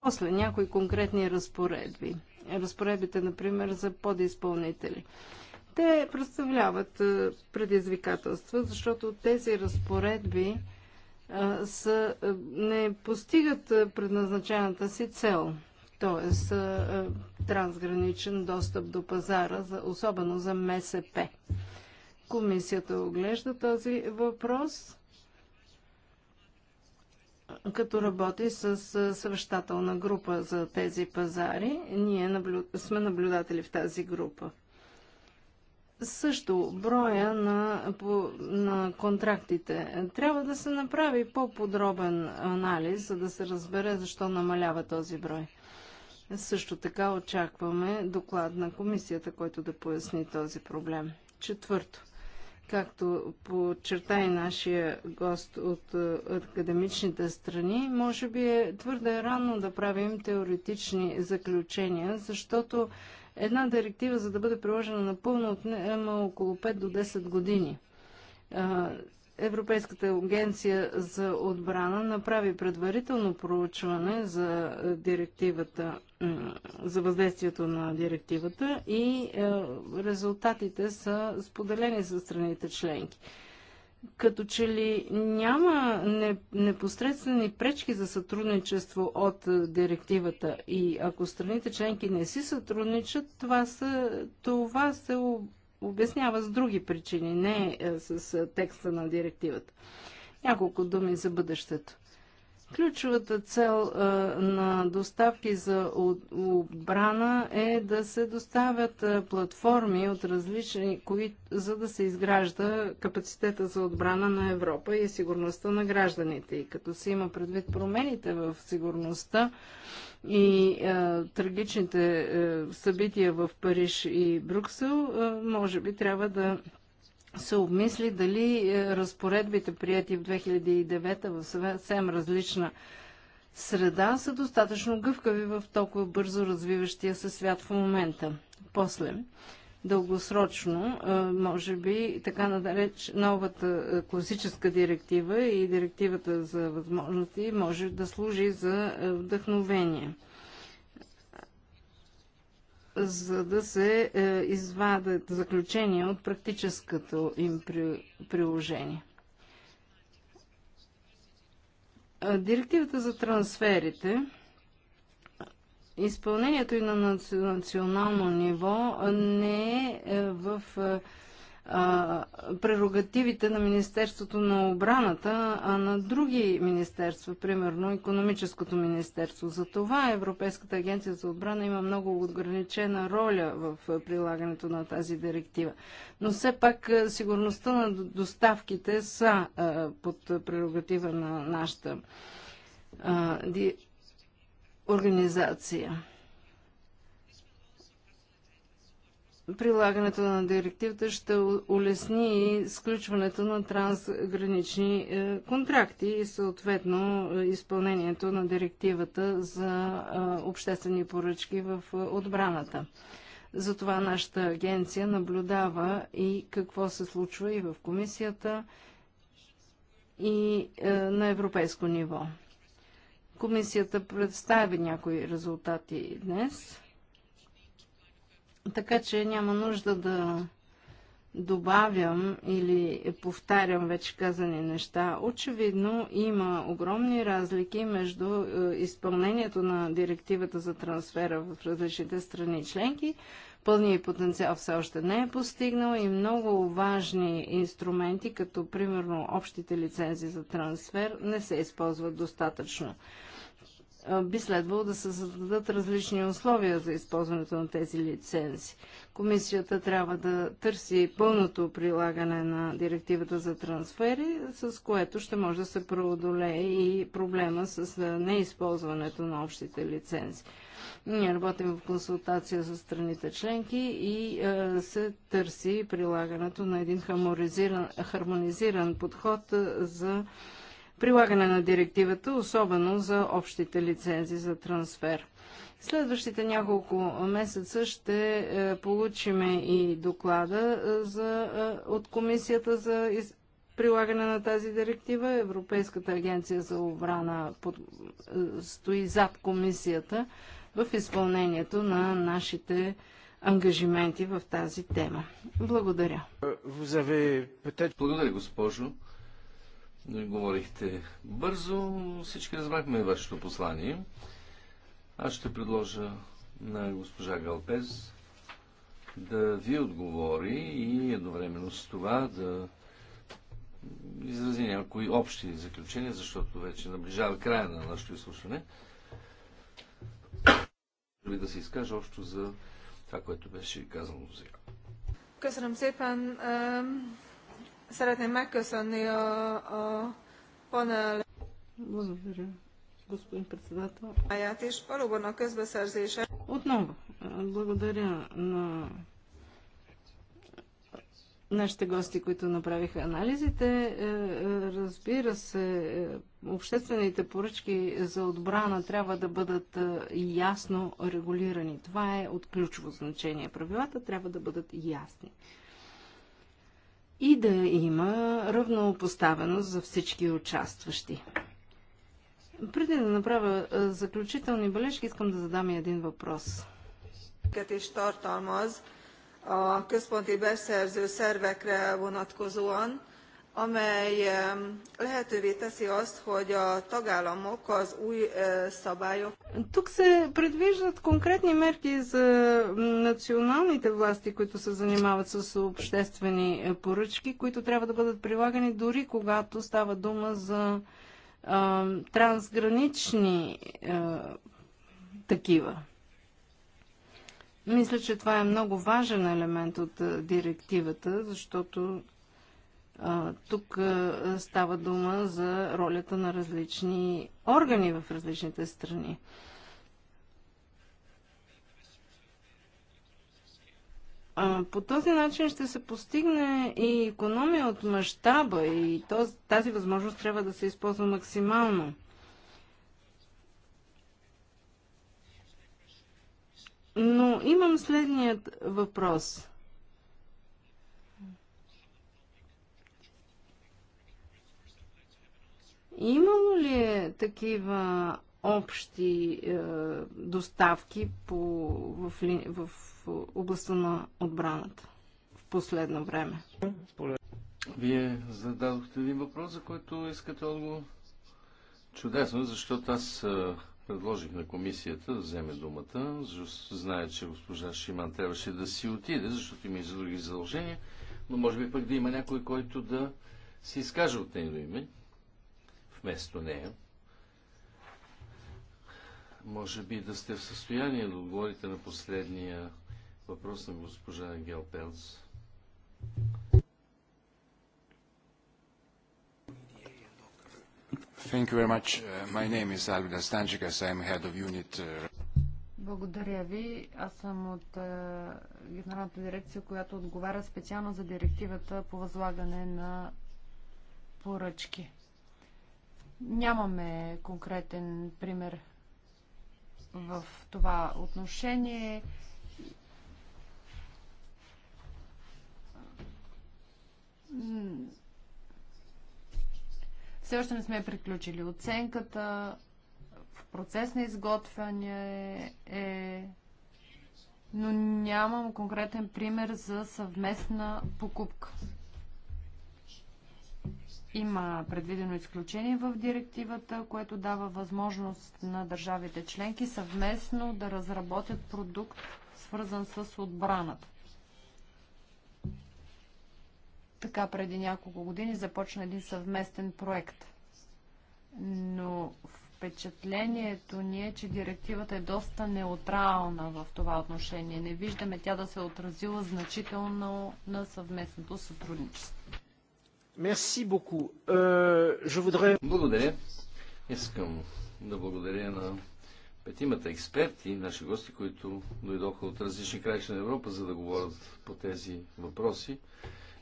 После някои конкретни разпоредби. Разпоредбите, например, за подизпълнители. Те представляват предизвикателства, защото тези разпоредби са, не постигат предназначената си цел, т.е. трансграничен достъп до пазара, особено за МСП. Комисията оглежда този въпрос като работи с съвещателна група за тези пазари. Ние наблю... сме наблюдатели в тази група. Също броя на, по, на контрактите. Трябва да се направи по-подробен анализ, за да се разбере защо намалява този брой. Също така очакваме доклад на комисията, който да поясни този проблем. Четвърто, както подчерта и нашия гост от е, академичните страни, може би е твърде рано да правим теоретични заключения, защото една директива, за да бъде приложена напълно, отнема около 5 до 10 години. Европейската агенция за отбрана направи предварително проучване за директивата, за въздействието на директивата и резултатите са споделени за страните членки като че ли няма непосредствени пречки за сътрудничество от директивата и ако страните членки не си сътрудничат, това, са, това се обяснява с други причини, не с текста на директивата. Няколко думи за бъдещето. Ключовата цел на доставки за отбрана е да се доставят платформи от различни, кои, за да се изгражда капацитета за отбрана на Европа и сигурността на гражданите. И като се има предвид промените в сигурността и трагичните събития в Париж и Брюксел, може би трябва да се обмисли дали е, разпоредбите, прияти в 2009 в съвсем различна среда, са достатъчно гъвкави в толкова бързо развиващия се свят в момента. После, дългосрочно, е, може би, така надалеч новата е, класическа директива и директивата за възможности може да служи за вдъхновение – за да се е, извадят заключения от практическото им при, приложение. Директивата за трансферите, изпълнението и на национално ниво не е, е в е, прерогативите на Министерството на обраната, а на други министерства, примерно економическото министерство. За това Европейската агенция за отбрана има много ограничена роля в прилагането на тази директива. Но все пак сигурността на доставките са под прерогатива на нашата организация. прилагането на директивата ще улесни сключването на трансгранични е, контракти и съответно е, изпълнението на директивата за е, обществени поръчки в отбраната. Затова нашата агенция наблюдава и какво се случва и в комисията, и на европейско ниво. Комисията представи някои резултати днес така че няма нужда да добавям или повтарям вече казани неща. Очевидно има огромни разлики между е, изпълнението на директивата за трансфера в различните страни членки. Пълният потенциал все още не е постигнал и много важни инструменти, като примерно общите лицензии за трансфер, не се използват достатъчно би следвало да се зададат различни условия за използването на тези лицензи. Комисията трябва да търси пълното прилагане на директивата за трансфери, с което ще може да се преодолее и проблема с неизползването на общите лицензи. Ние работим в консултация с страните членки и се търси прилагането на един хармонизиран, подход за прилагане на директивата, особено за общите лицензи за трансфер. Следващите няколко месеца ще е, получим и доклада е, за, е, от Комисията за из, прилагане на тази директива. Европейската агенция за обрана под, стои зад Комисията в изпълнението на нашите ангажименти в тази тема. Благодаря.
Благодаря, госпожо. Говорихте бързо, всички разбрахме вашето послание. Аз ще предложа на госпожа Галпез да ви отговори и едновременно с това да изрази някои общи заключения, защото вече наближава края на нашето изслушване. Да се изкаже общо за това, което беше казано
сега. се пан. Szeretném megköszönni a, a panel Благодаря, господин председател. is. Valóban a közbeszerzése. Отново, благодаря на нашите гости, които направиха анализите. Е, е, разбира се, е, обществените поръчки за отбрана трябва да бъдат ясно регулирани. Това е от ключово значение. Правилата трябва да бъдат ясни и да има равнопоставеност за всички участващи. Преди да направя заключителни бележки, искам да задам и един въпрос. tartalmaz a amely lehetővé teszi azt, hogy a tagállamok az új szabályok... Тук се предвиждат конкретни мерки за националните власти, които се занимават с обществени е, поръчки, които трябва да бъдат прилагани дори когато става дума за а, трансгранични а, е, такива. Мисля, че това е много важен елемент от е, директивата, защото тук става дума за ролята на различни органи в различните страни. По този начин ще се постигне и економия от мащаба и тази възможност трябва да се използва максимално. Но имам следният въпрос – Имало ли е такива общи е, доставки по, в, ли, в областта на отбраната в последно време?
Вие зададохте един въпрос, за който искате отговор. Чудесно, защото аз е, предложих на комисията да вземе думата. Знае, че госпожа Шиман трябваше да си отиде, защото има и за други задължения, но може би пък да има някой, който да се изкаже от нейно име вместо нея. Може би да сте в състояние да отговорите на последния въпрос на госпожа Ангел Пелц. Uh, uh,
Благодаря ви. Аз съм от uh, Генералната дирекция, която отговаря специално за директивата по възлагане на поръчки. Нямаме конкретен пример в това отношение. Все още не сме приключили оценката. В процес на изготвяне е но нямам конкретен пример за съвместна покупка. Има предвидено изключение в директивата, което дава възможност на държавите членки съвместно да разработят продукт, свързан с отбраната. Така преди няколко години започна един съвместен проект. Но впечатлението ни е, че директивата е доста неутрална в това отношение. Не виждаме тя да се е отразила значително на съвместното сътрудничество.
Merci beaucoup. Euh, je voudrais... Благодаря. Искам да благодаря на петимата експерти, наши гости, които дойдоха от различни краища на Европа, за да говорят по тези въпроси.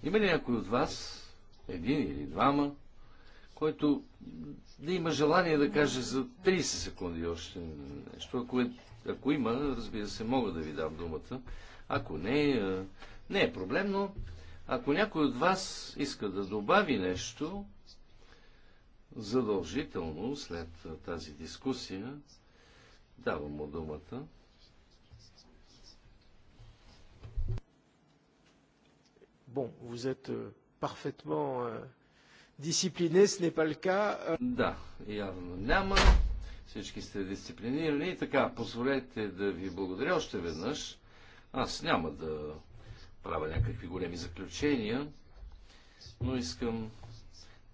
Има ли някой от вас, един или двама, който да има желание да каже за 30 секунди още нещо? Ако, е, ако има, разбира се, мога да ви дам думата. Ако не, е- не е проблемно. Ако някой от вас иска да добави нещо, задължително след тази дискусия, давам му думата. Bon, vous êtes euh, parfaitement дисциплине, euh, ce n'est pas le cas. Euh. Да, явно няма. Всички сте дисциплинирани. Така, позволете да ви благодаря още веднъж. Аз няма да правя някакви големи заключения, но искам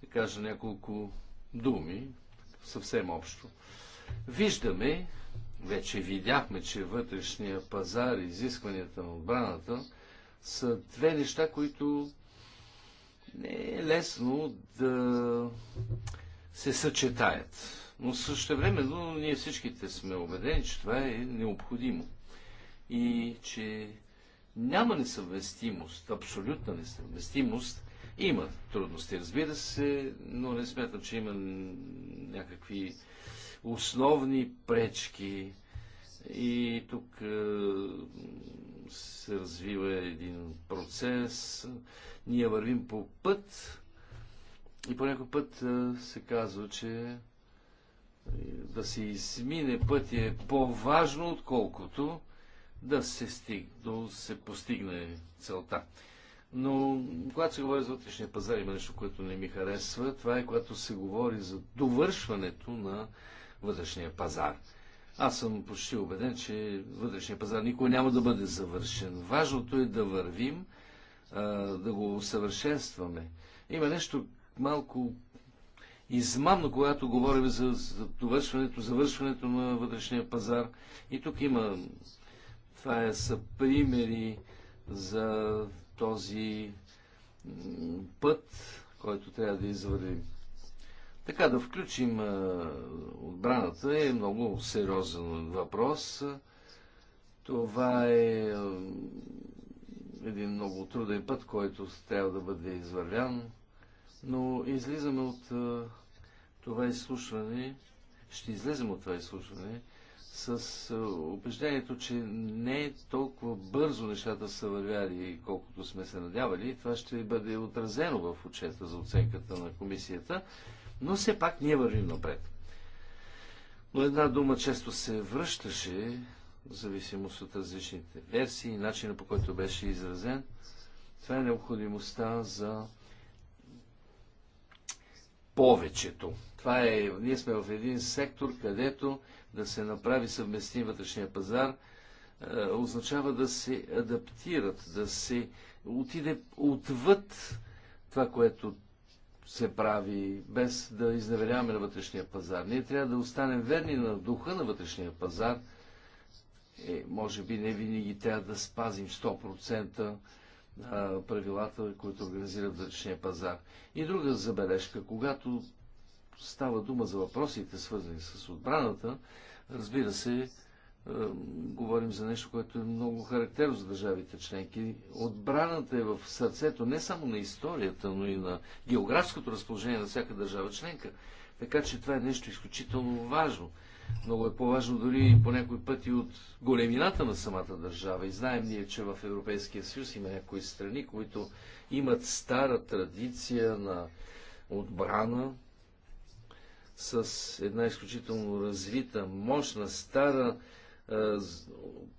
да кажа няколко думи, съвсем общо. Виждаме, вече видяхме, че вътрешния пазар, изискванията на отбраната са две неща, които не е лесно да се съчетаят. Но също времено ние всичките сме убедени, че това е необходимо и че няма несъвместимост, абсолютна несъвместимост. Има трудности, разбира се, но не смятам, че има някакви основни пречки. И тук е, се развива един процес. Ние вървим по път и по някой път е, се казва, че е, да се измине пътя е по-важно, отколкото да се, стиг, да се постигне целта. Но когато се говори за вътрешния пазар, има нещо, което не ми харесва. Това е когато се говори за довършването на вътрешния пазар. Аз съм почти убеден, че вътрешния пазар никога няма да бъде завършен. Важното е да вървим, да го усъвършенстваме. Има нещо малко измамно, когато говорим за довършването, завършването на вътрешния пазар. И тук има това е, са примери за този път, който трябва да извървим. Така, да включим отбраната е много сериозен въпрос. Това е един много труден път, който трябва да бъде извървян, но излизаме от това изслушване, ще излезем от това изслушване с убеждението, че не е толкова бързо нещата са вървяли, колкото сме се надявали. Това ще бъде отразено в отчета за оценката на комисията, но все пак ние вървим напред. Но една дума често се връщаше, в зависимост от различните версии и начина по който беше изразен. Това е необходимостта за повечето. Това е, ние сме в един сектор, където да се направи съвместим вътрешния пазар, е, означава да се адаптират, да се отиде отвъд това, което се прави, без да изневеряваме на вътрешния пазар. Ние трябва да останем верни на духа на вътрешния пазар. Е, може би не винаги трябва да спазим 100% е, правилата, които организират вътрешния пазар. И друга забележка, когато става дума за въпросите, свързани с отбраната, Разбира се, е, говорим за нещо, което е много характерно за държавите членки. Отбраната е в сърцето не само на историята, но и на географското разположение на всяка държава членка. Така че това е нещо изключително важно. Много е по-важно дори и по някой пъти от големината на самата държава. И знаем ние, че в Европейския съюз има някои страни, които имат стара традиция на отбрана, с една изключително развита, мощна, стара е,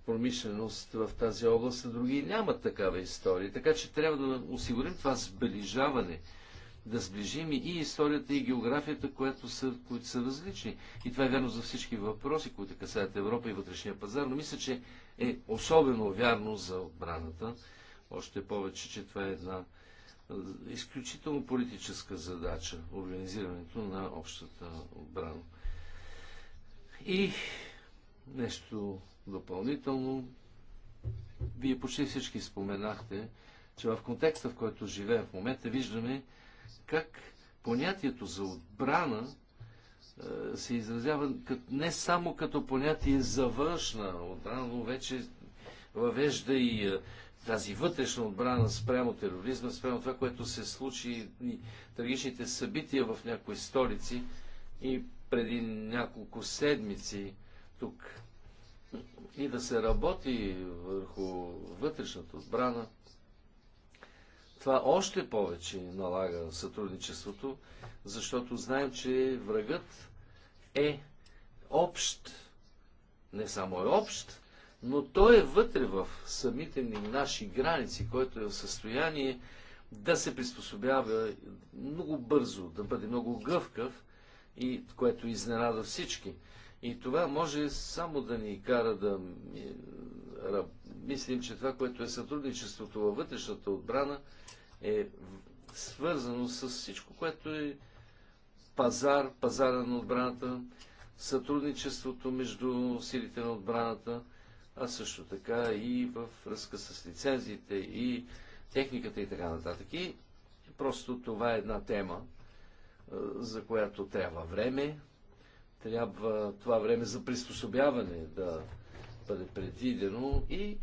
промишленост в тази област, а други нямат такава история. Така че трябва да осигурим това сближаване, да сближим и историята, и географията, която са, които са различни. И това е вярно за всички въпроси, които касаят Европа и вътрешния пазар, но мисля, че е особено вярно за отбраната. Още повече, че това е една изключително политическа задача организирането на общата отбрана. И нещо допълнително. Вие почти всички споменахте, че в контекста, в който живеем в момента, виждаме как понятието за отбрана е, се изразява не само като понятие за външна отбрана, но вече въвежда и е, тази вътрешна отбрана спрямо тероризма, спрямо това, което се случи и трагичните събития в някои столици и преди няколко седмици тук и да се работи върху вътрешната отбрана. Това още повече налага сътрудничеството, защото знаем, че врагът е общ. Не само е общ, но той е вътре в самите ни наши граници, който е в състояние да се приспособява много бързо, да бъде много гъвкав, и което изненада всички. И това може само да ни кара да е, мислим, че това, което е сътрудничеството във вътрешната отбрана, е свързано с всичко, което е пазар, пазара на отбраната, сътрудничеството между силите на отбраната – а също така и в връзка с лицензиите и техниката и така нататък. И просто това е една тема, за която трябва време, трябва това време за приспособяване да бъде предвидено и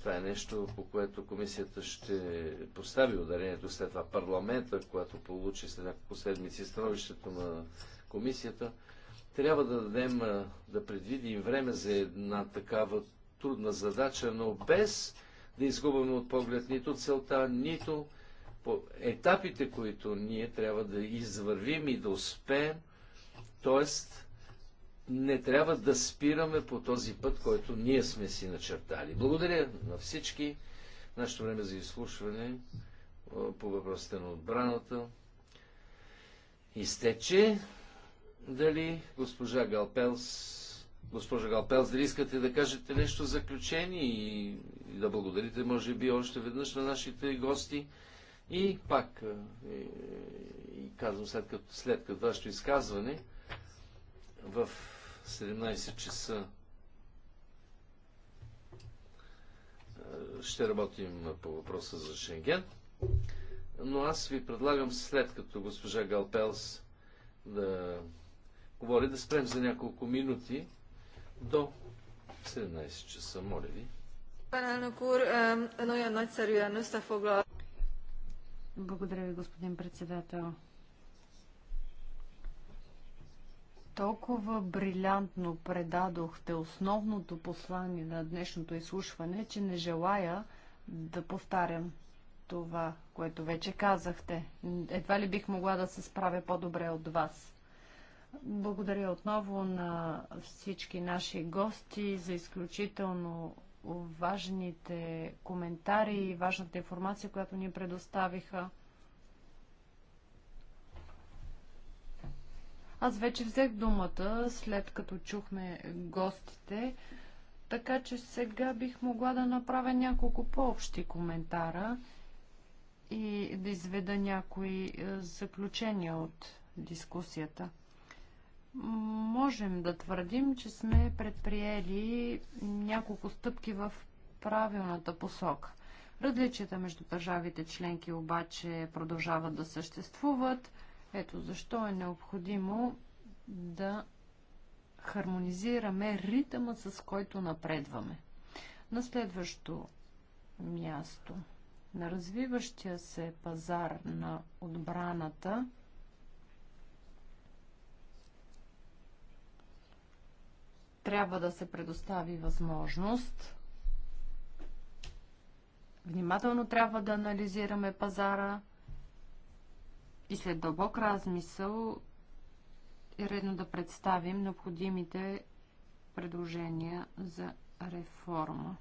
това е нещо, по което комисията ще постави ударението след това парламента, когато получи след няколко седмици становището на комисията – трябва да дадем, да предвидим време за една такава трудна задача, но без да изгубваме от поглед нито целта, нито по етапите, които ние трябва да извървим и да успеем. т.е. не трябва да спираме по този път, който ние сме си начертали. Благодаря на всички. Нашето време за изслушване по въпросите на отбраната изтече. Дали госпожа Галпелс, госпожа Галпелс, дали искате да кажете нещо в заключение и, и да благодарите, може би, още веднъж на нашите гости? И пак, и, е, е, и казвам след като, след като вашето изказване, в 17 часа е, ще работим по въпроса за Шенген. Но аз ви предлагам след като госпожа Галпелс да говори, да спрем за няколко минути до 17 часа. Моля ви.
Е,
Благодаря ви, господин председател. Толкова брилянтно предадохте основното послание на днешното изслушване, че не желая да повтарям това, което вече казахте. Едва ли бих могла да се справя по-добре от вас. Благодаря отново на всички наши гости за изключително важните коментари и важната информация, която ни предоставиха. Аз вече взех думата, след като чухме гостите, така че сега бих могла да направя няколко по-общи коментара и да изведа някои е, заключения от дискусията можем да твърдим, че сме предприели няколко стъпки в правилната посока. Различията между държавите членки обаче продължават да съществуват. Ето защо е необходимо да хармонизираме ритъма, с който напредваме. На следващо място на развиващия се пазар на отбраната – трябва да се предостави възможност. Внимателно трябва да анализираме пазара и след дълбок размисъл е редно да представим необходимите предложения за реформа.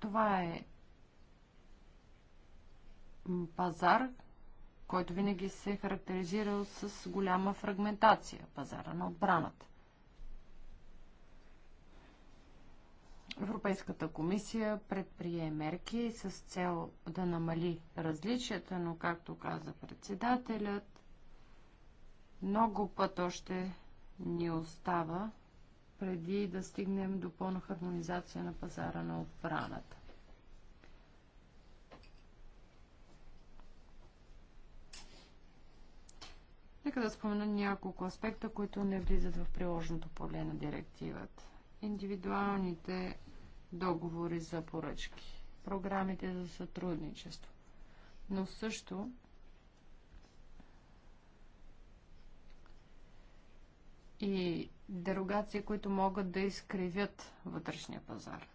Това е пазар, който винаги се е характеризирал с голяма фрагментация пазара на отбраната. Европейската комисия предприе мерки с цел да намали различията, но както каза председателят, много път още ни остава преди да стигнем до пълна хармонизация на пазара на отбраната. Нека да спомена няколко аспекта, които не влизат в приложното поле на директивата. Индивидуалните договори за поръчки, програмите за сътрудничество, но също и дерогации, които могат да изкривят вътрешния пазар.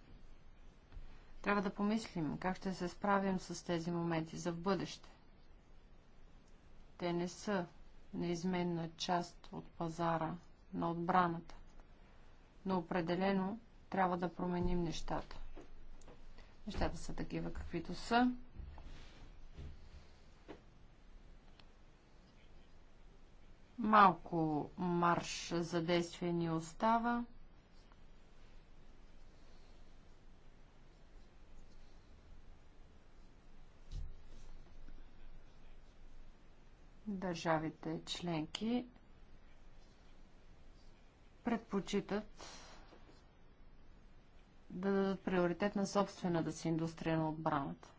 Трябва да помислим как ще се справим с тези моменти за в бъдеще. Те не са неизменна част от пазара на отбраната. Но определено трябва да променим нещата. Нещата са такива, каквито са. Малко марш за действие ни остава. държавите членки предпочитат да дадат приоритет на собствената си индустрия на отбраната.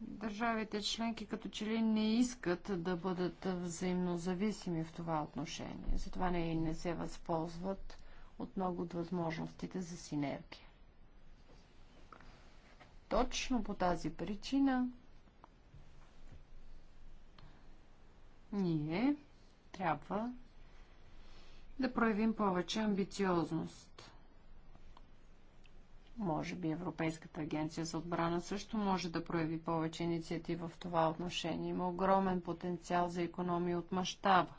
Държавите членки като че ли не искат да бъдат взаимно зависими в това отношение. Затова не, не се възползват от много от възможностите за синергия. Точно по тази причина Ние трябва да проявим повече амбициозност. Може би Европейската агенция за отбрана също може да прояви повече инициатива в това отношение. Има огромен потенциал за економия от мащаба.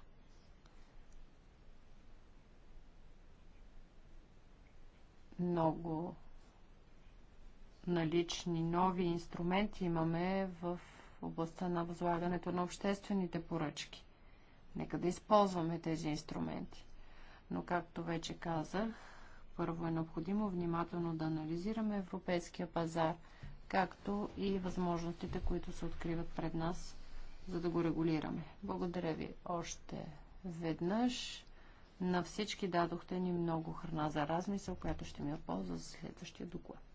Много налични нови инструменти имаме в областта на възлагането на обществените поръчки. Нека да използваме тези инструменти. Но, както вече казах, първо е необходимо внимателно да анализираме европейския пазар, както и възможностите, които се откриват пред нас, за да го регулираме. Благодаря ви още веднъж. На всички дадохте ни много храна за размисъл, която ще ми е полза за следващия доклад.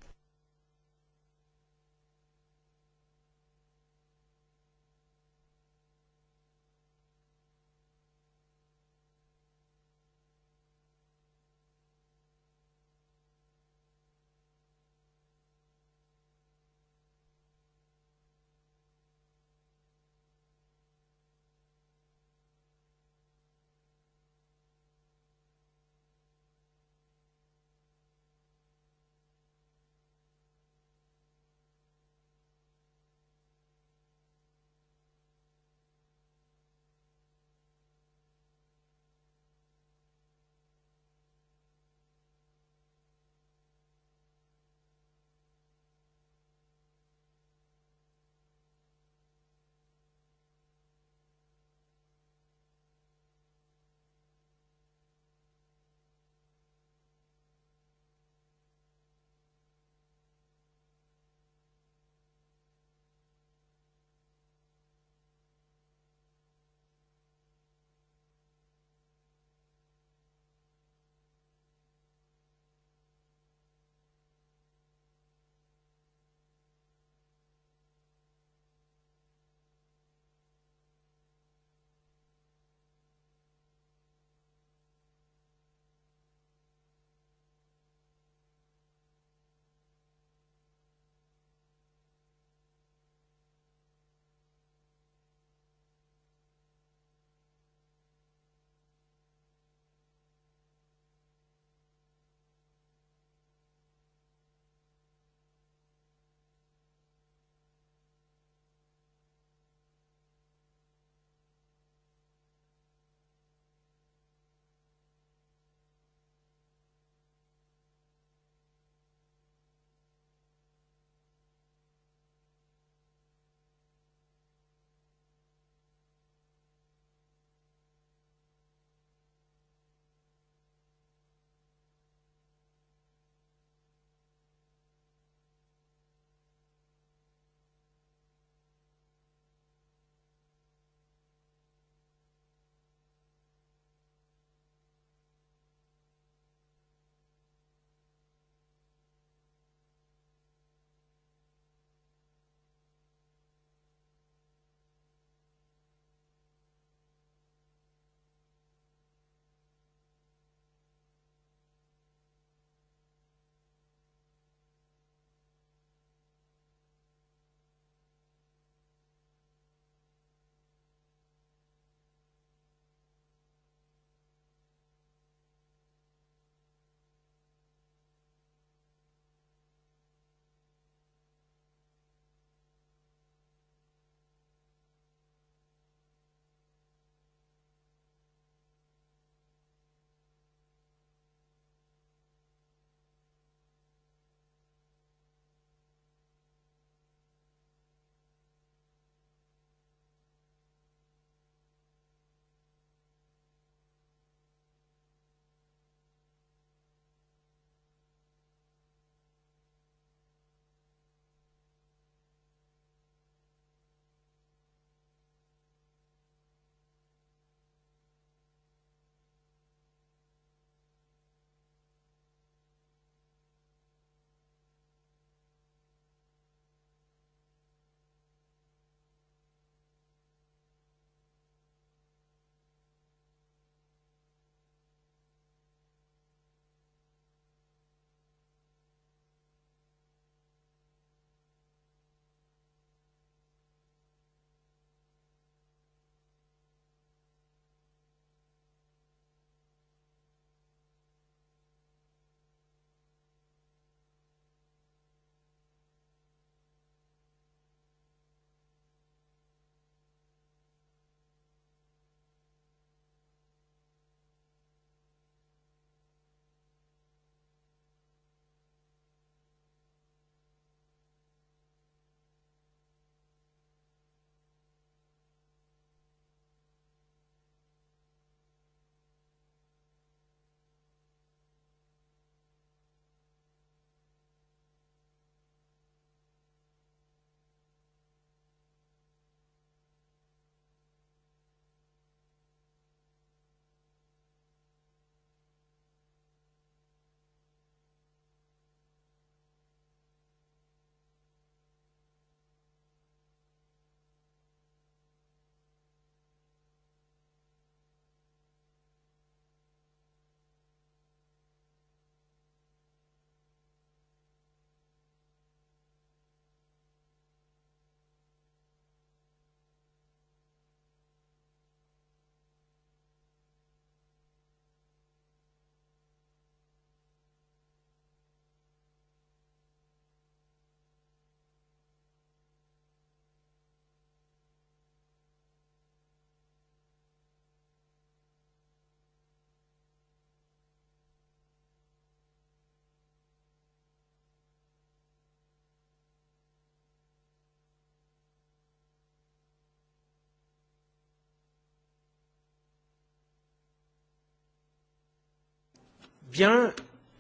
Bien,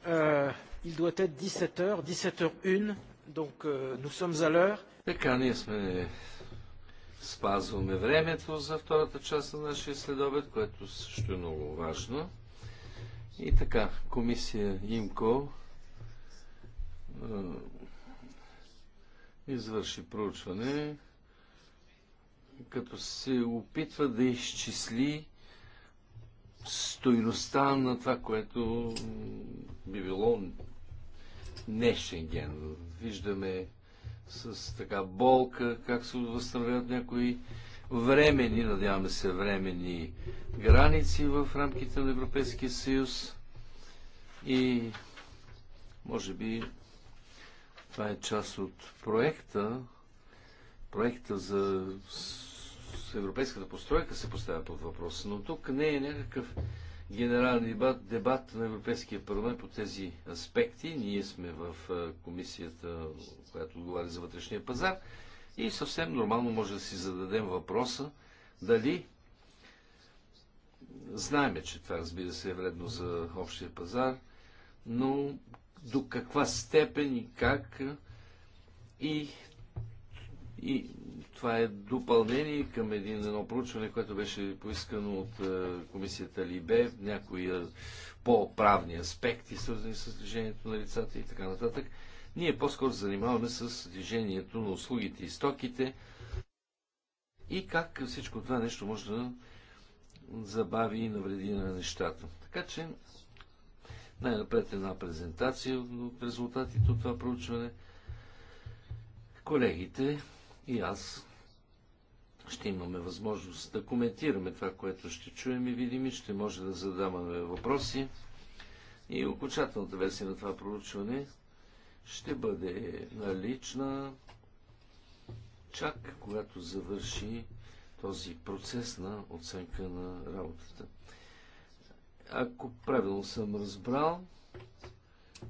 euh, il doit être 17h, 17h01, donc euh, nous
sommes à l'heure. Така, ние сме спазваме времето за втората част на нашия следобед, което също е много важно. И така, комисия ИМКО е, извърши проучване, като се опитва да изчисли стоиността на това, което би било не Шенген. Виждаме с така болка как се възстановяват някои времени, надяваме се, времени граници в рамките на Европейския съюз. И може би това е част от проекта, проекта за европейската постройка се поставя под въпрос. Но тук не е някакъв генерален дебат, дебат на Европейския парламент по тези аспекти. Ние сме в комисията, която отговаря за вътрешния пазар и съвсем нормално може да си зададем въпроса дали знаеме, че това разбира се е вредно за общия пазар, но до каква степен и как и и това е допълнение към един, едно проучване, което беше поискано от е, комисията Либе, някои е, по-правни аспекти, свързани с движението на лицата и така нататък. Ние по-скоро занимаваме с движението на услугите и стоките и как всичко това нещо може да забави и навреди на нещата. Така че най-напред една презентация от резултатите от това проучване. Колегите и аз ще имаме възможност да коментираме това, което ще чуем и видим и ще може да задаваме въпроси. И окончателната версия на това проучване ще бъде налична чак когато завърши този процес на оценка на работата. Ако правилно съм разбрал,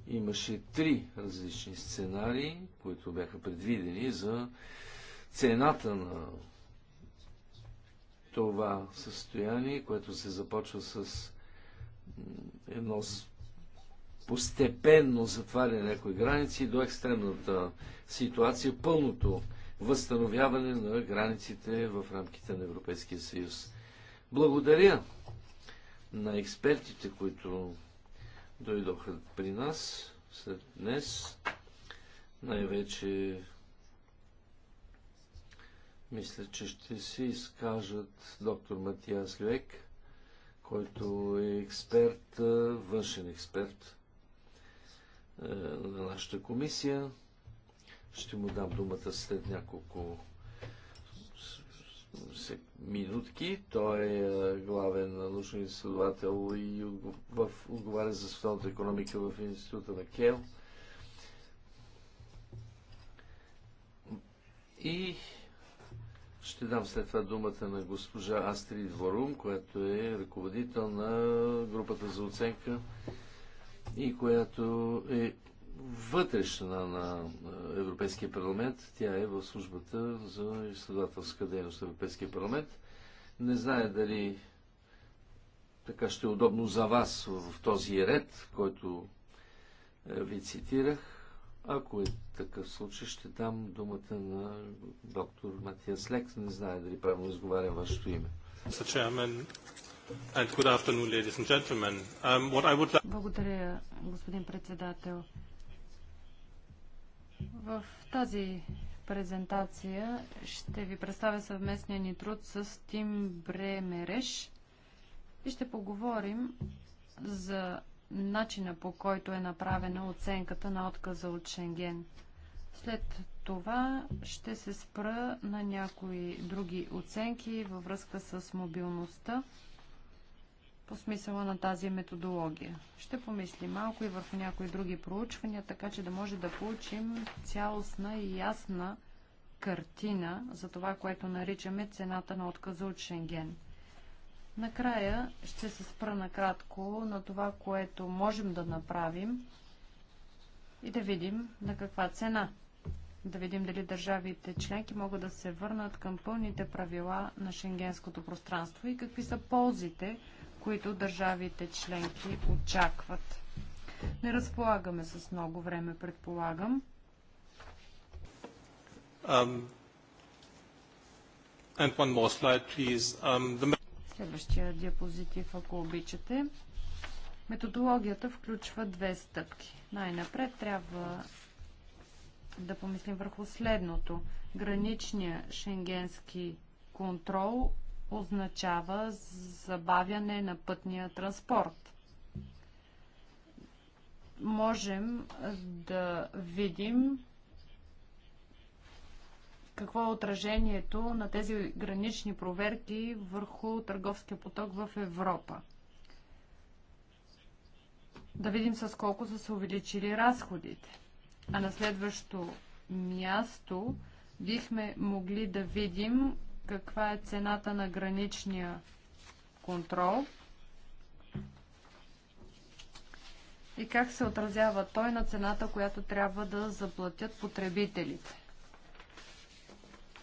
имаше три различни сценарии, които бяха предвидени за цената на това състояние, което се започва с едно постепенно затваряне на някои граници до екстремната ситуация, пълното възстановяване на границите в рамките на Европейския съюз. Благодаря на експертите, които дойдоха при нас след днес, най-вече мисля, че ще се изкажат доктор Матиас Люек, който е експерт, е, външен експерт е, на нашата комисия. Ще му дам думата след няколко минутки. Той е, е главен научен изследовател и отговаря за световната економика в Института на Кел. И ще дам след това думата на госпожа Астрид Ворум, която е ръководител на групата за оценка и която е вътрешна на Европейския парламент. Тя е в службата за изследователска дейност на Европейския парламент. Не знае дали така ще е удобно за вас в този ред, който ви цитирах. Ако е такъв случай, ще дам думата на доктор Матиас Лекс. Не знае дали правилно изговаря вашето име.
Um,
Благодаря, господин председател. В тази презентация ще ви представя съвместния ни труд с Тим Бремереш и ще поговорим за начина по който е направена оценката на отказа от Шенген. След това ще се спра на някои други оценки във връзка с мобилността по смисъла на тази методология. Ще помисли малко и върху някои други проучвания, така че да може да получим цялостна и ясна картина за това, което наричаме цената на отказа от Шенген. Накрая ще се спра накратко на това, което можем да направим и да видим на каква цена. Да видим дали държавите членки могат да се върнат към пълните правила на шенгенското пространство и какви са ползите, които държавите членки очакват. Не разполагаме с много време, предполагам.
Um, and one more slide, please. Um, the
Следващия диапозитив, ако обичате. Методологията включва две стъпки. Най-напред трябва да помислим върху следното. Граничния шенгенски контрол означава забавяне на пътния транспорт. Можем да видим какво е отражението на тези гранични проверки върху търговския поток в Европа. Да видим с колко са се увеличили разходите. А на следващо място бихме могли да видим каква е цената на граничния контрол и как се отразява той на цената, която трябва да заплатят потребителите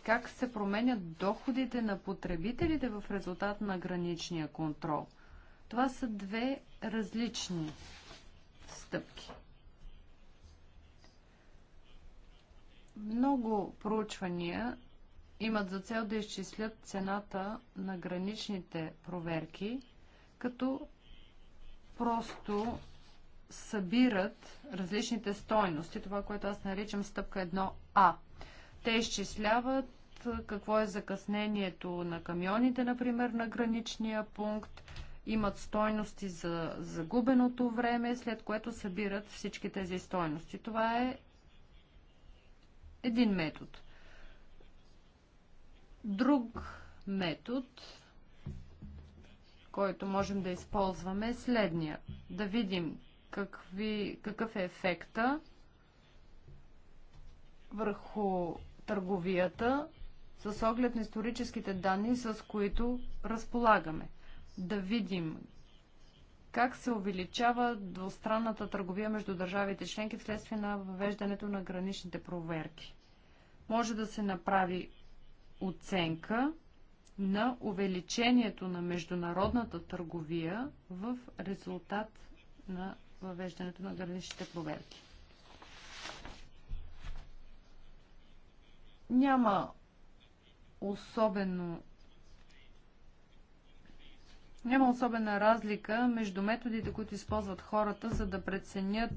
как се променят доходите на потребителите в резултат на граничния контрол. Това са две различни стъпки. Много проучвания имат за цел да изчислят цената на граничните проверки, като просто събират различните стойности, това, което аз наричам стъпка 1А. Те изчисляват какво е закъснението на камионите, например, на граничния пункт, имат стойности за загубеното време, след което събират всички тези стойности. Това е един метод. Друг метод, който можем да използваме е следния. Да видим какви, какъв е ефекта върху търговията с оглед на историческите данни, с които разполагаме. Да видим как се увеличава двустранната търговия между държавите членки вследствие на въвеждането на граничните проверки. Може да се направи оценка на увеличението на международната търговия в резултат на въвеждането на граничните проверки. Няма особено няма особена разлика между методите, които използват хората, за да преценят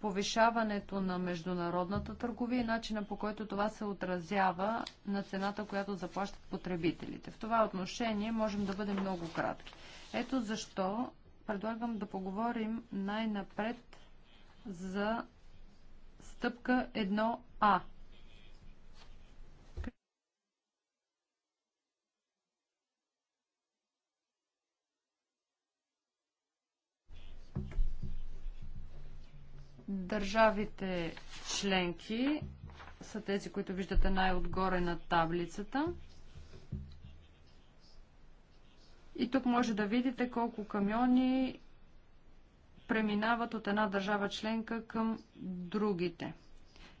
повишаването на международната търговия и начина по който това се отразява на цената, която заплащат потребителите. В това отношение можем да бъдем много кратки. Ето защо предлагам да поговорим най-напред за стъпка 1А Държавите членки са тези, които виждате най-отгоре на таблицата. И тук може да видите колко камиони преминават от една държава членка към другите.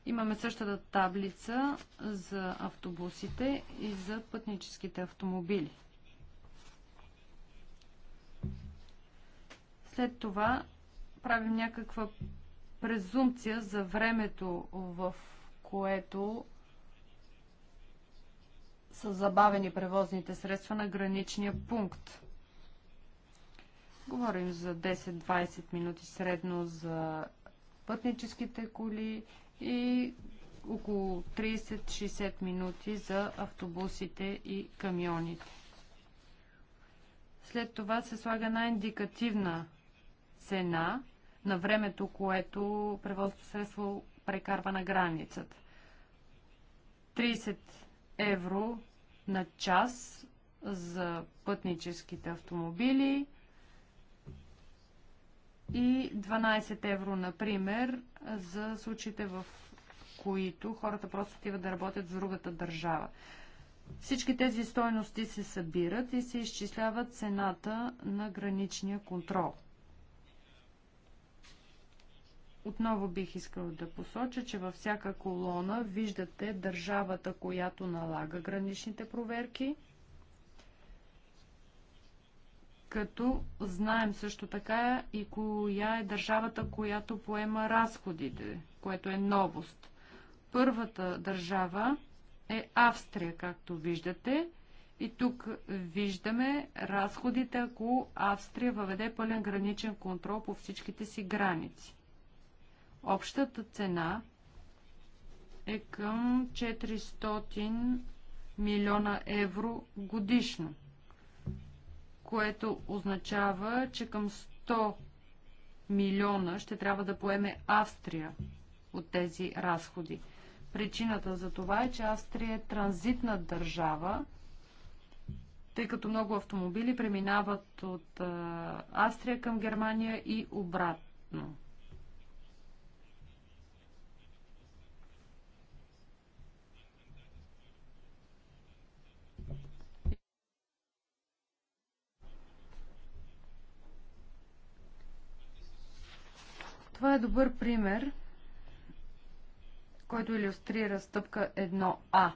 Имаме същата таблица за автобусите и за пътническите автомобили. След това правим някаква презумпция за времето, в което са забавени превозните средства на граничния пункт. Говорим за 10-20 минути средно за пътническите коли и около 30-60 минути за автобусите и камионите. След това се слага най индикативна цена на времето, което превозното средство прекарва на границата. 30 евро на час за пътническите автомобили и 12 евро, например, за случаите, в които хората просто отиват да работят в другата държава. Всички тези стойности се събират и се изчисляват цената на граничния контрол. Отново бих искал да посоча, че във всяка колона виждате държавата, която налага граничните проверки, като знаем също така и коя е държавата, която поема разходите, което е новост. Първата държава е Австрия, както виждате. И тук виждаме разходите, ако Австрия въведе пълен граничен контрол по всичките си граници. Общата цена е към 400 милиона евро годишно, което означава, че към 100 милиона ще трябва да поеме Австрия от тези разходи. Причината за това е, че Австрия е транзитна държава, тъй като много автомобили преминават от Австрия към Германия и обратно. Това е добър пример, който иллюстрира стъпка 1А.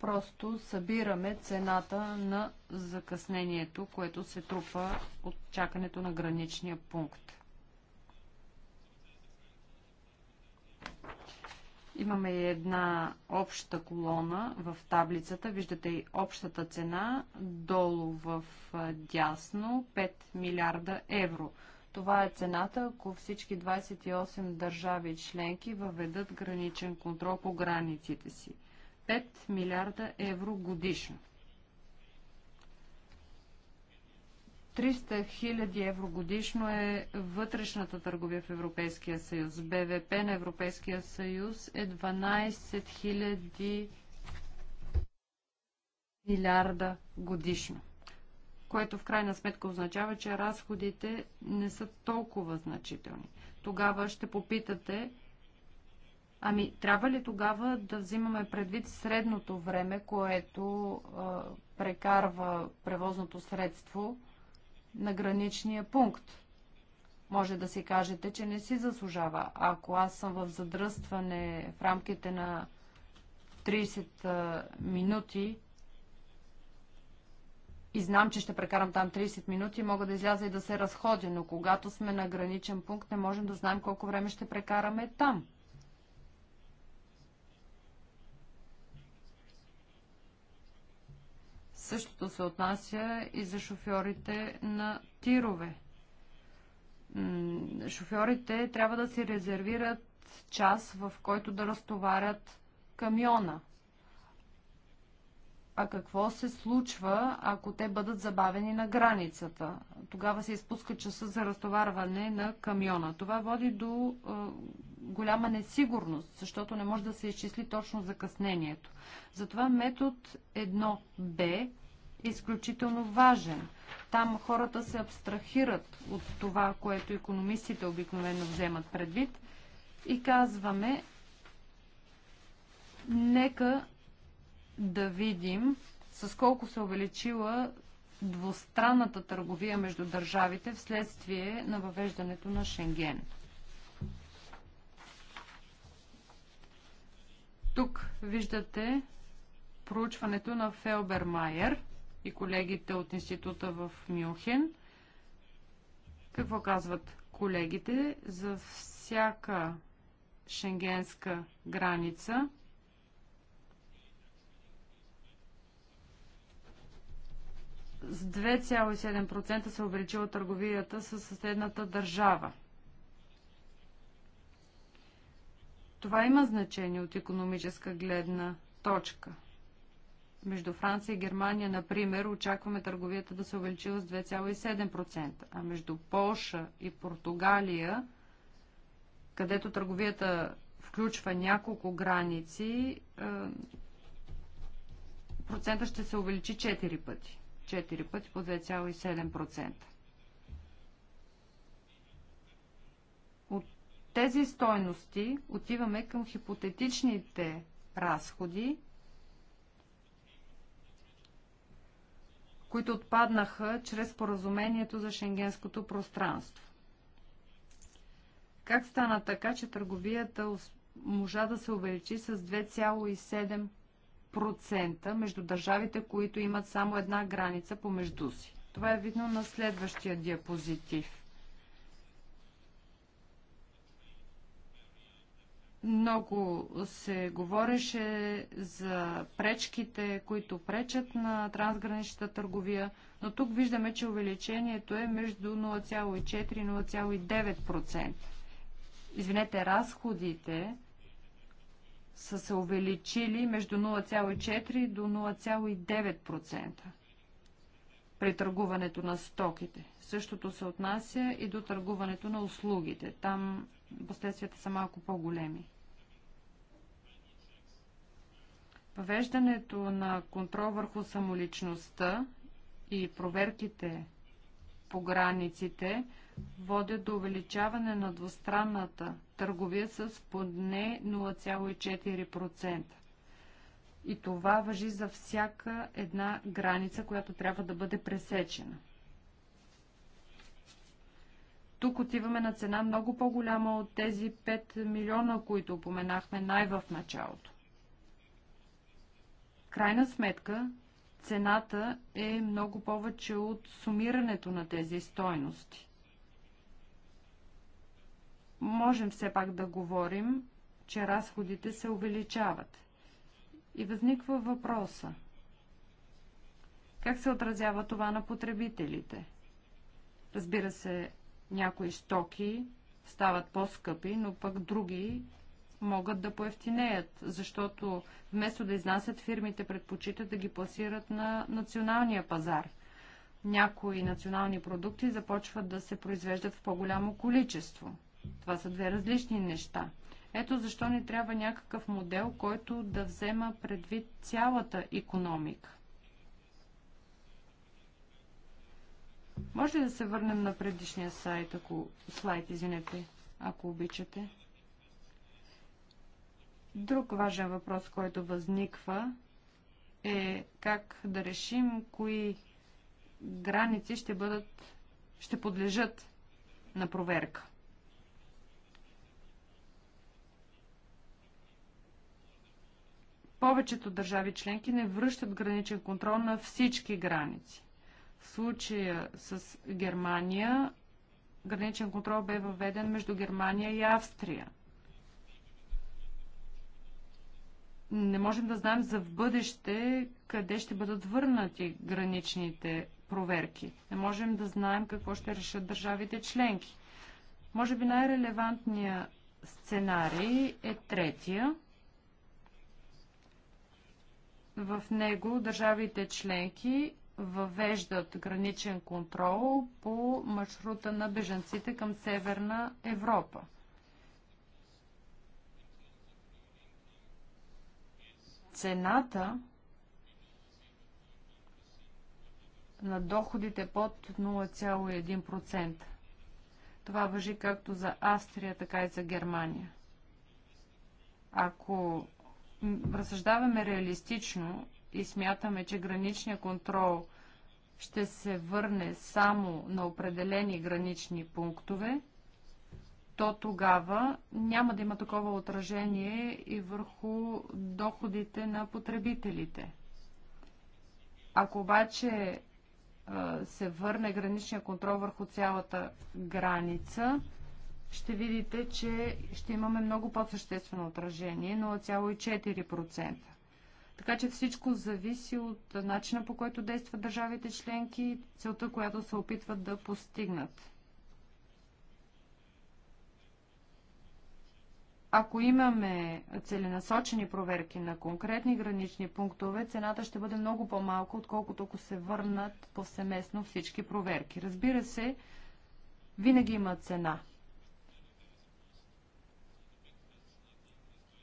Просто събираме цената на закъснението, което се трупа от чакането на граничния пункт. Имаме и една обща колона в таблицата. Виждате и общата цена долу в дясно 5 милиарда евро. Това е цената, ако всички 28 държави членки въведат граничен контрол по границите си. 5 милиарда евро годишно. 300 хиляди евро годишно е вътрешната търговия в Европейския съюз. БВП на Европейския съюз е 12 хиляди милиарда годишно което в крайна сметка означава, че разходите не са толкова значителни. Тогава ще попитате, ами трябва ли тогава да взимаме предвид средното време, което а, прекарва превозното средство на граничния пункт? Може да си кажете, че не си заслужава. Ако аз съм в задръстване в рамките на 30 минути, и знам, че ще прекарам там 30 минути, мога да изляза и да се разходя, но когато сме на граничен пункт, не можем да знаем колко време ще прекараме там. Същото се отнася и за шофьорите на тирове. Шофьорите трябва да си резервират час, в който да разтоварят камиона. А какво се случва, ако те бъдат забавени на границата? Тогава се изпуска часа за разтоварване на камиона. Това води до е, голяма несигурност, защото не може да се изчисли точно закъснението. Затова метод 1Б е изключително важен. Там хората се абстрахират от това, което економистите обикновено вземат предвид и казваме, нека да видим с колко се увеличила двустранната търговия между държавите вследствие на въвеждането на Шенген. Тук виждате проучването на Фелбер Майер и колегите от института в Мюнхен. Какво казват колегите? За всяка шенгенска граница с 2,7% се увеличила търговията с съседната държава. Това има значение от економическа гледна точка. Между Франция и Германия, например, очакваме търговията да се увеличила с 2,7%, а между Полша и Португалия, където търговията включва няколко граници, е, процента ще се увеличи 4 пъти. 4 пъти по 2,7%. От тези стойности отиваме към хипотетичните разходи, които отпаднаха чрез поразумението за шенгенското пространство. Как стана така, че търговията можа да се увеличи с 2,7%? процента между държавите, които имат само една граница помежду си. Това е видно на следващия диапозитив. Много се говореше за пречките, които пречат на трансграничната търговия, но тук виждаме, че увеличението е между 0,4 и 0,9%. Извинете, разходите са се увеличили между 0,4 до 0,9% при търгуването на стоките. Същото се отнася и до търгуването на услугите. Там последствията са малко по-големи. Въвеждането на контрол върху самоличността и проверките по границите водят до увеличаване на двустранната търговия с поне 0,4%. И това въжи за всяка една граница, която трябва да бъде пресечена. Тук отиваме на цена много по-голяма от тези 5 милиона, които упоменахме най-в началото. Крайна сметка, цената е много повече от сумирането на тези стойности можем все пак да говорим, че разходите се увеличават. И възниква въпроса. Как се отразява това на потребителите? Разбира се, някои стоки стават по-скъпи, но пък други могат да поевтинеят, защото вместо да изнасят, фирмите предпочитат да ги пласират на националния пазар. Някои национални продукти започват да се произвеждат в по-голямо количество – това са две различни неща. Ето защо ни трябва някакъв модел, който да взема предвид цялата економика. Може ли да се върнем на предишния сайт, ако... слайд, извинете, ако обичате? Друг важен въпрос, който възниква е как да решим кои граници ще бъдат, ще подлежат на проверка. Повечето държави членки не връщат граничен контрол на всички граници. В случая с Германия граничен контрол бе въведен между Германия и Австрия. Не можем да знаем за в бъдеще къде ще бъдат върнати граничните проверки. Не можем да знаем какво ще решат държавите членки. Може би най-релевантният сценарий е третия – в него държавите членки въвеждат граничен контрол по маршрута на бежанците към Северна Европа. Цената на доходите под 0,1%. Това въжи както за Австрия, така и за Германия. Ако разсъждаваме реалистично и смятаме, че граничния контрол ще се върне само на определени гранични пунктове, то тогава няма да има такова отражение и върху доходите на потребителите. Ако обаче се върне граничния контрол върху цялата граница, ще видите, че ще имаме много по-съществено отражение 0,4%. Така че всичко зависи от начина по който действат държавите членки и целта, която се опитват да постигнат. Ако имаме целенасочени проверки на конкретни гранични пунктове, цената ще бъде много по-малко, отколкото ако се върнат повсеместно всички проверки. Разбира се, винаги има цена –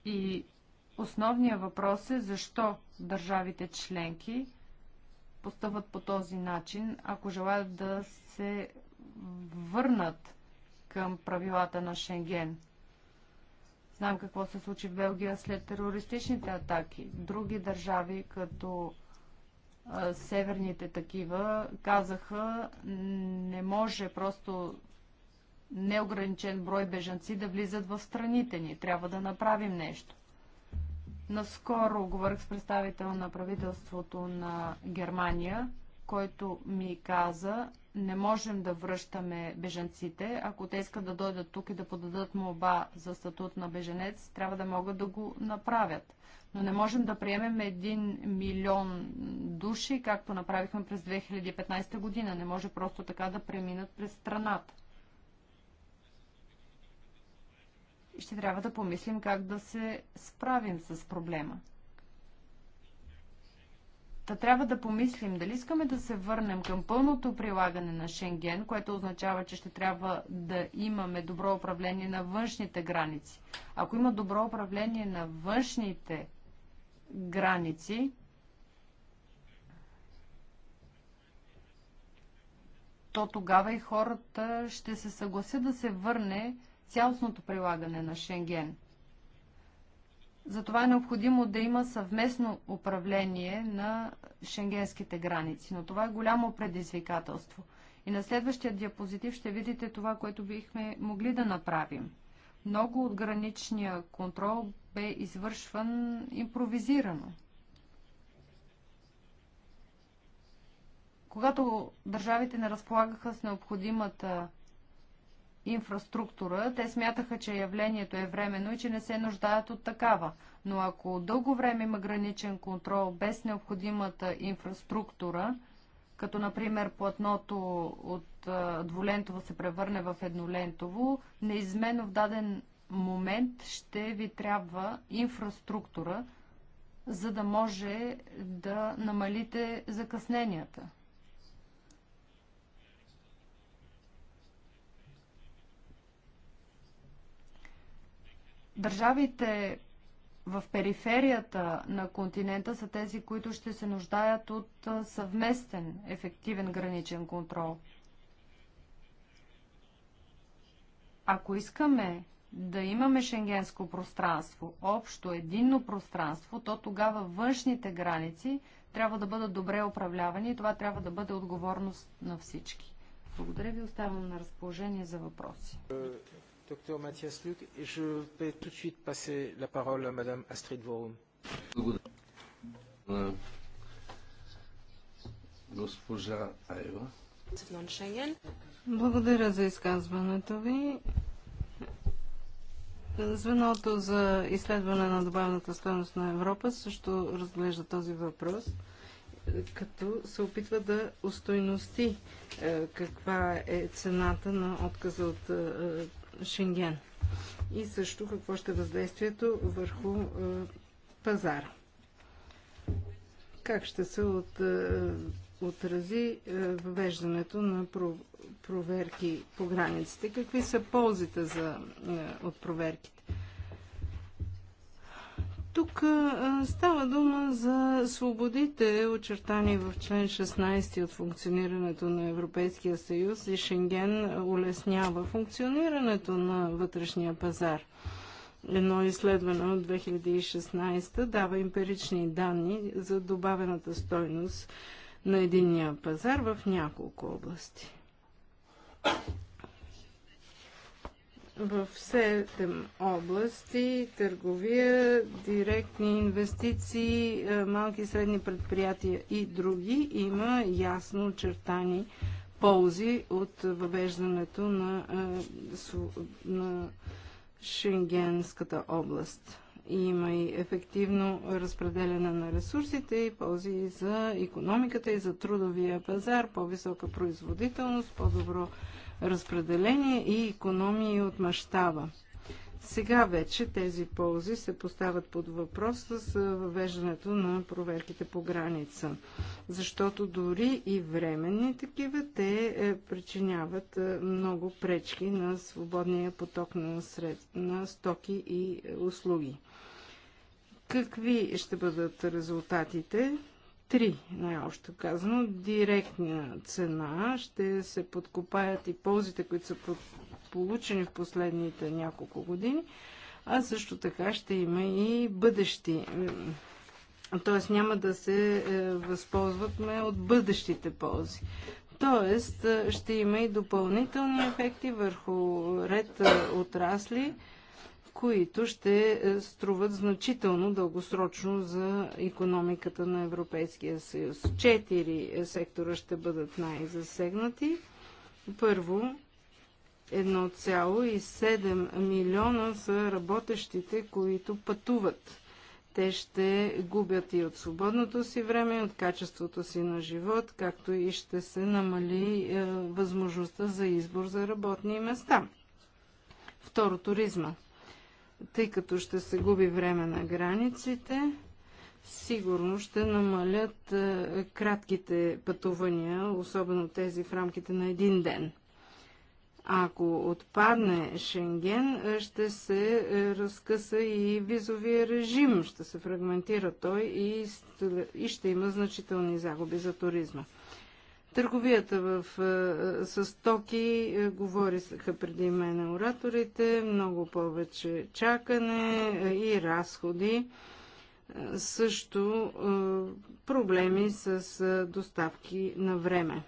И основният въпрос е защо държавите членки постъпват по този начин, ако желаят да се върнат към правилата на Шенген. Знам какво се случи в Белгия след терористичните атаки. Други държави, като северните такива, казаха, не може просто неограничен брой бежанци да влизат в страните ни. Трябва да направим нещо. Наскоро говорих с представител на правителството на Германия, който ми каза, не можем да връщаме бежанците. Ако те искат да дойдат тук и да подадат молба за статут на беженец, трябва да могат да го направят. Но не можем да приемем един милион души, както направихме през 2015 година. Не може просто така да преминат през страната. ще трябва да помислим как да се справим с проблема. Та трябва да помислим дали искаме да се върнем към пълното прилагане на Шенген, което означава, че ще трябва да имаме добро управление на външните граници. Ако има добро управление на външните граници, то тогава и хората ще се съгласят да се върне цялостното прилагане на Шенген. Затова е необходимо да има съвместно управление на шенгенските граници, но това е голямо предизвикателство. И на следващия диапозитив ще видите това, което бихме могли да направим. Много от граничния контрол бе извършван импровизирано. Когато държавите не разполагаха с необходимата инфраструктура, те смятаха, че явлението е временно и че не се нуждаят от такава. Но ако дълго време има граничен контрол без необходимата инфраструктура, като например платното от дволентово се превърне в еднолентово, неизменно в даден момент ще ви трябва инфраструктура, за да може да намалите закъсненията. Държавите в периферията на континента са тези, които ще се нуждаят от съвместен ефективен граничен контрол. Ако искаме да имаме шенгенско пространство, общо единно пространство, то тогава външните граници трябва да бъдат добре управлявани и това трябва да бъде отговорност на всички. Благодаря ви, оставам на разположение за въпроси.
Е, Доктор Матиас Люк, je vais tout de suite passer la parole à Madame Astrid Vorum. Госпожа Айва.
Благодаря за изказването ви. Звеното за изследване на добавената стоеност на Европа също разглежда този въпрос, като се опитва да устойности е, каква е цената на отказа от е, Шенген? И също какво ще е въздействието върху е, пазара? Как ще се от, е, отрази е, въвеждането на проверки по границите? Какви са ползите за, е, от проверките? Тук става дума за свободите, очертани в член 16 от функционирането на Европейския съюз и Шенген улеснява функционирането на вътрешния пазар. Едно изследване от 2016 дава емпирични данни за добавената стойност на единния пазар в няколко области в 7 области търговия, директни инвестиции, е, малки и средни предприятия и други има ясно очертани ползи от въвеждането на, е, на Шенгенската област. Има и ефективно разпределяне на ресурсите и ползи и за економиката, и за трудовия пазар, по-висока производителност, по-добро разпределение и економии от мащаба. Сега вече тези ползи се поставят под въпрос с въвеждането на проверките по граница, защото дори и временни такива те е, причиняват е, много пречки на свободния поток на, сред... на стоки и е, услуги. Какви ще бъдат резултатите? Три най-общо казано, директна цена. Ще се подкопаят и ползите, които са получени в последните няколко години, а също така ще има и бъдещи. Тоест няма да се е, възползваме от бъдещите ползи. Тоест е, ще има и допълнителни ефекти върху ред е, отрасли, които ще е, струват значително дългосрочно за економиката на Европейския съюз. Четири е, сектора ще бъдат най-засегнати. Първо, 1,7 милиона са работещите, които пътуват. Те ще губят и от свободното си време, и от качеството си на живот, както и ще се намали е, възможността за избор за работни места. Второ, туризма тъй като ще се губи време на границите, сигурно ще намалят е, кратките пътувания, особено тези в рамките на един ден. Ако отпадне Шенген, е, ще се е, разкъса и визовия режим, ще се фрагментира той и ще има значителни загуби за туризма. Търговията в, е, е, с токи е, говориха преди мен ораторите, много повече чакане и разходи. Също проблеми с доставки на време.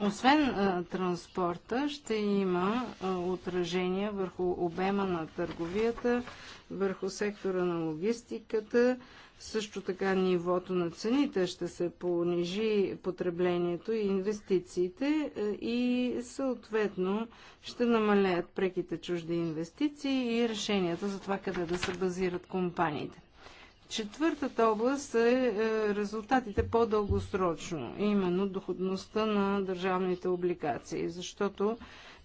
Освен транспорта, ще има отражения върху обема на търговията, върху сектора на логистиката, също така нивото на цените ще се понижи потреблението и инвестициите е, и съответно ще намалеят преките чужди инвестиции и решенията за това къде да се базират компаниите. Четвъртата област е, е резултатите по-дългосрочно, именно доходността на държавните облигации, защото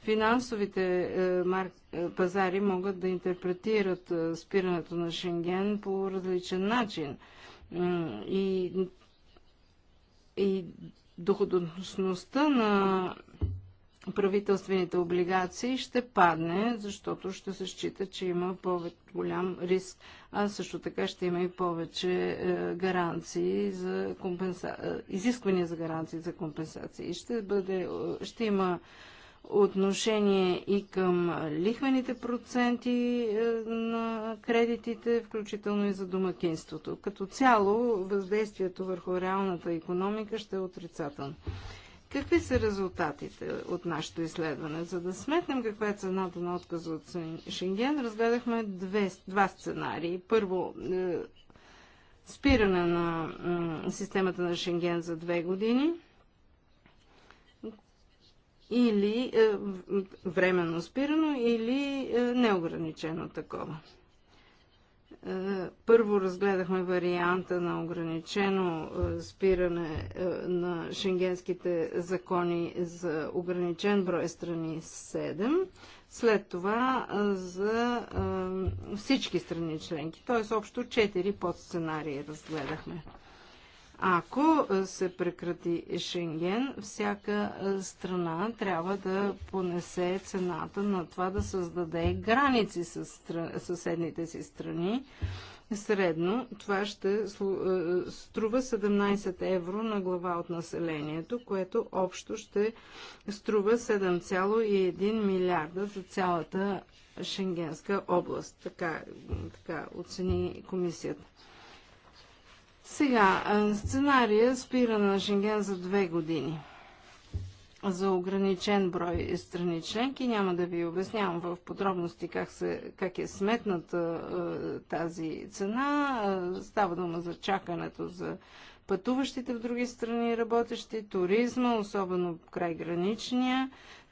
Финансовите е, е, пазари могат да интерпретират е, спирането на Шенген по различен начин. И, и доходностността на правителствените облигации ще падне, защото ще се счита, че има повече голям риск, а също така ще има и повече гаранции за компенса... изисквания за гаранции за компенсации. Ще, бъде, ще има отношение и към лихвените проценти е, на кредитите, включително и за домакинството. Като цяло въздействието върху реалната економика ще е отрицателно. Какви са резултатите от нашето изследване? За да сметнем каква е цената на отказа от Шенген, разгледахме две, два сценарии. Първо, е, спиране на системата на Шенген за две години – или е, временно спирано, или е, неограничено такова. Е, първо разгледахме варианта на ограничено е, спиране е, на шенгенските закони за ограничен брой страни 7, след това е, за е, всички страни членки, т.е. общо 4 подсценарии разгледахме. Ако се прекрати Шенген, всяка страна трябва да понесе цената на това да създаде граници с съседните си страни. Средно това ще струва 17 евро на глава от населението, което общо ще струва 7,1 милиарда за цялата Шенгенска област. Така, така оцени комисията. Сега, сценария спиране на Шенген за две години. За ограничен брой страни членки няма да ви обяснявам в подробности как, се, как е сметната тази цена. Става дума за чакането за пътуващите в други страни работещи, туризма, особено край граничния,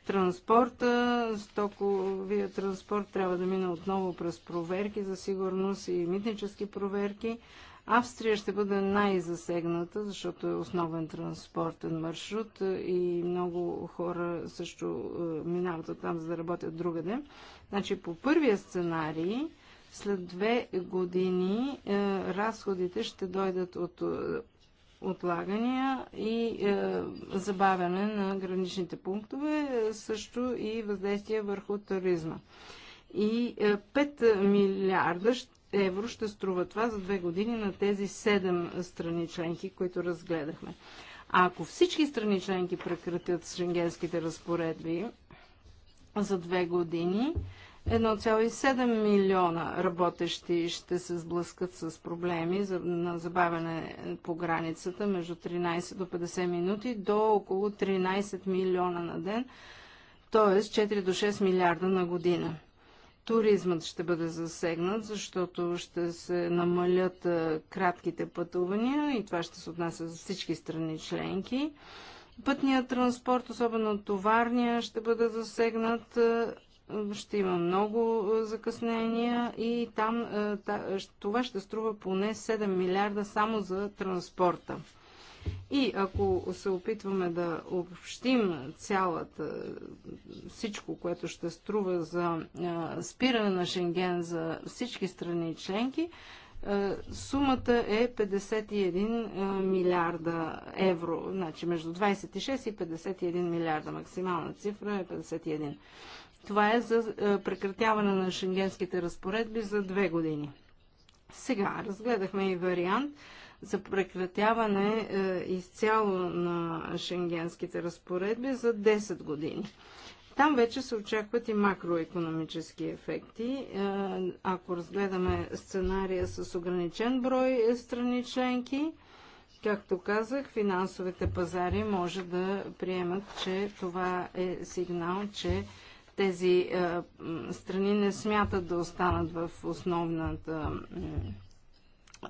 транспорта, стоковия транспорт трябва да мине отново през проверки за сигурност и митнически проверки. Австрия ще бъде най-засегната, защото е основен транспортен маршрут е, и много хора също е, минават от там, за да работят другаде. Значи по първия сценарий, след две години е, разходите ще дойдат от е, отлагания и е, забавяне на граничните пунктове, също и въздействие върху туризма. И е, 5 милиарда ще евро ще струва това за две години на тези седем страни членки, които разгледахме. А ако всички страни членки прекратят шенгенските разпоредби за две години, 1,7 милиона работещи ще се сблъскат с проблеми за, на забавяне по границата между 13 до 50 минути до около 13 милиона на ден, т.е. 4 до 6 милиарда на година туризмът ще бъде засегнат, защото ще се намалят кратките пътувания и това ще се отнася за всички страни членки. Пътният транспорт, особено товарния, ще бъде засегнат. Ще има много закъснения и там това ще струва поне 7 милиарда само за транспорта. И ако се опитваме да общим цялата, всичко, което ще струва за спиране на Шенген за всички страни и членки, сумата е 51 милиарда евро. Значи между 26 и 51 милиарда. Максимална цифра е 51. Това е за прекратяване на шенгенските разпоредби за две години. Сега разгледахме и вариант за прекратяване е, изцяло на шенгенските разпоредби за 10 години. Там вече се очакват и макроекономически ефекти. Е, ако разгледаме сценария с ограничен брой страни членки, както казах, финансовите пазари може да приемат, че това е сигнал, че тези е, страни не смятат да останат в основната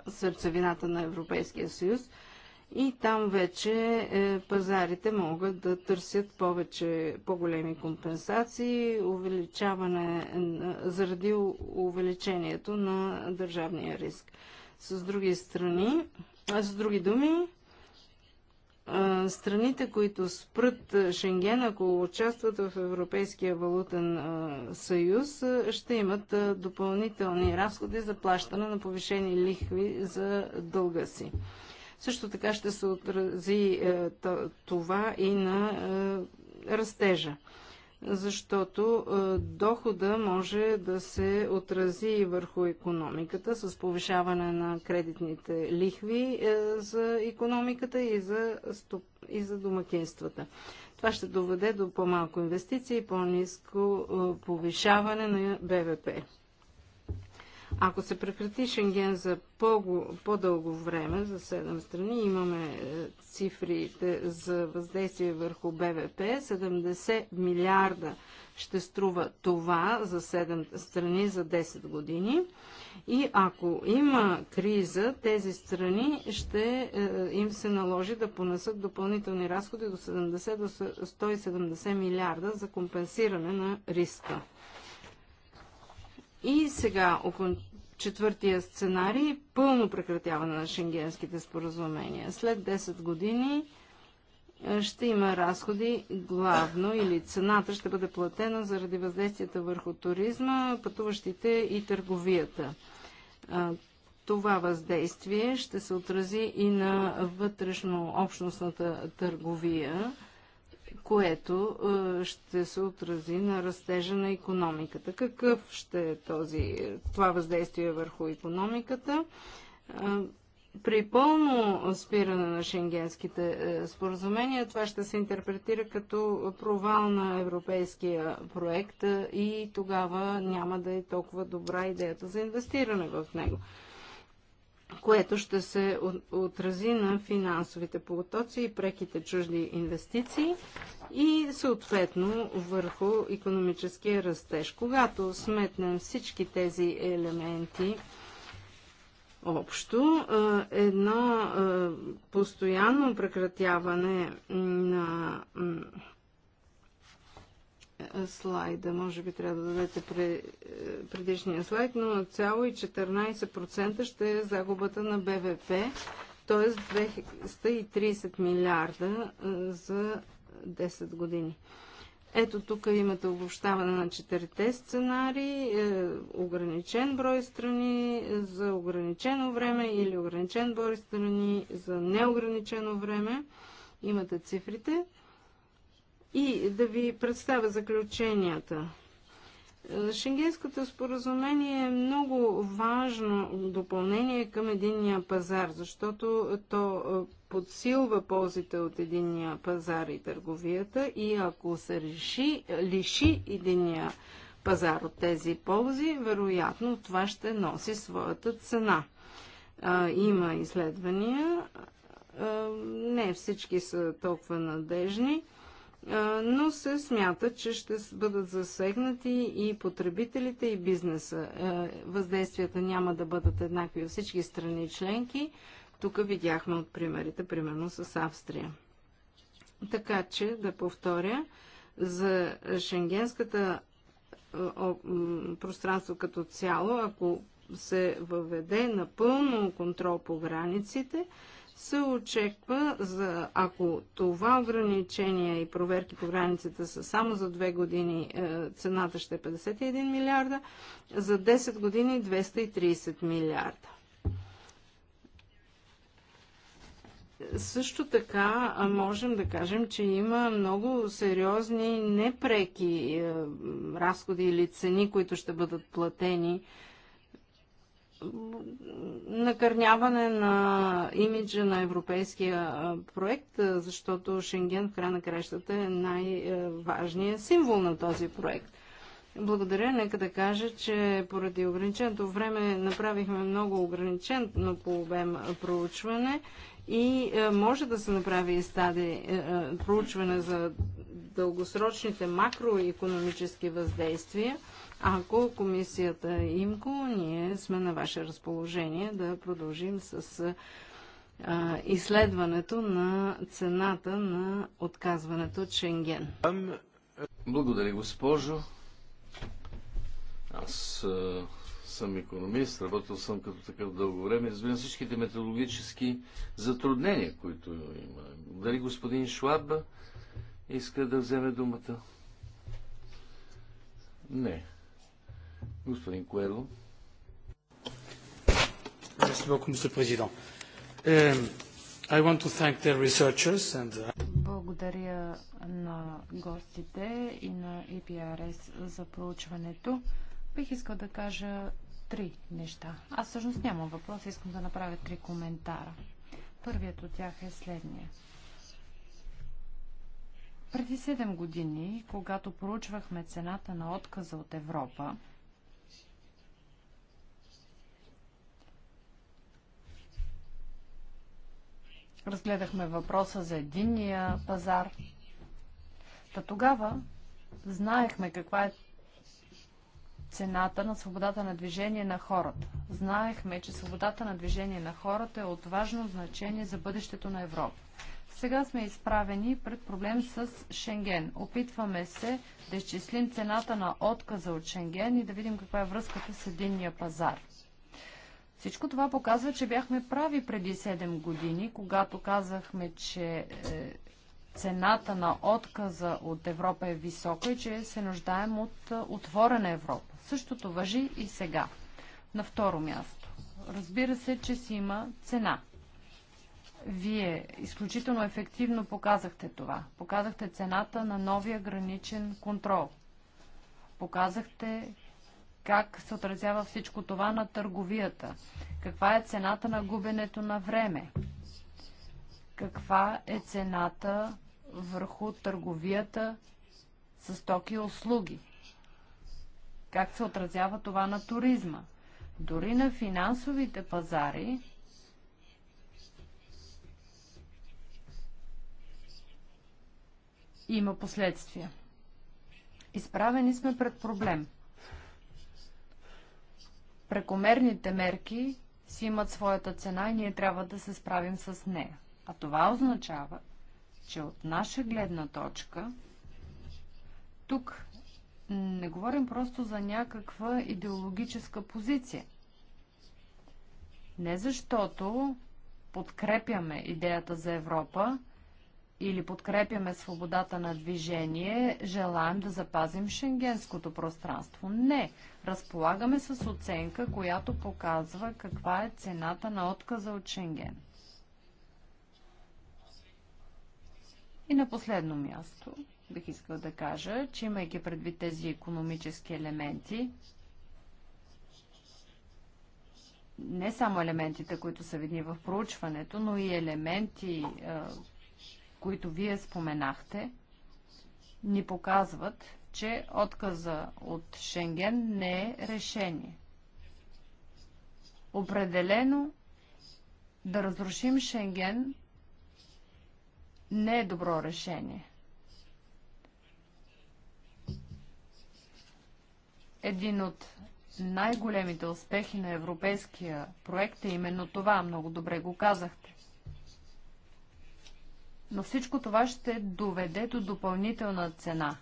сърцевината на Европейския съюз и там вече е, пазарите могат да търсят повече, по-големи компенсации, увеличаване, заради увеличението на държавния риск. С други страни, с други думи, страните, които спрат Шенген, ако участват в Европейския валутен съюз, ще имат допълнителни разходи за плащане на повишени лихви за дълга си. Също така ще се отрази е, това и на е, растежа защото е, дохода може да се отрази и върху економиката с повишаване на кредитните лихви е, за економиката и за, стоп... и за домакинствата. Това ще доведе до по-малко инвестиции и по-низко е, повишаване на БВП. Ако се прекрати Шенген за по-дълго по време, за 7 страни, имаме е, цифрите за въздействие върху БВП, 70 милиарда ще струва това за 7 страни за 10 години. И ако има криза, тези страни ще е, им се наложи да понесат допълнителни разходи до 70 до 170 милиарда за компенсиране на риска. И сега, около четвъртия сценарий, пълно прекратяване на шенгенските споразумения. След 10 години е, ще има разходи главно или цената ще бъде платена заради въздействията върху туризма, пътуващите и търговията. Това въздействие ще се отрази и на вътрешно-общностната търговия което е, ще се отрази на растежа на економиката. Какъв ще е този, това въздействие върху економиката? Е, при пълно спиране на шенгенските е, споразумения това ще се интерпретира като провал на европейския проект и тогава няма да е толкова добра идеята за инвестиране в него което ще се отрази на финансовите потоци и преките чужди инвестиции и съответно върху економическия растеж. Когато сметнем всички тези елементи, Общо, едно постоянно прекратяване на слайда. Може би трябва да дадете е, предишния слайд, но на цяло и 14% ще е загубата на БВП, т.е. 230 милиарда е, за 10 години. Ето тук имате обобщаване на четирите сценари, е, ограничен брой страни за ограничено време или ограничен брой страни за неограничено време. Имате цифрите. И да ви представя заключенията. Шенгенското споразумение е много важно допълнение към единния пазар, защото то е, подсилва ползите от единния пазар и търговията и ако се реши, лиши единния пазар от тези ползи, вероятно това ще носи своята цена. има изследвания, не всички са толкова надежни но се смята, че ще бъдат засегнати и потребителите, и бизнеса. Въздействията няма да бъдат еднакви във всички страни членки. Тук видяхме от примерите, примерно с Австрия. Така че, да повторя, за шенгенската пространство като цяло, ако се въведе напълно контрол по границите, се очеква, за, ако това ограничение и проверки по границата са само за 2 години, е, цената ще е 51 милиарда, за 10 години 230 милиарда. Също така можем да кажем, че има много сериозни непреки е, разходи или цени, които ще бъдат платени накърняване на имиджа на европейския проект, защото Шенген в края на кращата е най-важният символ на този проект. Благодаря. Нека да кажа, че поради ограниченото време направихме много ограничено по обем проучване и може да се направи и стади проучване за дългосрочните макроекономически въздействия ако комисията ИМКО, ние сме на ваше разположение да продължим с а, изследването на цената на отказването от Шенген.
Благодаря, госпожо. Аз а, съм економист, работил съм като такъв дълго време. Разбирам всичките методологически затруднения, които има. Дали господин Шваб иска да вземе думата? Не. Господин Коело. Uh,
Благодаря на гостите и на EPRS за проучването. Бих искал да кажа три неща. Аз всъщност нямам въпрос, искам да направя три коментара. Първият от тях е следния. Преди 7 години, когато проучвахме цената на отказа от Европа, Разгледахме въпроса за единния пазар. Та тогава знаехме каква е цената на свободата на движение на хората. Знаехме, че свободата на движение на хората е от важно значение за бъдещето на Европа. Сега сме изправени пред проблем с Шенген. Опитваме се да изчислим цената на отказа от Шенген и да видим каква е връзката с единния пазар. Всичко това показва, че бяхме прави преди 7 години, когато казахме, че е, цената на отказа от Европа е висока и че се нуждаем от е, отворена Европа. Същото въжи и сега. На второ място. Разбира се, че си има цена. Вие изключително ефективно показахте това. Показахте цената на новия граничен контрол. Показахте как се отразява всичко това на търговията, каква е цената на губенето на време, каква е цената върху търговията с стоки и услуги, как се отразява това на туризма, дори на финансовите пазари, има последствия. Изправени сме пред проблем. Прекомерните мерки си имат своята цена и ние трябва да се справим с нея. А това означава, че от наша гледна точка, тук не говорим просто за някаква идеологическа позиция. Не защото подкрепяме идеята за Европа, или подкрепяме свободата на движение, желаем да запазим шенгенското пространство. Не. Разполагаме с оценка, която показва каква е цената на отказа от Шенген. И на последно място бих искал да кажа, че имайки предвид тези економически елементи, не само елементите, които са видни в проучването, но и елементи, които вие споменахте, ни показват, че отказа от Шенген не е решение. Определено да разрушим Шенген не е добро решение. Един от най-големите успехи на европейския проект е именно това. Много добре го казахте. Но всичко това ще доведе до допълнителна цена.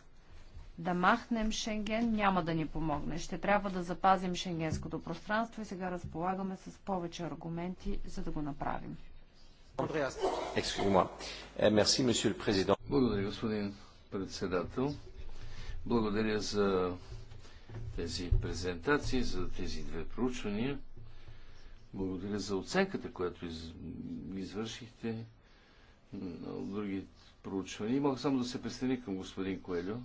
Да махнем Шенген няма да ни помогне. Ще трябва да запазим шенгенското пространство и сега разполагаме с повече аргументи, за да го направим.
Е, Благодаря, господин председател. Благодаря за тези презентации, за тези две проучвания. Благодаря за оценката, която извършихте от други проучвания. Имах мога само да се присъединя към господин Коелю.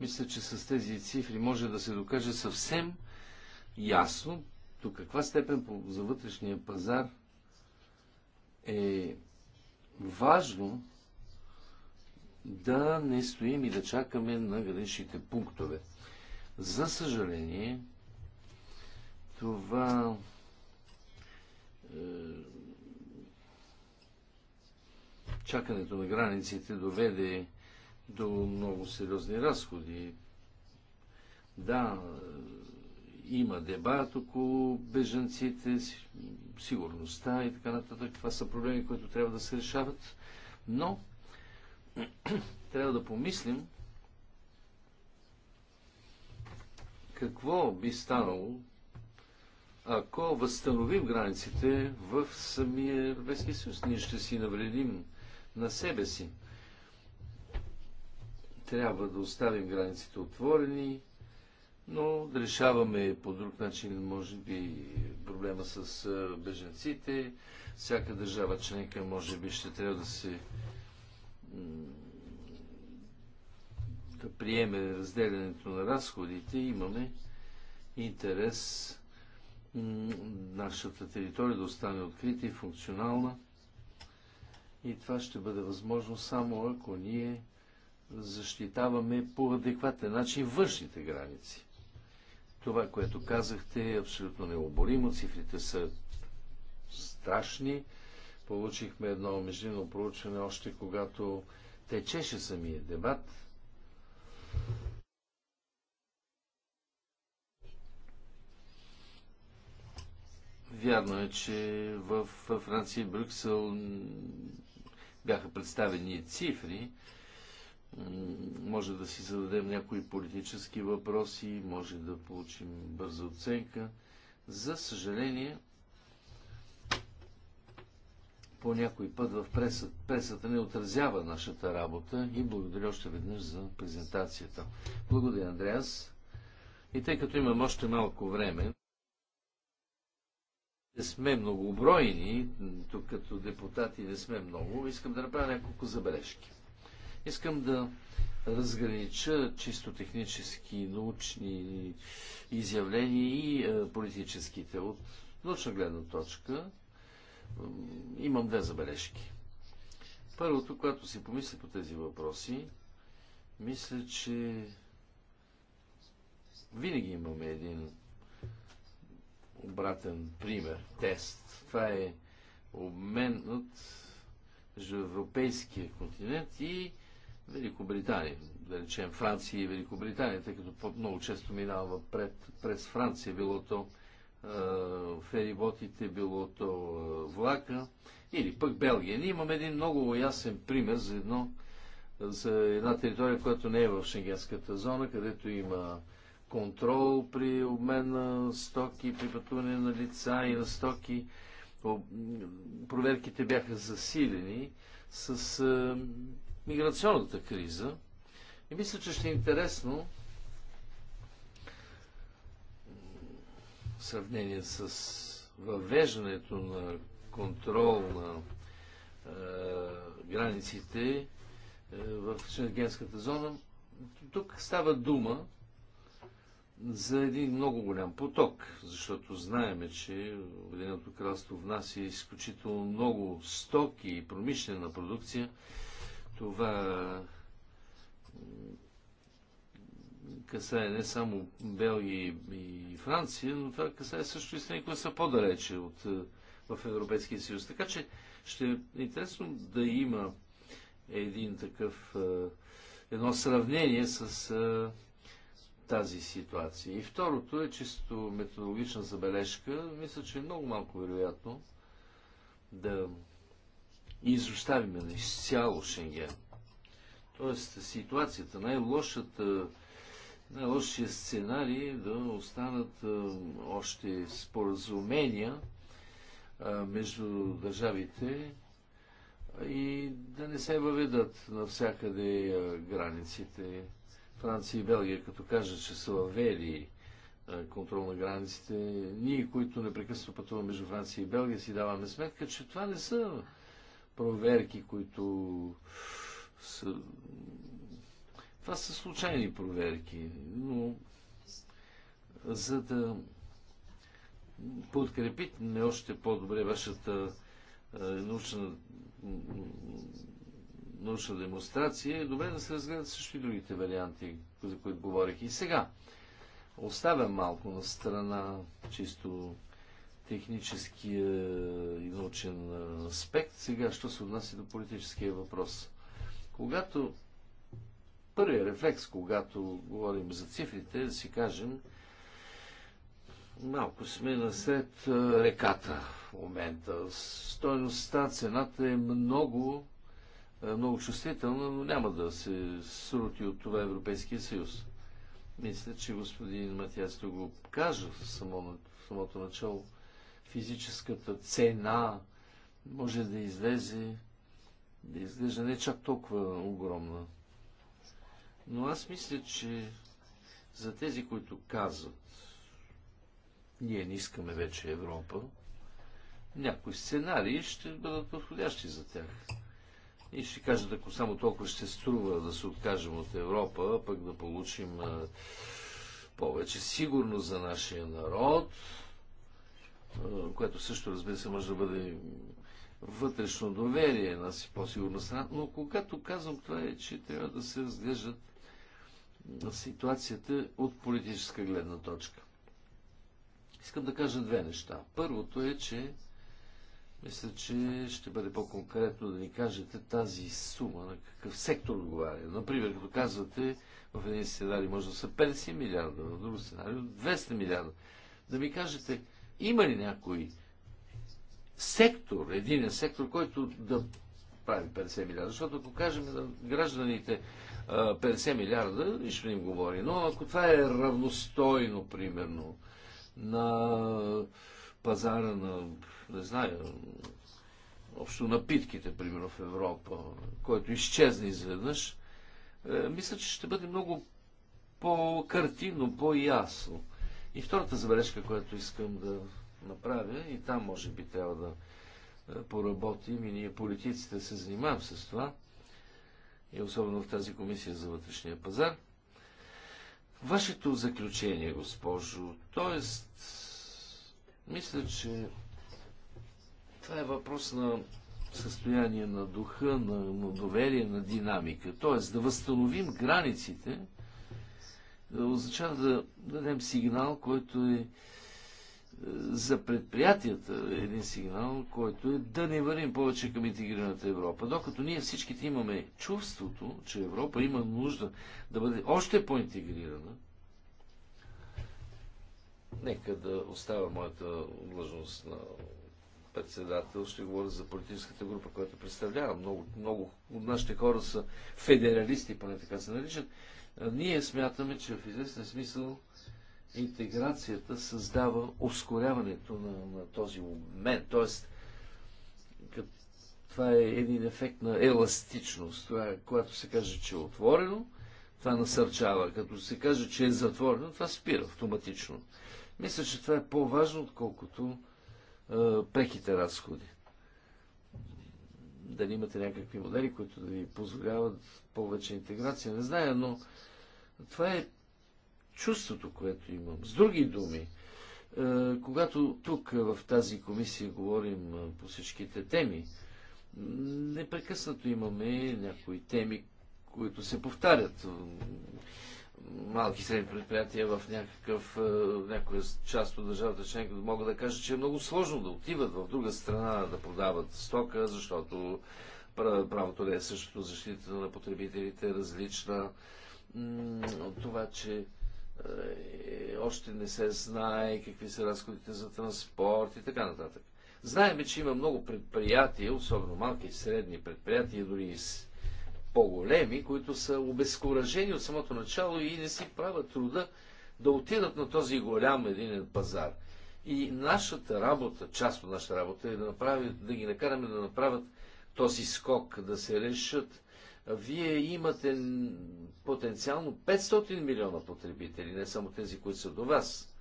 Мисля, че с тези цифри може да се докаже съвсем ясно до каква степен за вътрешния пазар е важно да не стоим и да чакаме на граничните пунктове. За съжаление, това е, чакането на границите доведе до много сериозни разходи. Да, има дебат около бежанците, сигурността и така нататък. Това са проблеми, които трябва да се решават. Но трябва да помислим какво би станало, ако възстановим границите в самия Европейския съюз. Ние ще си навредим на себе си. Трябва да оставим границите отворени, но да решаваме по друг начин, може би, проблема с беженците. Всяка държава членка, може би, ще трябва да се да приеме разделянето на разходите. Имаме интерес нашата територия да остане открита и функционална. И това ще бъде възможно само ако ние защитаваме по адекватен начин външните граници. Това, което казахте, е абсолютно необоримо. Цифрите са страшни. Получихме едно междинно проучване още когато течеше самия дебат. Вярно е, че в Франция и Брюксел бяха представени цифри, може да си зададем някои политически въпроси, може да получим бърза оценка. За съжаление, по някой път в пресата, пресата не отразява нашата работа и благодаря още веднъж за презентацията. Благодаря, Андреас. И тъй като имам още малко време, не сме многобройни, тук като депутати не сме много, искам да направя няколко забележки. Искам да
разгранича
чисто технически, научни изявления и е, политическите. От научна гледна точка имам две забележки. Първото, когато си помисля по тези въпроси, мисля, че винаги имаме един обратен пример, тест. Това е обменът между европейския континент и Великобритания, да речем Франция и Великобритания, тъй като много често минава пред, през Франция, било то е, фериботите, било то е, влака или пък Белгия. Ние имаме един много ясен пример за, едно, за една територия, която не е в шенгенската зона, където има контрол при обмен на стоки, при пътуване на лица и на стоки. Проверките бяха засилени с а, е, миграционната криза. И мисля, че ще е интересно в сравнение с въвеждането на контрол на а, е, границите а, е, в Шенгенската зона. Тук става дума за един много голям поток, защото знаеме, че Обединеното кралство внася изключително много стоки и промишлена продукция. Това касае не само Белгия и Франция, но това касае също и страни, които са по-далече от, е, в Европейския съюз. Така че ще е интересно да има един такъв е, едно сравнение с е, тази ситуация. И второто е чисто методологична забележка. Мисля, че е много малко вероятно да изоставим изцяло Шенген. Тоест ситуацията, най-лошата най-лошия сценарий е да останат още споразумения между държавите и да не се въведат навсякъде границите Франция и Белгия, като кажа, че са въвели контрол на границите, ние, които непрекъснато пътуваме между Франция и Белгия, си даваме сметка, че това не са проверки, които са... Това са случайни проверки, но за да подкрепите още по-добре вашата научна научна демонстрация, е добре да се разгледат също и другите варианти, за които говорих. И сега, оставям малко на страна чисто технически и научен аспект. Сега, що се отнася до политическия въпрос? Когато първият рефлекс, когато говорим за цифрите, е да си кажем, малко сме насред реката в момента. Стойността, цената е много е, много чувствителна, но няма да се срути от това Европейския съюз. Мисля, че господин Матиас го кажа в, само, в самото начало. Физическата цена може да излезе, да изглежда не чак толкова огромна. Но аз мисля, че за тези, които казват, ние не искаме вече Европа, някои сценарии ще бъдат подходящи за тях и ще кажат, ако само толкова ще струва да се откажем от Европа, пък да получим повече сигурност за нашия народ, което също, разбира се, може да бъде вътрешно доверие на си по-сигурна страна. Но когато казвам това е, че трябва да се разглеждат ситуацията от политическа гледна точка. Искам да кажа две неща. Първото е, че мисля, че ще бъде по-конкретно да ни кажете тази сума на какъв сектор отговаря. Например, като казвате, в един сценарий може да са 50 милиарда, в друг сценарий 200 милиарда. Да ми кажете, има ли някой сектор, един сектор, който да прави 50 милиарда? Защото ако кажем на гражданите 50 милиарда, нищо не им говори. Но ако това е равностойно, примерно, на пазара на не знаю, общо напитките, примерно в Европа, който изчезне изведнъж, е, мисля, че ще бъде много по-картинно, по-ясно. И втората забележка, която искам да направя, и там може би трябва да е, поработим, и ние политиците се занимавам с това, и особено в тази комисия за вътрешния пазар. Вашето заключение, госпожо, т.е. мисля, че това е въпрос на състояние на духа, на, на доверие, на динамика. Тоест да възстановим границите означава да дадем сигнал, който е, е за предприятията един сигнал, който е да не вървим повече към интегрираната Европа. Докато ние всичките имаме чувството, че Европа има нужда да бъде още по-интегрирана, нека да оставя моята длъжност на председател, ще говоря за политическата група, която представлява. Много, много от нашите хора са федералисти, поне така се наричат. Ние смятаме, че в известен смисъл интеграцията създава ускоряването на, на този момент. Тоест, това е един ефект на еластичност. Това е, когато се каже, че е отворено, това насърчава. Като се каже, че е затворено, това спира автоматично. Мисля, че това е по-важно, отколкото преките разходи. Дали имате някакви модели, които да ви позволяват повече интеграция, не зная, но това е чувството, което имам. С други думи, когато тук в тази комисия говорим по всичките теми, непрекъснато имаме някои теми, които се повтарят малки и средни предприятия в някакъв, е, някоя част от държавата членка могат да кажат, че е много сложно да отиват в друга страна да продават стока, защото правото не е същото, защитата на потребителите е различна. От това, че е, е, още не се знае какви са разходите за транспорт и така нататък. Знаеме, че има много предприятия, особено малки и средни предприятия, дори и по-големи, които са обезкуражени от самото начало и не си правят труда да отидат на този голям единен пазар. И нашата работа, част от нашата работа е да, направи, да ги накараме да направят този скок, да се решат. Вие имате потенциално 500 милиона потребители, не само тези, които са до вас.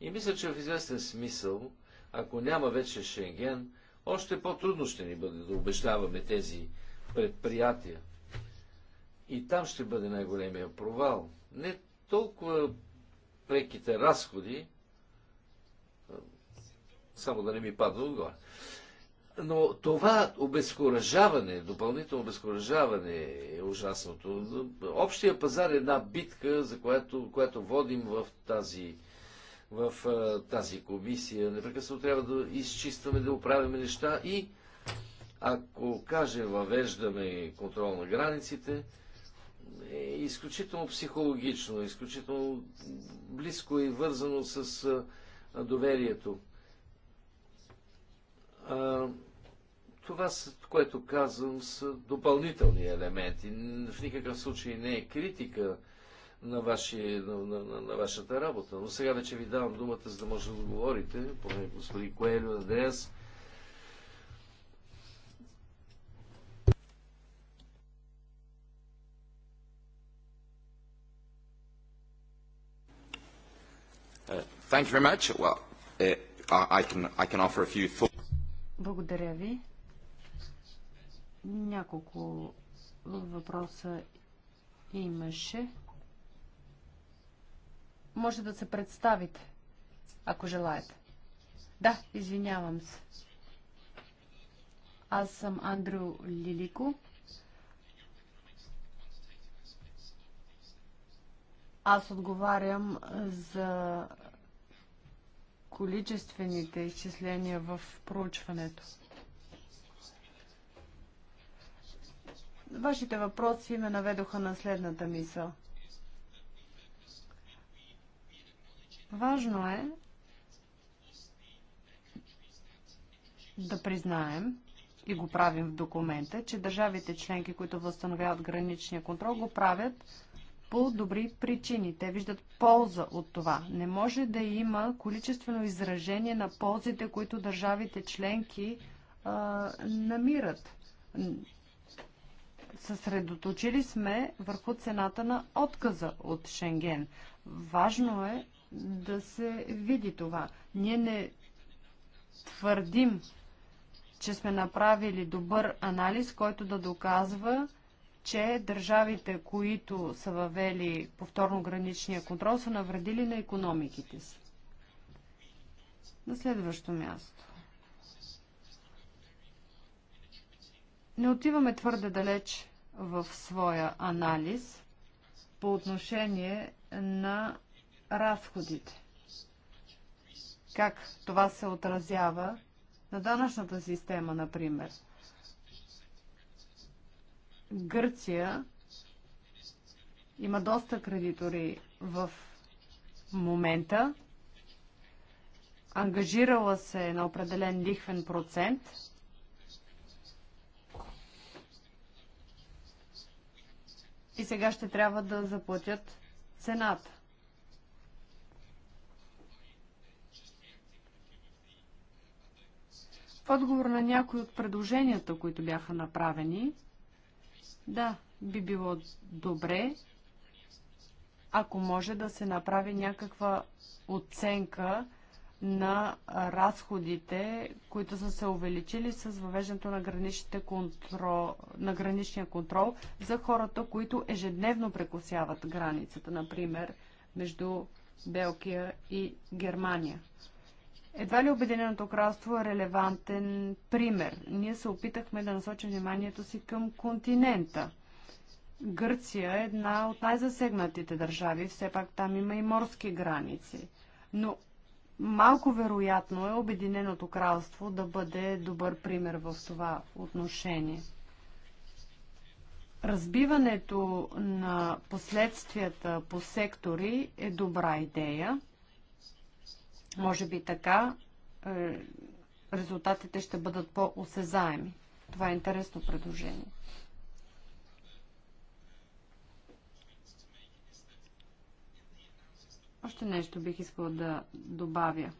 И мисля, че в известен смисъл, ако няма вече Шенген, още по-трудно ще ни бъде да обещаваме тези предприятия. И там ще бъде най-големия провал. Не толкова преките разходи, само да не ми падна отгоре. Но това обезкуражаване, допълнително обезкуражаване е ужасното. Общия пазар е една битка, за която, която водим в тази, в тази комисия. Непрекъснато трябва да изчистваме, да оправяме неща и ако каже въвеждаме контрол на границите, е изключително психологично, изключително близко и вързано с доверието. Това, което казвам, са допълнителни елементи. В никакъв случай не е критика на, ваши, на, на, на вашата работа. Но сега вече ви давам думата, за да може да говорите, поне господин Коелю, Андреас Thank you
very much. Well, uh, I can, I can offer a few thoughts.
Благодаря ви. Няколко въпроса имаше. Може да се представите, ако желаете. Да, извинявам се. Аз съм Андрю Лилико. Аз отговарям за количествените изчисления в проучването. Вашите въпроси ме наведоха на следната мисъл. Важно е да признаем, и го правим в документа, че държавите членки, които възстановяват граничния контрол, го правят по добри причини. Те виждат полза от това. Не може да има количествено изражение на ползите, които държавите членки а, намират. Съсредоточили сме върху цената на отказа от Шенген. Важно е да се види това. Ние не твърдим, че сме направили добър анализ, който да доказва, че държавите, които са въвели повторно граничния контрол, са навредили на економиките си. На следващо място. Не отиваме твърде далеч в своя анализ по отношение на разходите. Как това се отразява на данъчната система, например. Гърция има доста кредитори в момента. Ангажирала се е на определен лихвен процент. И сега ще трябва да заплатят цената. В отговор на някои от предложенията, които бяха направени, да, би било добре, ако може да се направи някаква оценка на разходите, които са се увеличили с въвеждането на, контрол, на граничния контрол за хората, които ежедневно прекусяват границата, например, между Белгия и Германия. Едва ли Обединеното кралство е релевантен пример? Ние се опитахме да насочим вниманието си към континента. Гърция е една от най-засегнатите държави, все пак там има и морски граници. Но малко вероятно е Обединеното кралство да бъде добър пример в това отношение. Разбиването на последствията по сектори е добра идея. Може би така е, резултатите ще бъдат по-осезаеми. Това е интересно предложение. Още нещо бих искала да добавя.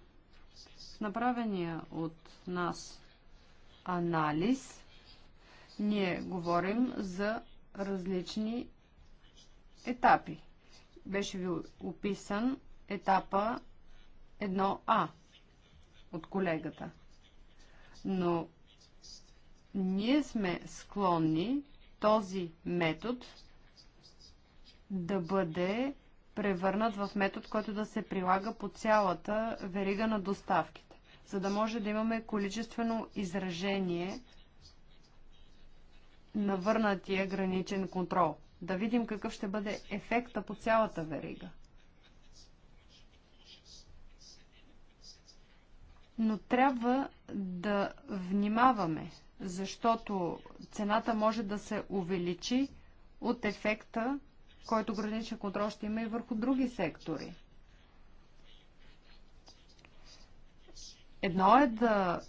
направения от нас анализ ние говорим за различни етапи. Беше ви описан етапа Едно а от колегата. Но ние сме склонни този метод да бъде превърнат в метод, който да се прилага по цялата верига на доставките, за да може да имаме количествено изражение на върнатия граничен контрол. Да видим какъв ще бъде ефекта по цялата верига – но трябва да внимаваме, защото цената може да се увеличи от ефекта, който граничен контрол ще има и върху други сектори. Едно е да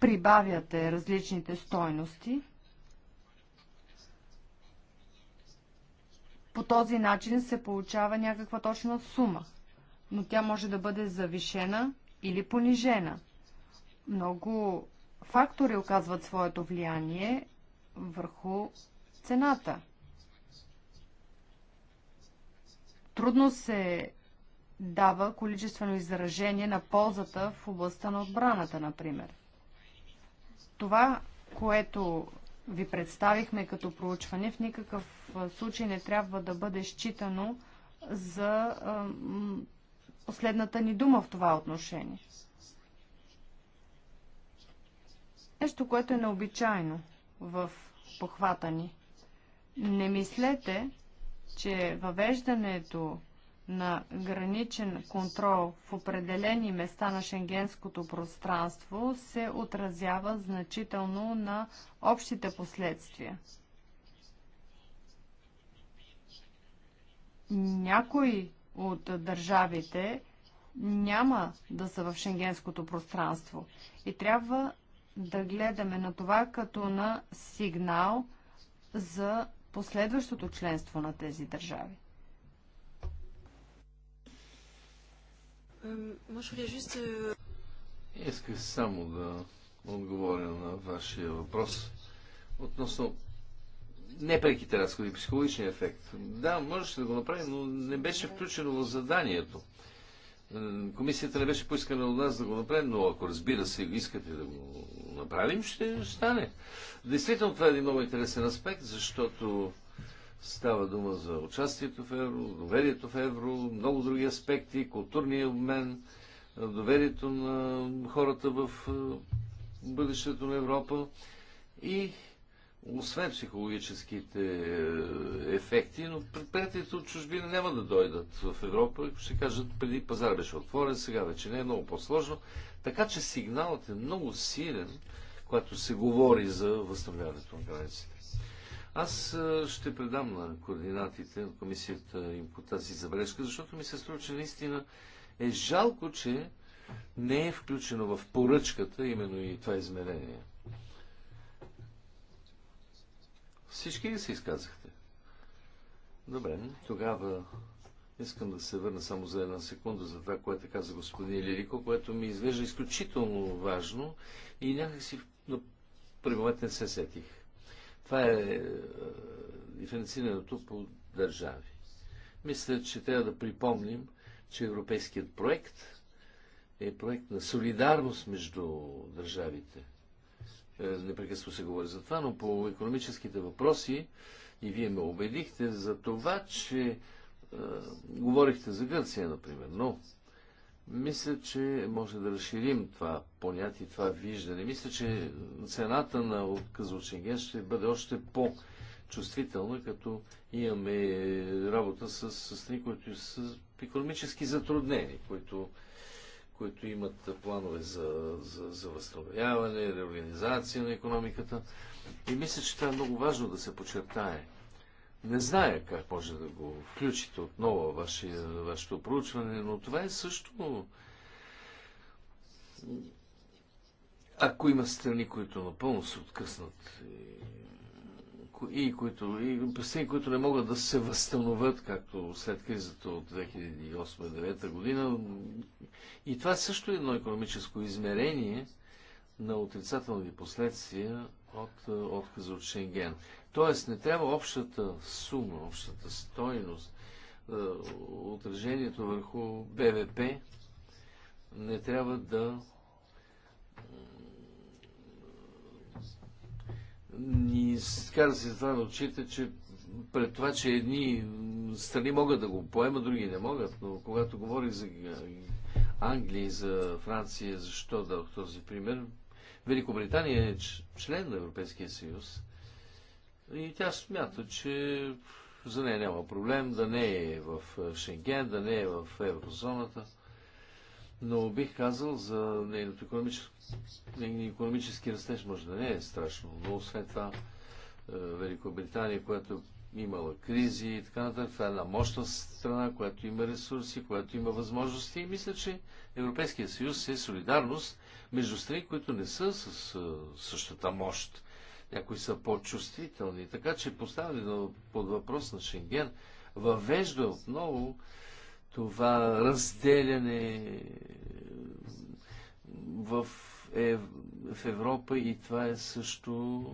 прибавяте различните стойности. По този начин се получава някаква точна сума но тя може да бъде завишена или понижена. Много фактори оказват своето влияние върху цената. Трудно се дава количествено изражение на ползата в областта на отбраната, например. Това, което ви представихме като проучване, в никакъв случай не трябва да бъде считано за последната ни дума в това отношение. Нещо, което е необичайно в похвата ни. Не мислете, че въвеждането на граничен контрол в определени места на шенгенското пространство се отразява значително на общите последствия. Някои от държавите няма да са в шенгенското пространство. И трябва да гледаме на това като на сигнал за последващото членство на тези държави.
Е,
Исках само да отговоря на вашия въпрос относно непреките разходи, психологичния ефект. Да, можеше да го направи, но не беше включено в заданието. Е, комисията не беше поискана от нас да го направим, но ако разбира се, искате да го направим, ще стане. Действително това е един много интересен аспект, защото става дума за участието в евро, доверието в евро, много други аспекти, културния обмен, доверието на хората в е, бъдещето на Европа и освен психологическите е, ефекти, но предприятията от чужбина няма да дойдат в Европа, ще кажат, преди пазар беше отворен, сега вече не е много по-сложно. Така че сигналът е много силен, когато се говори за възстановяването на границите. Аз е, ще предам на координатите на комисията им по тази забележка, защото ми се струва, че наистина е жалко, че не е включено в поръчката именно и това измерение. Всички ли се изказахте? Добре, тогава искам да се върна само за една секунда за това, което каза господин Лирико, което ми изглежда изключително важно и някакси на при момент не се сетих. Това е, е диференцирането по държави. Мисля, че трябва да припомним, че европейският проект е проект на солидарност между държавите. Е, непрекъсно се говори за това, но по економическите въпроси и вие ме убедихте за това, че е, говорихте за Гърция, например, но мисля, че може да разширим това понятие, това виждане. Мисля, че цената на отказа от Шенген ще бъде още по- чувствителна, като имаме работа с страни, които са економически затруднени, които които имат планове за, за, за възстановяване, реорганизация на економиката. И мисля, че това е много важно да се подчертае. Не зная как може да го включите отново ваше, вашето проучване, но това е също... Ако има страни, които напълно се откъснат и и които, и басейни, които не могат да се възстановят, както след кризата от 2008-2009 година. И това е също е едно економическо измерение на отрицателни последствия от е, отказа от Шенген. Тоест не трябва общата сума, общата стойност, е, отражението върху БВП не трябва да ни кара се това на очите, че пред това, че едни страни могат да го поемат, други не могат, но когато говорих за Англия и за Франция, защо дадох този пример, Великобритания е член на Европейския съюз и тя смята, че за нея няма проблем да не е в Шенген, да не е в еврозоната но бих казал за нейното економическо, економически растеж може да не е страшно, но освен това е, Великобритания, която имала кризи и така нататък. Това е една мощна страна, която има ресурси, която има възможности и мисля, че Европейския съюз е солидарност между страни, които не са с е, същата мощ. Някои са по-чувствителни. Така че поставяне под въпрос на Шенген въвежда отново това разделяне в, е, в Европа и това е също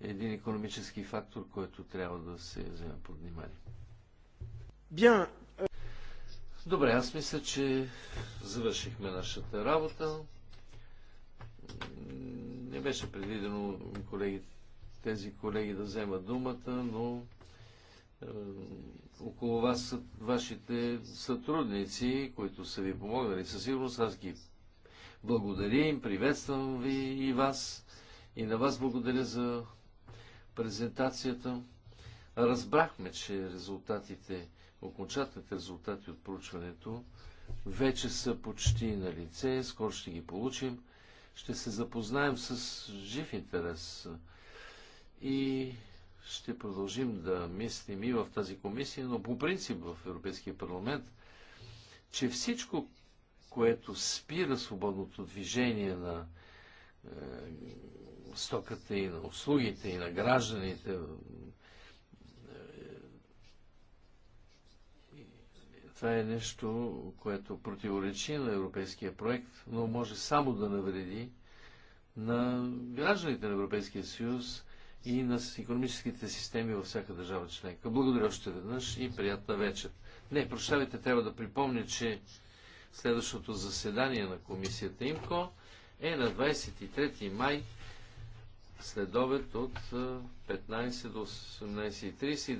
един економически фактор, който трябва да се вземе под внимание. Bien. Добре, аз мисля, че завършихме нашата работа. Не беше предвидено колеги, тези колеги да вземат думата, но е, около вас са вашите сътрудници, които са ви помогнали. Със сигурност аз ги благодаря им, приветствам ви и вас. И на вас благодаря за презентацията. Разбрахме, че резултатите, окончателните резултати от проучването вече са почти на лице, скоро ще ги получим. Ще се запознаем с жив интерес. И ще продължим да мислим и в тази комисия, но по принцип в Европейския парламент, че всичко, което спира свободното движение на е, стоката и на услугите и на гражданите, е, това е нещо, което противоречи на европейския проект, но може само да навреди на гражданите на Европейския съюз, и на економическите системи във всяка държава членка. Благодаря още веднъж и приятна вечер. Не, прощавайте, трябва да припомня, че следващото заседание на комисията ИМКО е на 23 май след обед от 15 до 18.30 и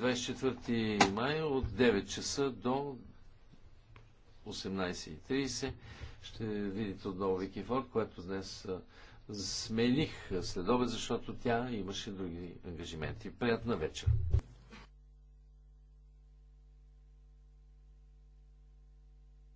24 май от 9 часа до 18.30. Ще видите отново Викифор, което днес смених следове, защото тя имаше други ангажименти. Приятна вечер!